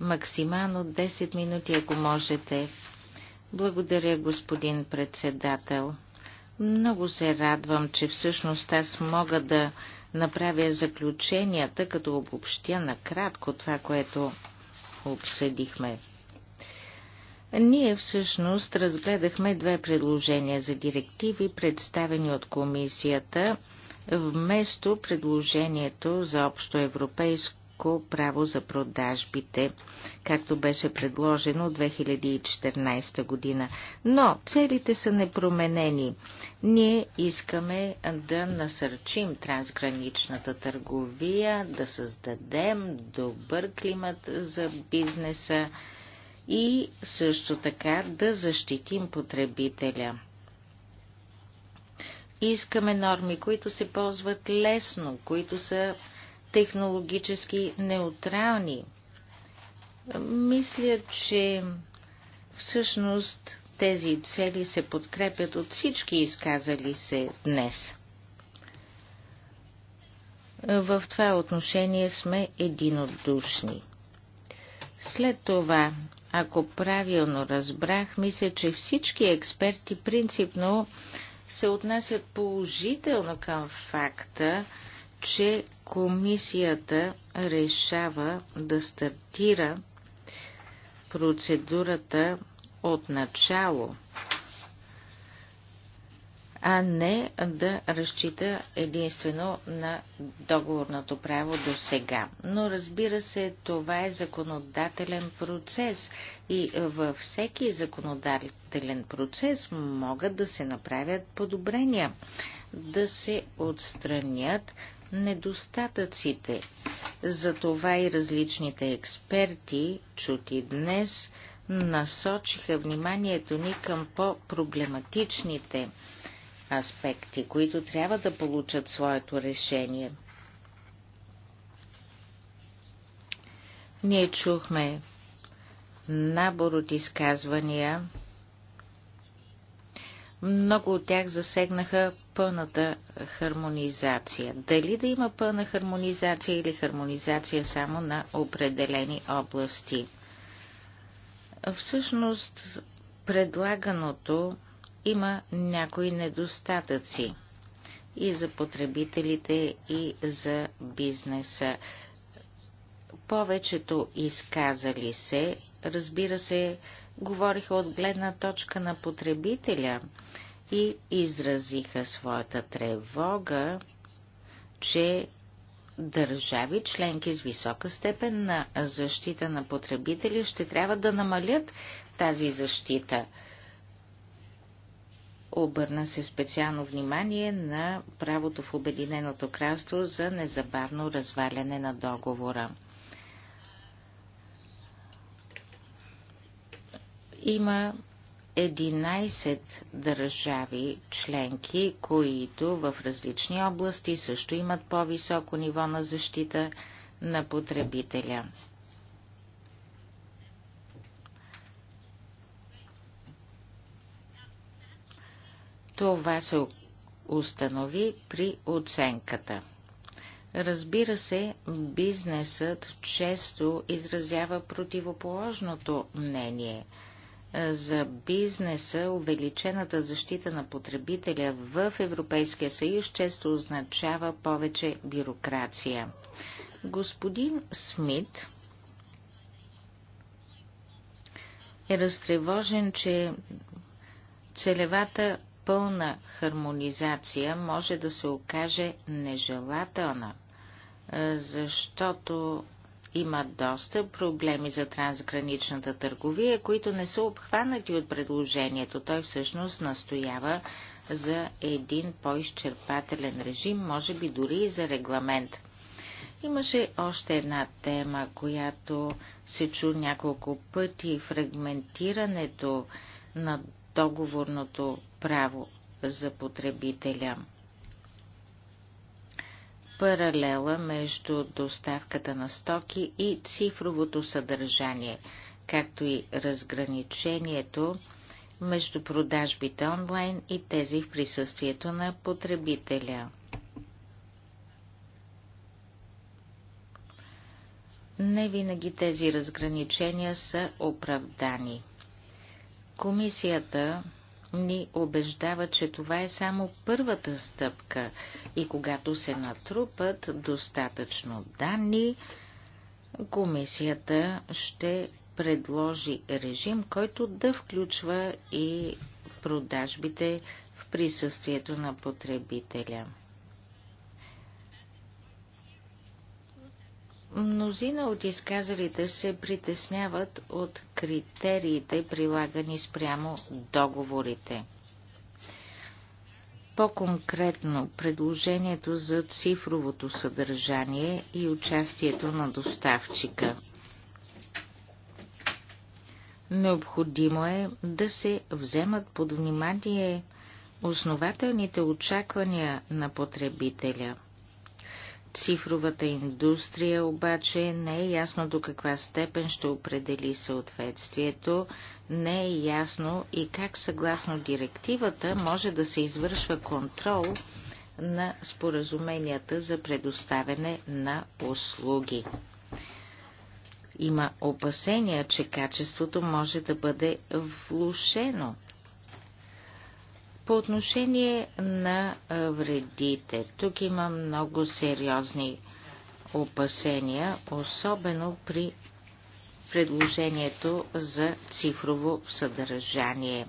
S3: максимално 10 минути, ако можете. Благодаря, господин председател. Много се радвам, че всъщност аз мога да направя заключенията, като обобщя накратко това, което обсъдихме. Ние всъщност разгледахме две предложения за директиви, представени от комисията, вместо предложението за общо европейско търговско право за продажбите, както беше предложено 2014 година. Но целите са непроменени. Ние искаме да насърчим трансграничната търговия, да създадем добър климат за бизнеса и също така да защитим потребителя. Искаме норми, които се ползват лесно, които са технологически неутрални. Мисля, че всъщност тези цели се подкрепят от всички изказали се днес. В това отношение сме единодушни. След това, ако правилно разбрах, мисля, че всички експерти принципно се отнасят положително към факта, че комисията решава да стартира процедурата от начало, а не да разчита единствено на договорното право до сега. Но разбира се, това е законодателен процес и във всеки законодателен процес могат да се направят подобрения, да се отстранят недостатъците. Затова и различните експерти, чути днес, насочиха вниманието ни към по-проблематичните аспекти, които трябва да получат своето решение. Ние чухме набор от изказвания. Много от тях засегнаха пълната хармонизация. Дали да има пълна хармонизация или хармонизация само на определени области. Всъщност, предлаганото има някои недостатъци и за потребителите, и за бизнеса. Повечето изказали се, разбира се, говориха от гледна точка на потребителя – и изразиха своята тревога, че държави членки с висока степен на защита на потребители ще трябва да намалят тази защита. Обърна се специално внимание на правото в Обединеното кралство за незабавно разваляне на договора. Има 11 държави членки, които в различни области също имат по-високо ниво на защита на потребителя. Това се установи при оценката. Разбира се, бизнесът често изразява противоположното мнение – за бизнеса, увеличената защита на потребителя в Европейския съюз често означава повече бюрокрация. Господин Смит е разтревожен, че целевата пълна хармонизация може да се окаже нежелателна, защото има доста проблеми за трансграничната търговия, които не са обхванати от предложението. Той всъщност настоява за един по-изчерпателен режим, може би дори и за регламент. Имаше още една тема, която се чу няколко пъти фрагментирането на договорното право за потребителя паралела между доставката на стоки и цифровото съдържание, както и разграничението между продажбите онлайн и тези в присъствието на потребителя. Не винаги тези разграничения са оправдани. Комисията ни убеждава, че това е само първата стъпка и когато се натрупат достатъчно данни, комисията ще предложи режим, който да включва и продажбите в присъствието на потребителя. Мнозина от изказалите се притесняват от критериите, прилагани спрямо договорите. По-конкретно, предложението за цифровото съдържание и участието на доставчика. Необходимо е да се вземат под внимание основателните очаквания на потребителя – Цифровата индустрия обаче не е ясно до каква степен ще определи съответствието, не е ясно и как съгласно директивата може да се извършва контрол на споразуменията за предоставяне на услуги. Има опасения, че качеството може да бъде влушено по отношение на вредите, тук има много сериозни опасения, особено при предложението за цифрово съдържание.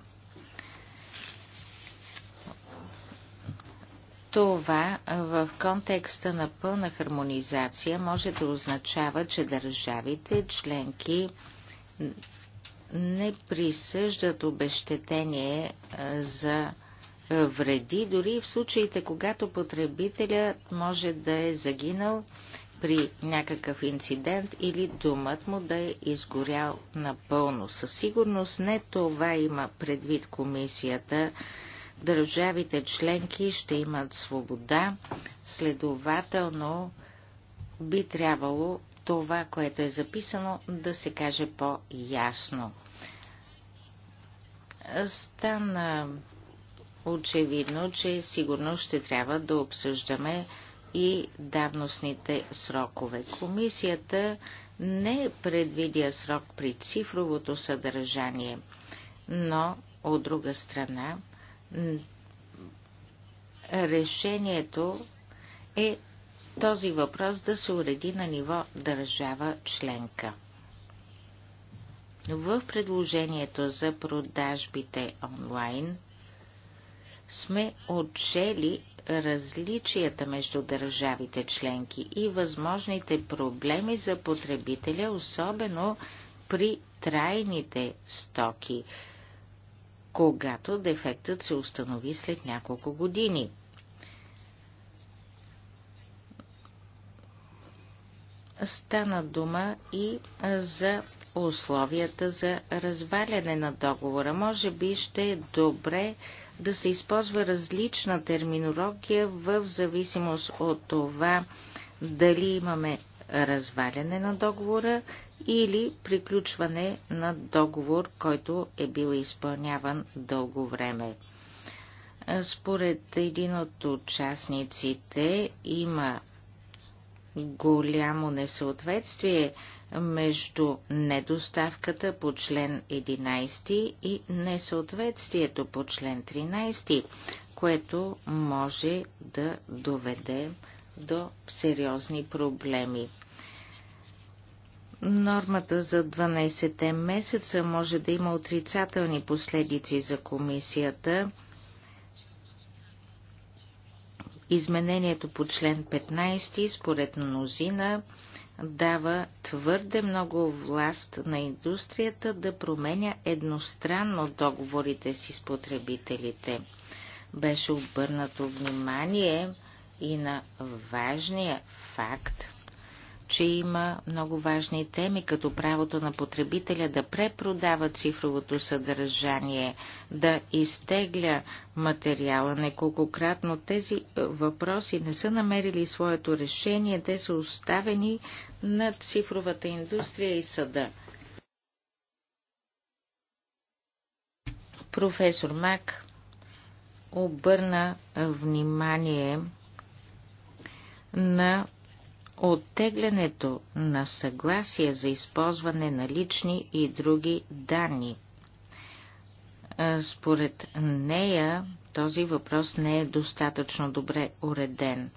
S3: Това в контекста на пълна хармонизация може да означава, че държавите членки не присъждат обещетение за е, вреди, дори в случаите, когато потребителя може да е загинал при някакъв инцидент или думът му да е изгорял напълно. Със сигурност не това има предвид комисията. Държавите членки ще имат свобода, следователно би трябвало това, което е записано, да се каже по-ясно. Стана очевидно, че сигурно ще трябва да обсъждаме и давностните срокове. Комисията не предвидя срок при цифровото съдържание, но от друга страна решението е този въпрос да се уреди на ниво държава членка. В предложението за продажбите онлайн сме отчели различията между държавите членки и възможните проблеми за потребителя, особено при трайните стоки, когато дефектът се установи след няколко години. Стана дума и за условията за разваляне на договора. Може би ще е добре да се използва различна терминология в зависимост от това дали имаме разваляне на договора или приключване на договор, който е бил изпълняван дълго време. Според един от участниците има голямо несъответствие между недоставката по член 11 и несъответствието по член 13, което може да доведе до сериозни проблеми. Нормата за 12 месеца може да има отрицателни последици за комисията. Изменението по член 15 според мнозина дава твърде много власт на индустрията да променя едностранно договорите си с потребителите. Беше обърнато внимание и на важния факт, че има много важни теми, като правото на потребителя да препродава цифровото съдържание, да изтегля материала неколкократно. Тези е, въпроси не са намерили своето решение, те са оставени на цифровата индустрия и съда. Професор Мак обърна внимание на оттеглянето на съгласие за използване на лични и други данни. Според нея този въпрос не е достатъчно добре уреден.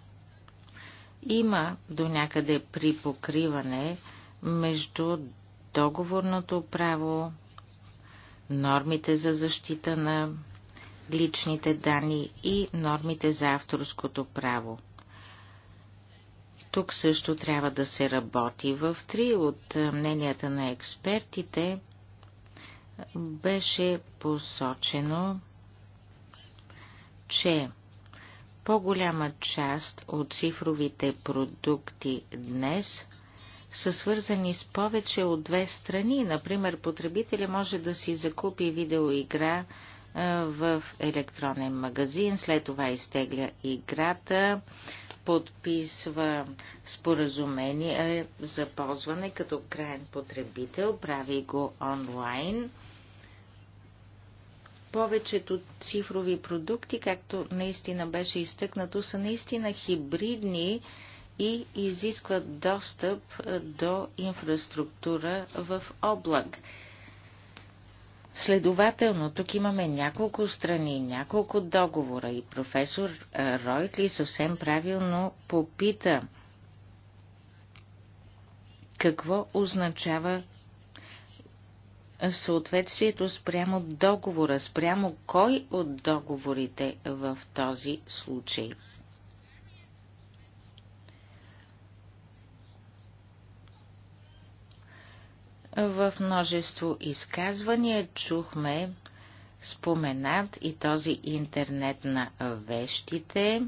S3: Има до някъде припокриване между договорното право, нормите за защита на личните данни и нормите за авторското право. Тук също трябва да се работи. В три от е, мненията на експертите беше посочено, че по-голяма част от цифровите продукти днес са свързани с повече от две страни. Например, потребителя може да си закупи видеоигра е, в електронен магазин, след това изтегля играта, подписва споразумение за ползване като крайен потребител, прави го онлайн. Повечето цифрови продукти, както наистина беше изтъкнато, са наистина хибридни и изискват достъп до инфраструктура в облак. Следователно, тук имаме няколко страни, няколко договора и професор Ройтли съвсем правилно попита какво означава съответствието спрямо договора, спрямо кой от договорите в този случай. В множество изказвания чухме споменат и този интернет на вещите.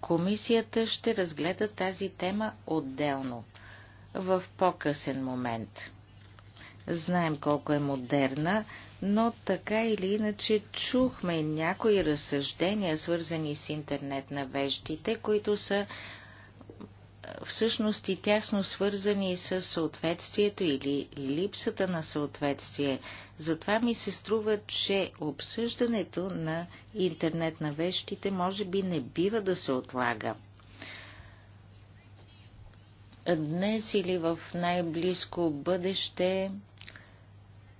S3: Комисията ще разгледа тази тема отделно, в по-късен момент. Знаем колко е модерна, но така или иначе чухме някои разсъждения, свързани с интернет на вещите, които са всъщност и тясно свързани с съответствието или липсата на съответствие. Затова ми се струва, че обсъждането на интернет на вещите може би не бива да се отлага. Днес или в най-близко бъдеще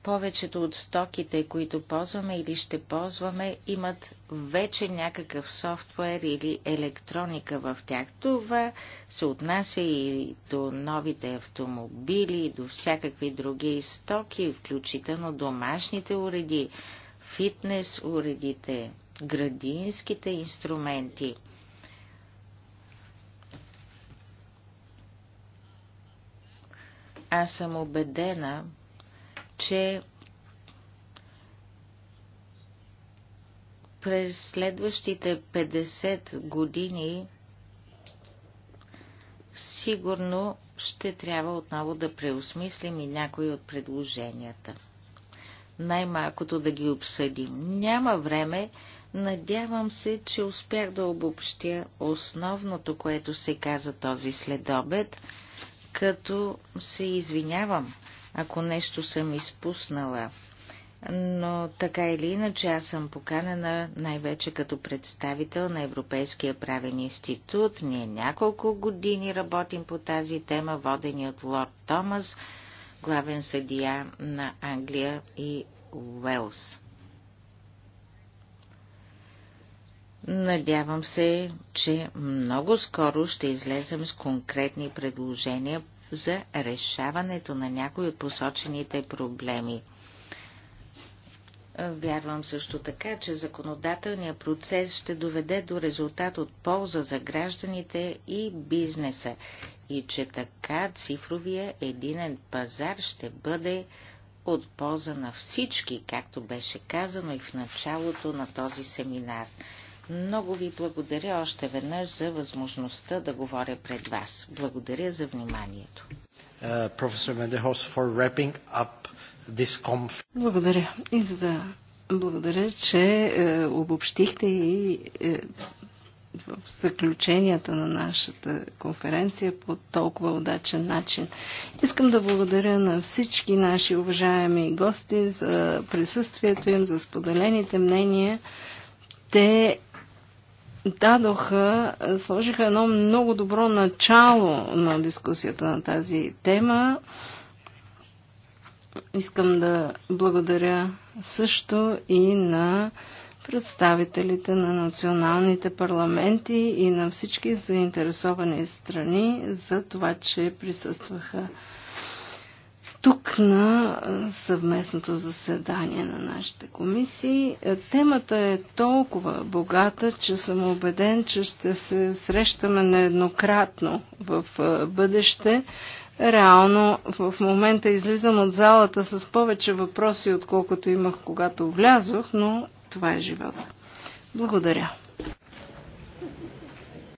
S3: повечето от стоките, които ползваме или ще ползваме, имат вече някакъв софтуер или електроника в тях. Това се отнася и до новите автомобили, и до всякакви други стоки, включително домашните уреди, фитнес уредите, градинските инструменти. Аз съм убедена, че през следващите 50 години сигурно ще трябва отново да преосмислим и някои от предложенията. Най-малкото да ги обсъдим. Няма време. Надявам се, че успях да обобщя основното, което се каза този следобед, като се извинявам ако нещо съм изпуснала. Но така или иначе аз съм поканена най-вече като представител на Европейския правен институт. Ние няколко години работим по тази тема, водени от лорд Томас, главен съдия на Англия и Уелс. Надявам се, че много скоро ще излезем с конкретни предложения за решаването на някои от посочените проблеми. Вярвам също така, че законодателният процес ще доведе до резултат от полза за гражданите и бизнеса и че така цифровия единен пазар ще бъде от полза на всички, както беше казано и в началото на този семинар. Много ви благодаря още веднъж за възможността да говоря пред вас. Благодаря за вниманието.
S1: Uh,
S2: благодаря. И за да благодаря, че е, обобщихте и е, в заключенията на нашата конференция по толкова удачен начин. Искам да благодаря на всички наши уважаеми гости за присъствието им, за споделените мнения. Те дадоха, сложиха едно много добро начало на дискусията на тази тема. Искам да благодаря също и на представителите на националните парламенти и на всички заинтересовани страни за това, че присъстваха тук на съвместното заседание на нашите комисии. Е, темата е толкова богата, че съм убеден, че ще се срещаме нееднократно в бъдеще. Реално в момента излизам от залата с повече въпроси, отколкото имах когато влязох, но това е живота. Благодаря.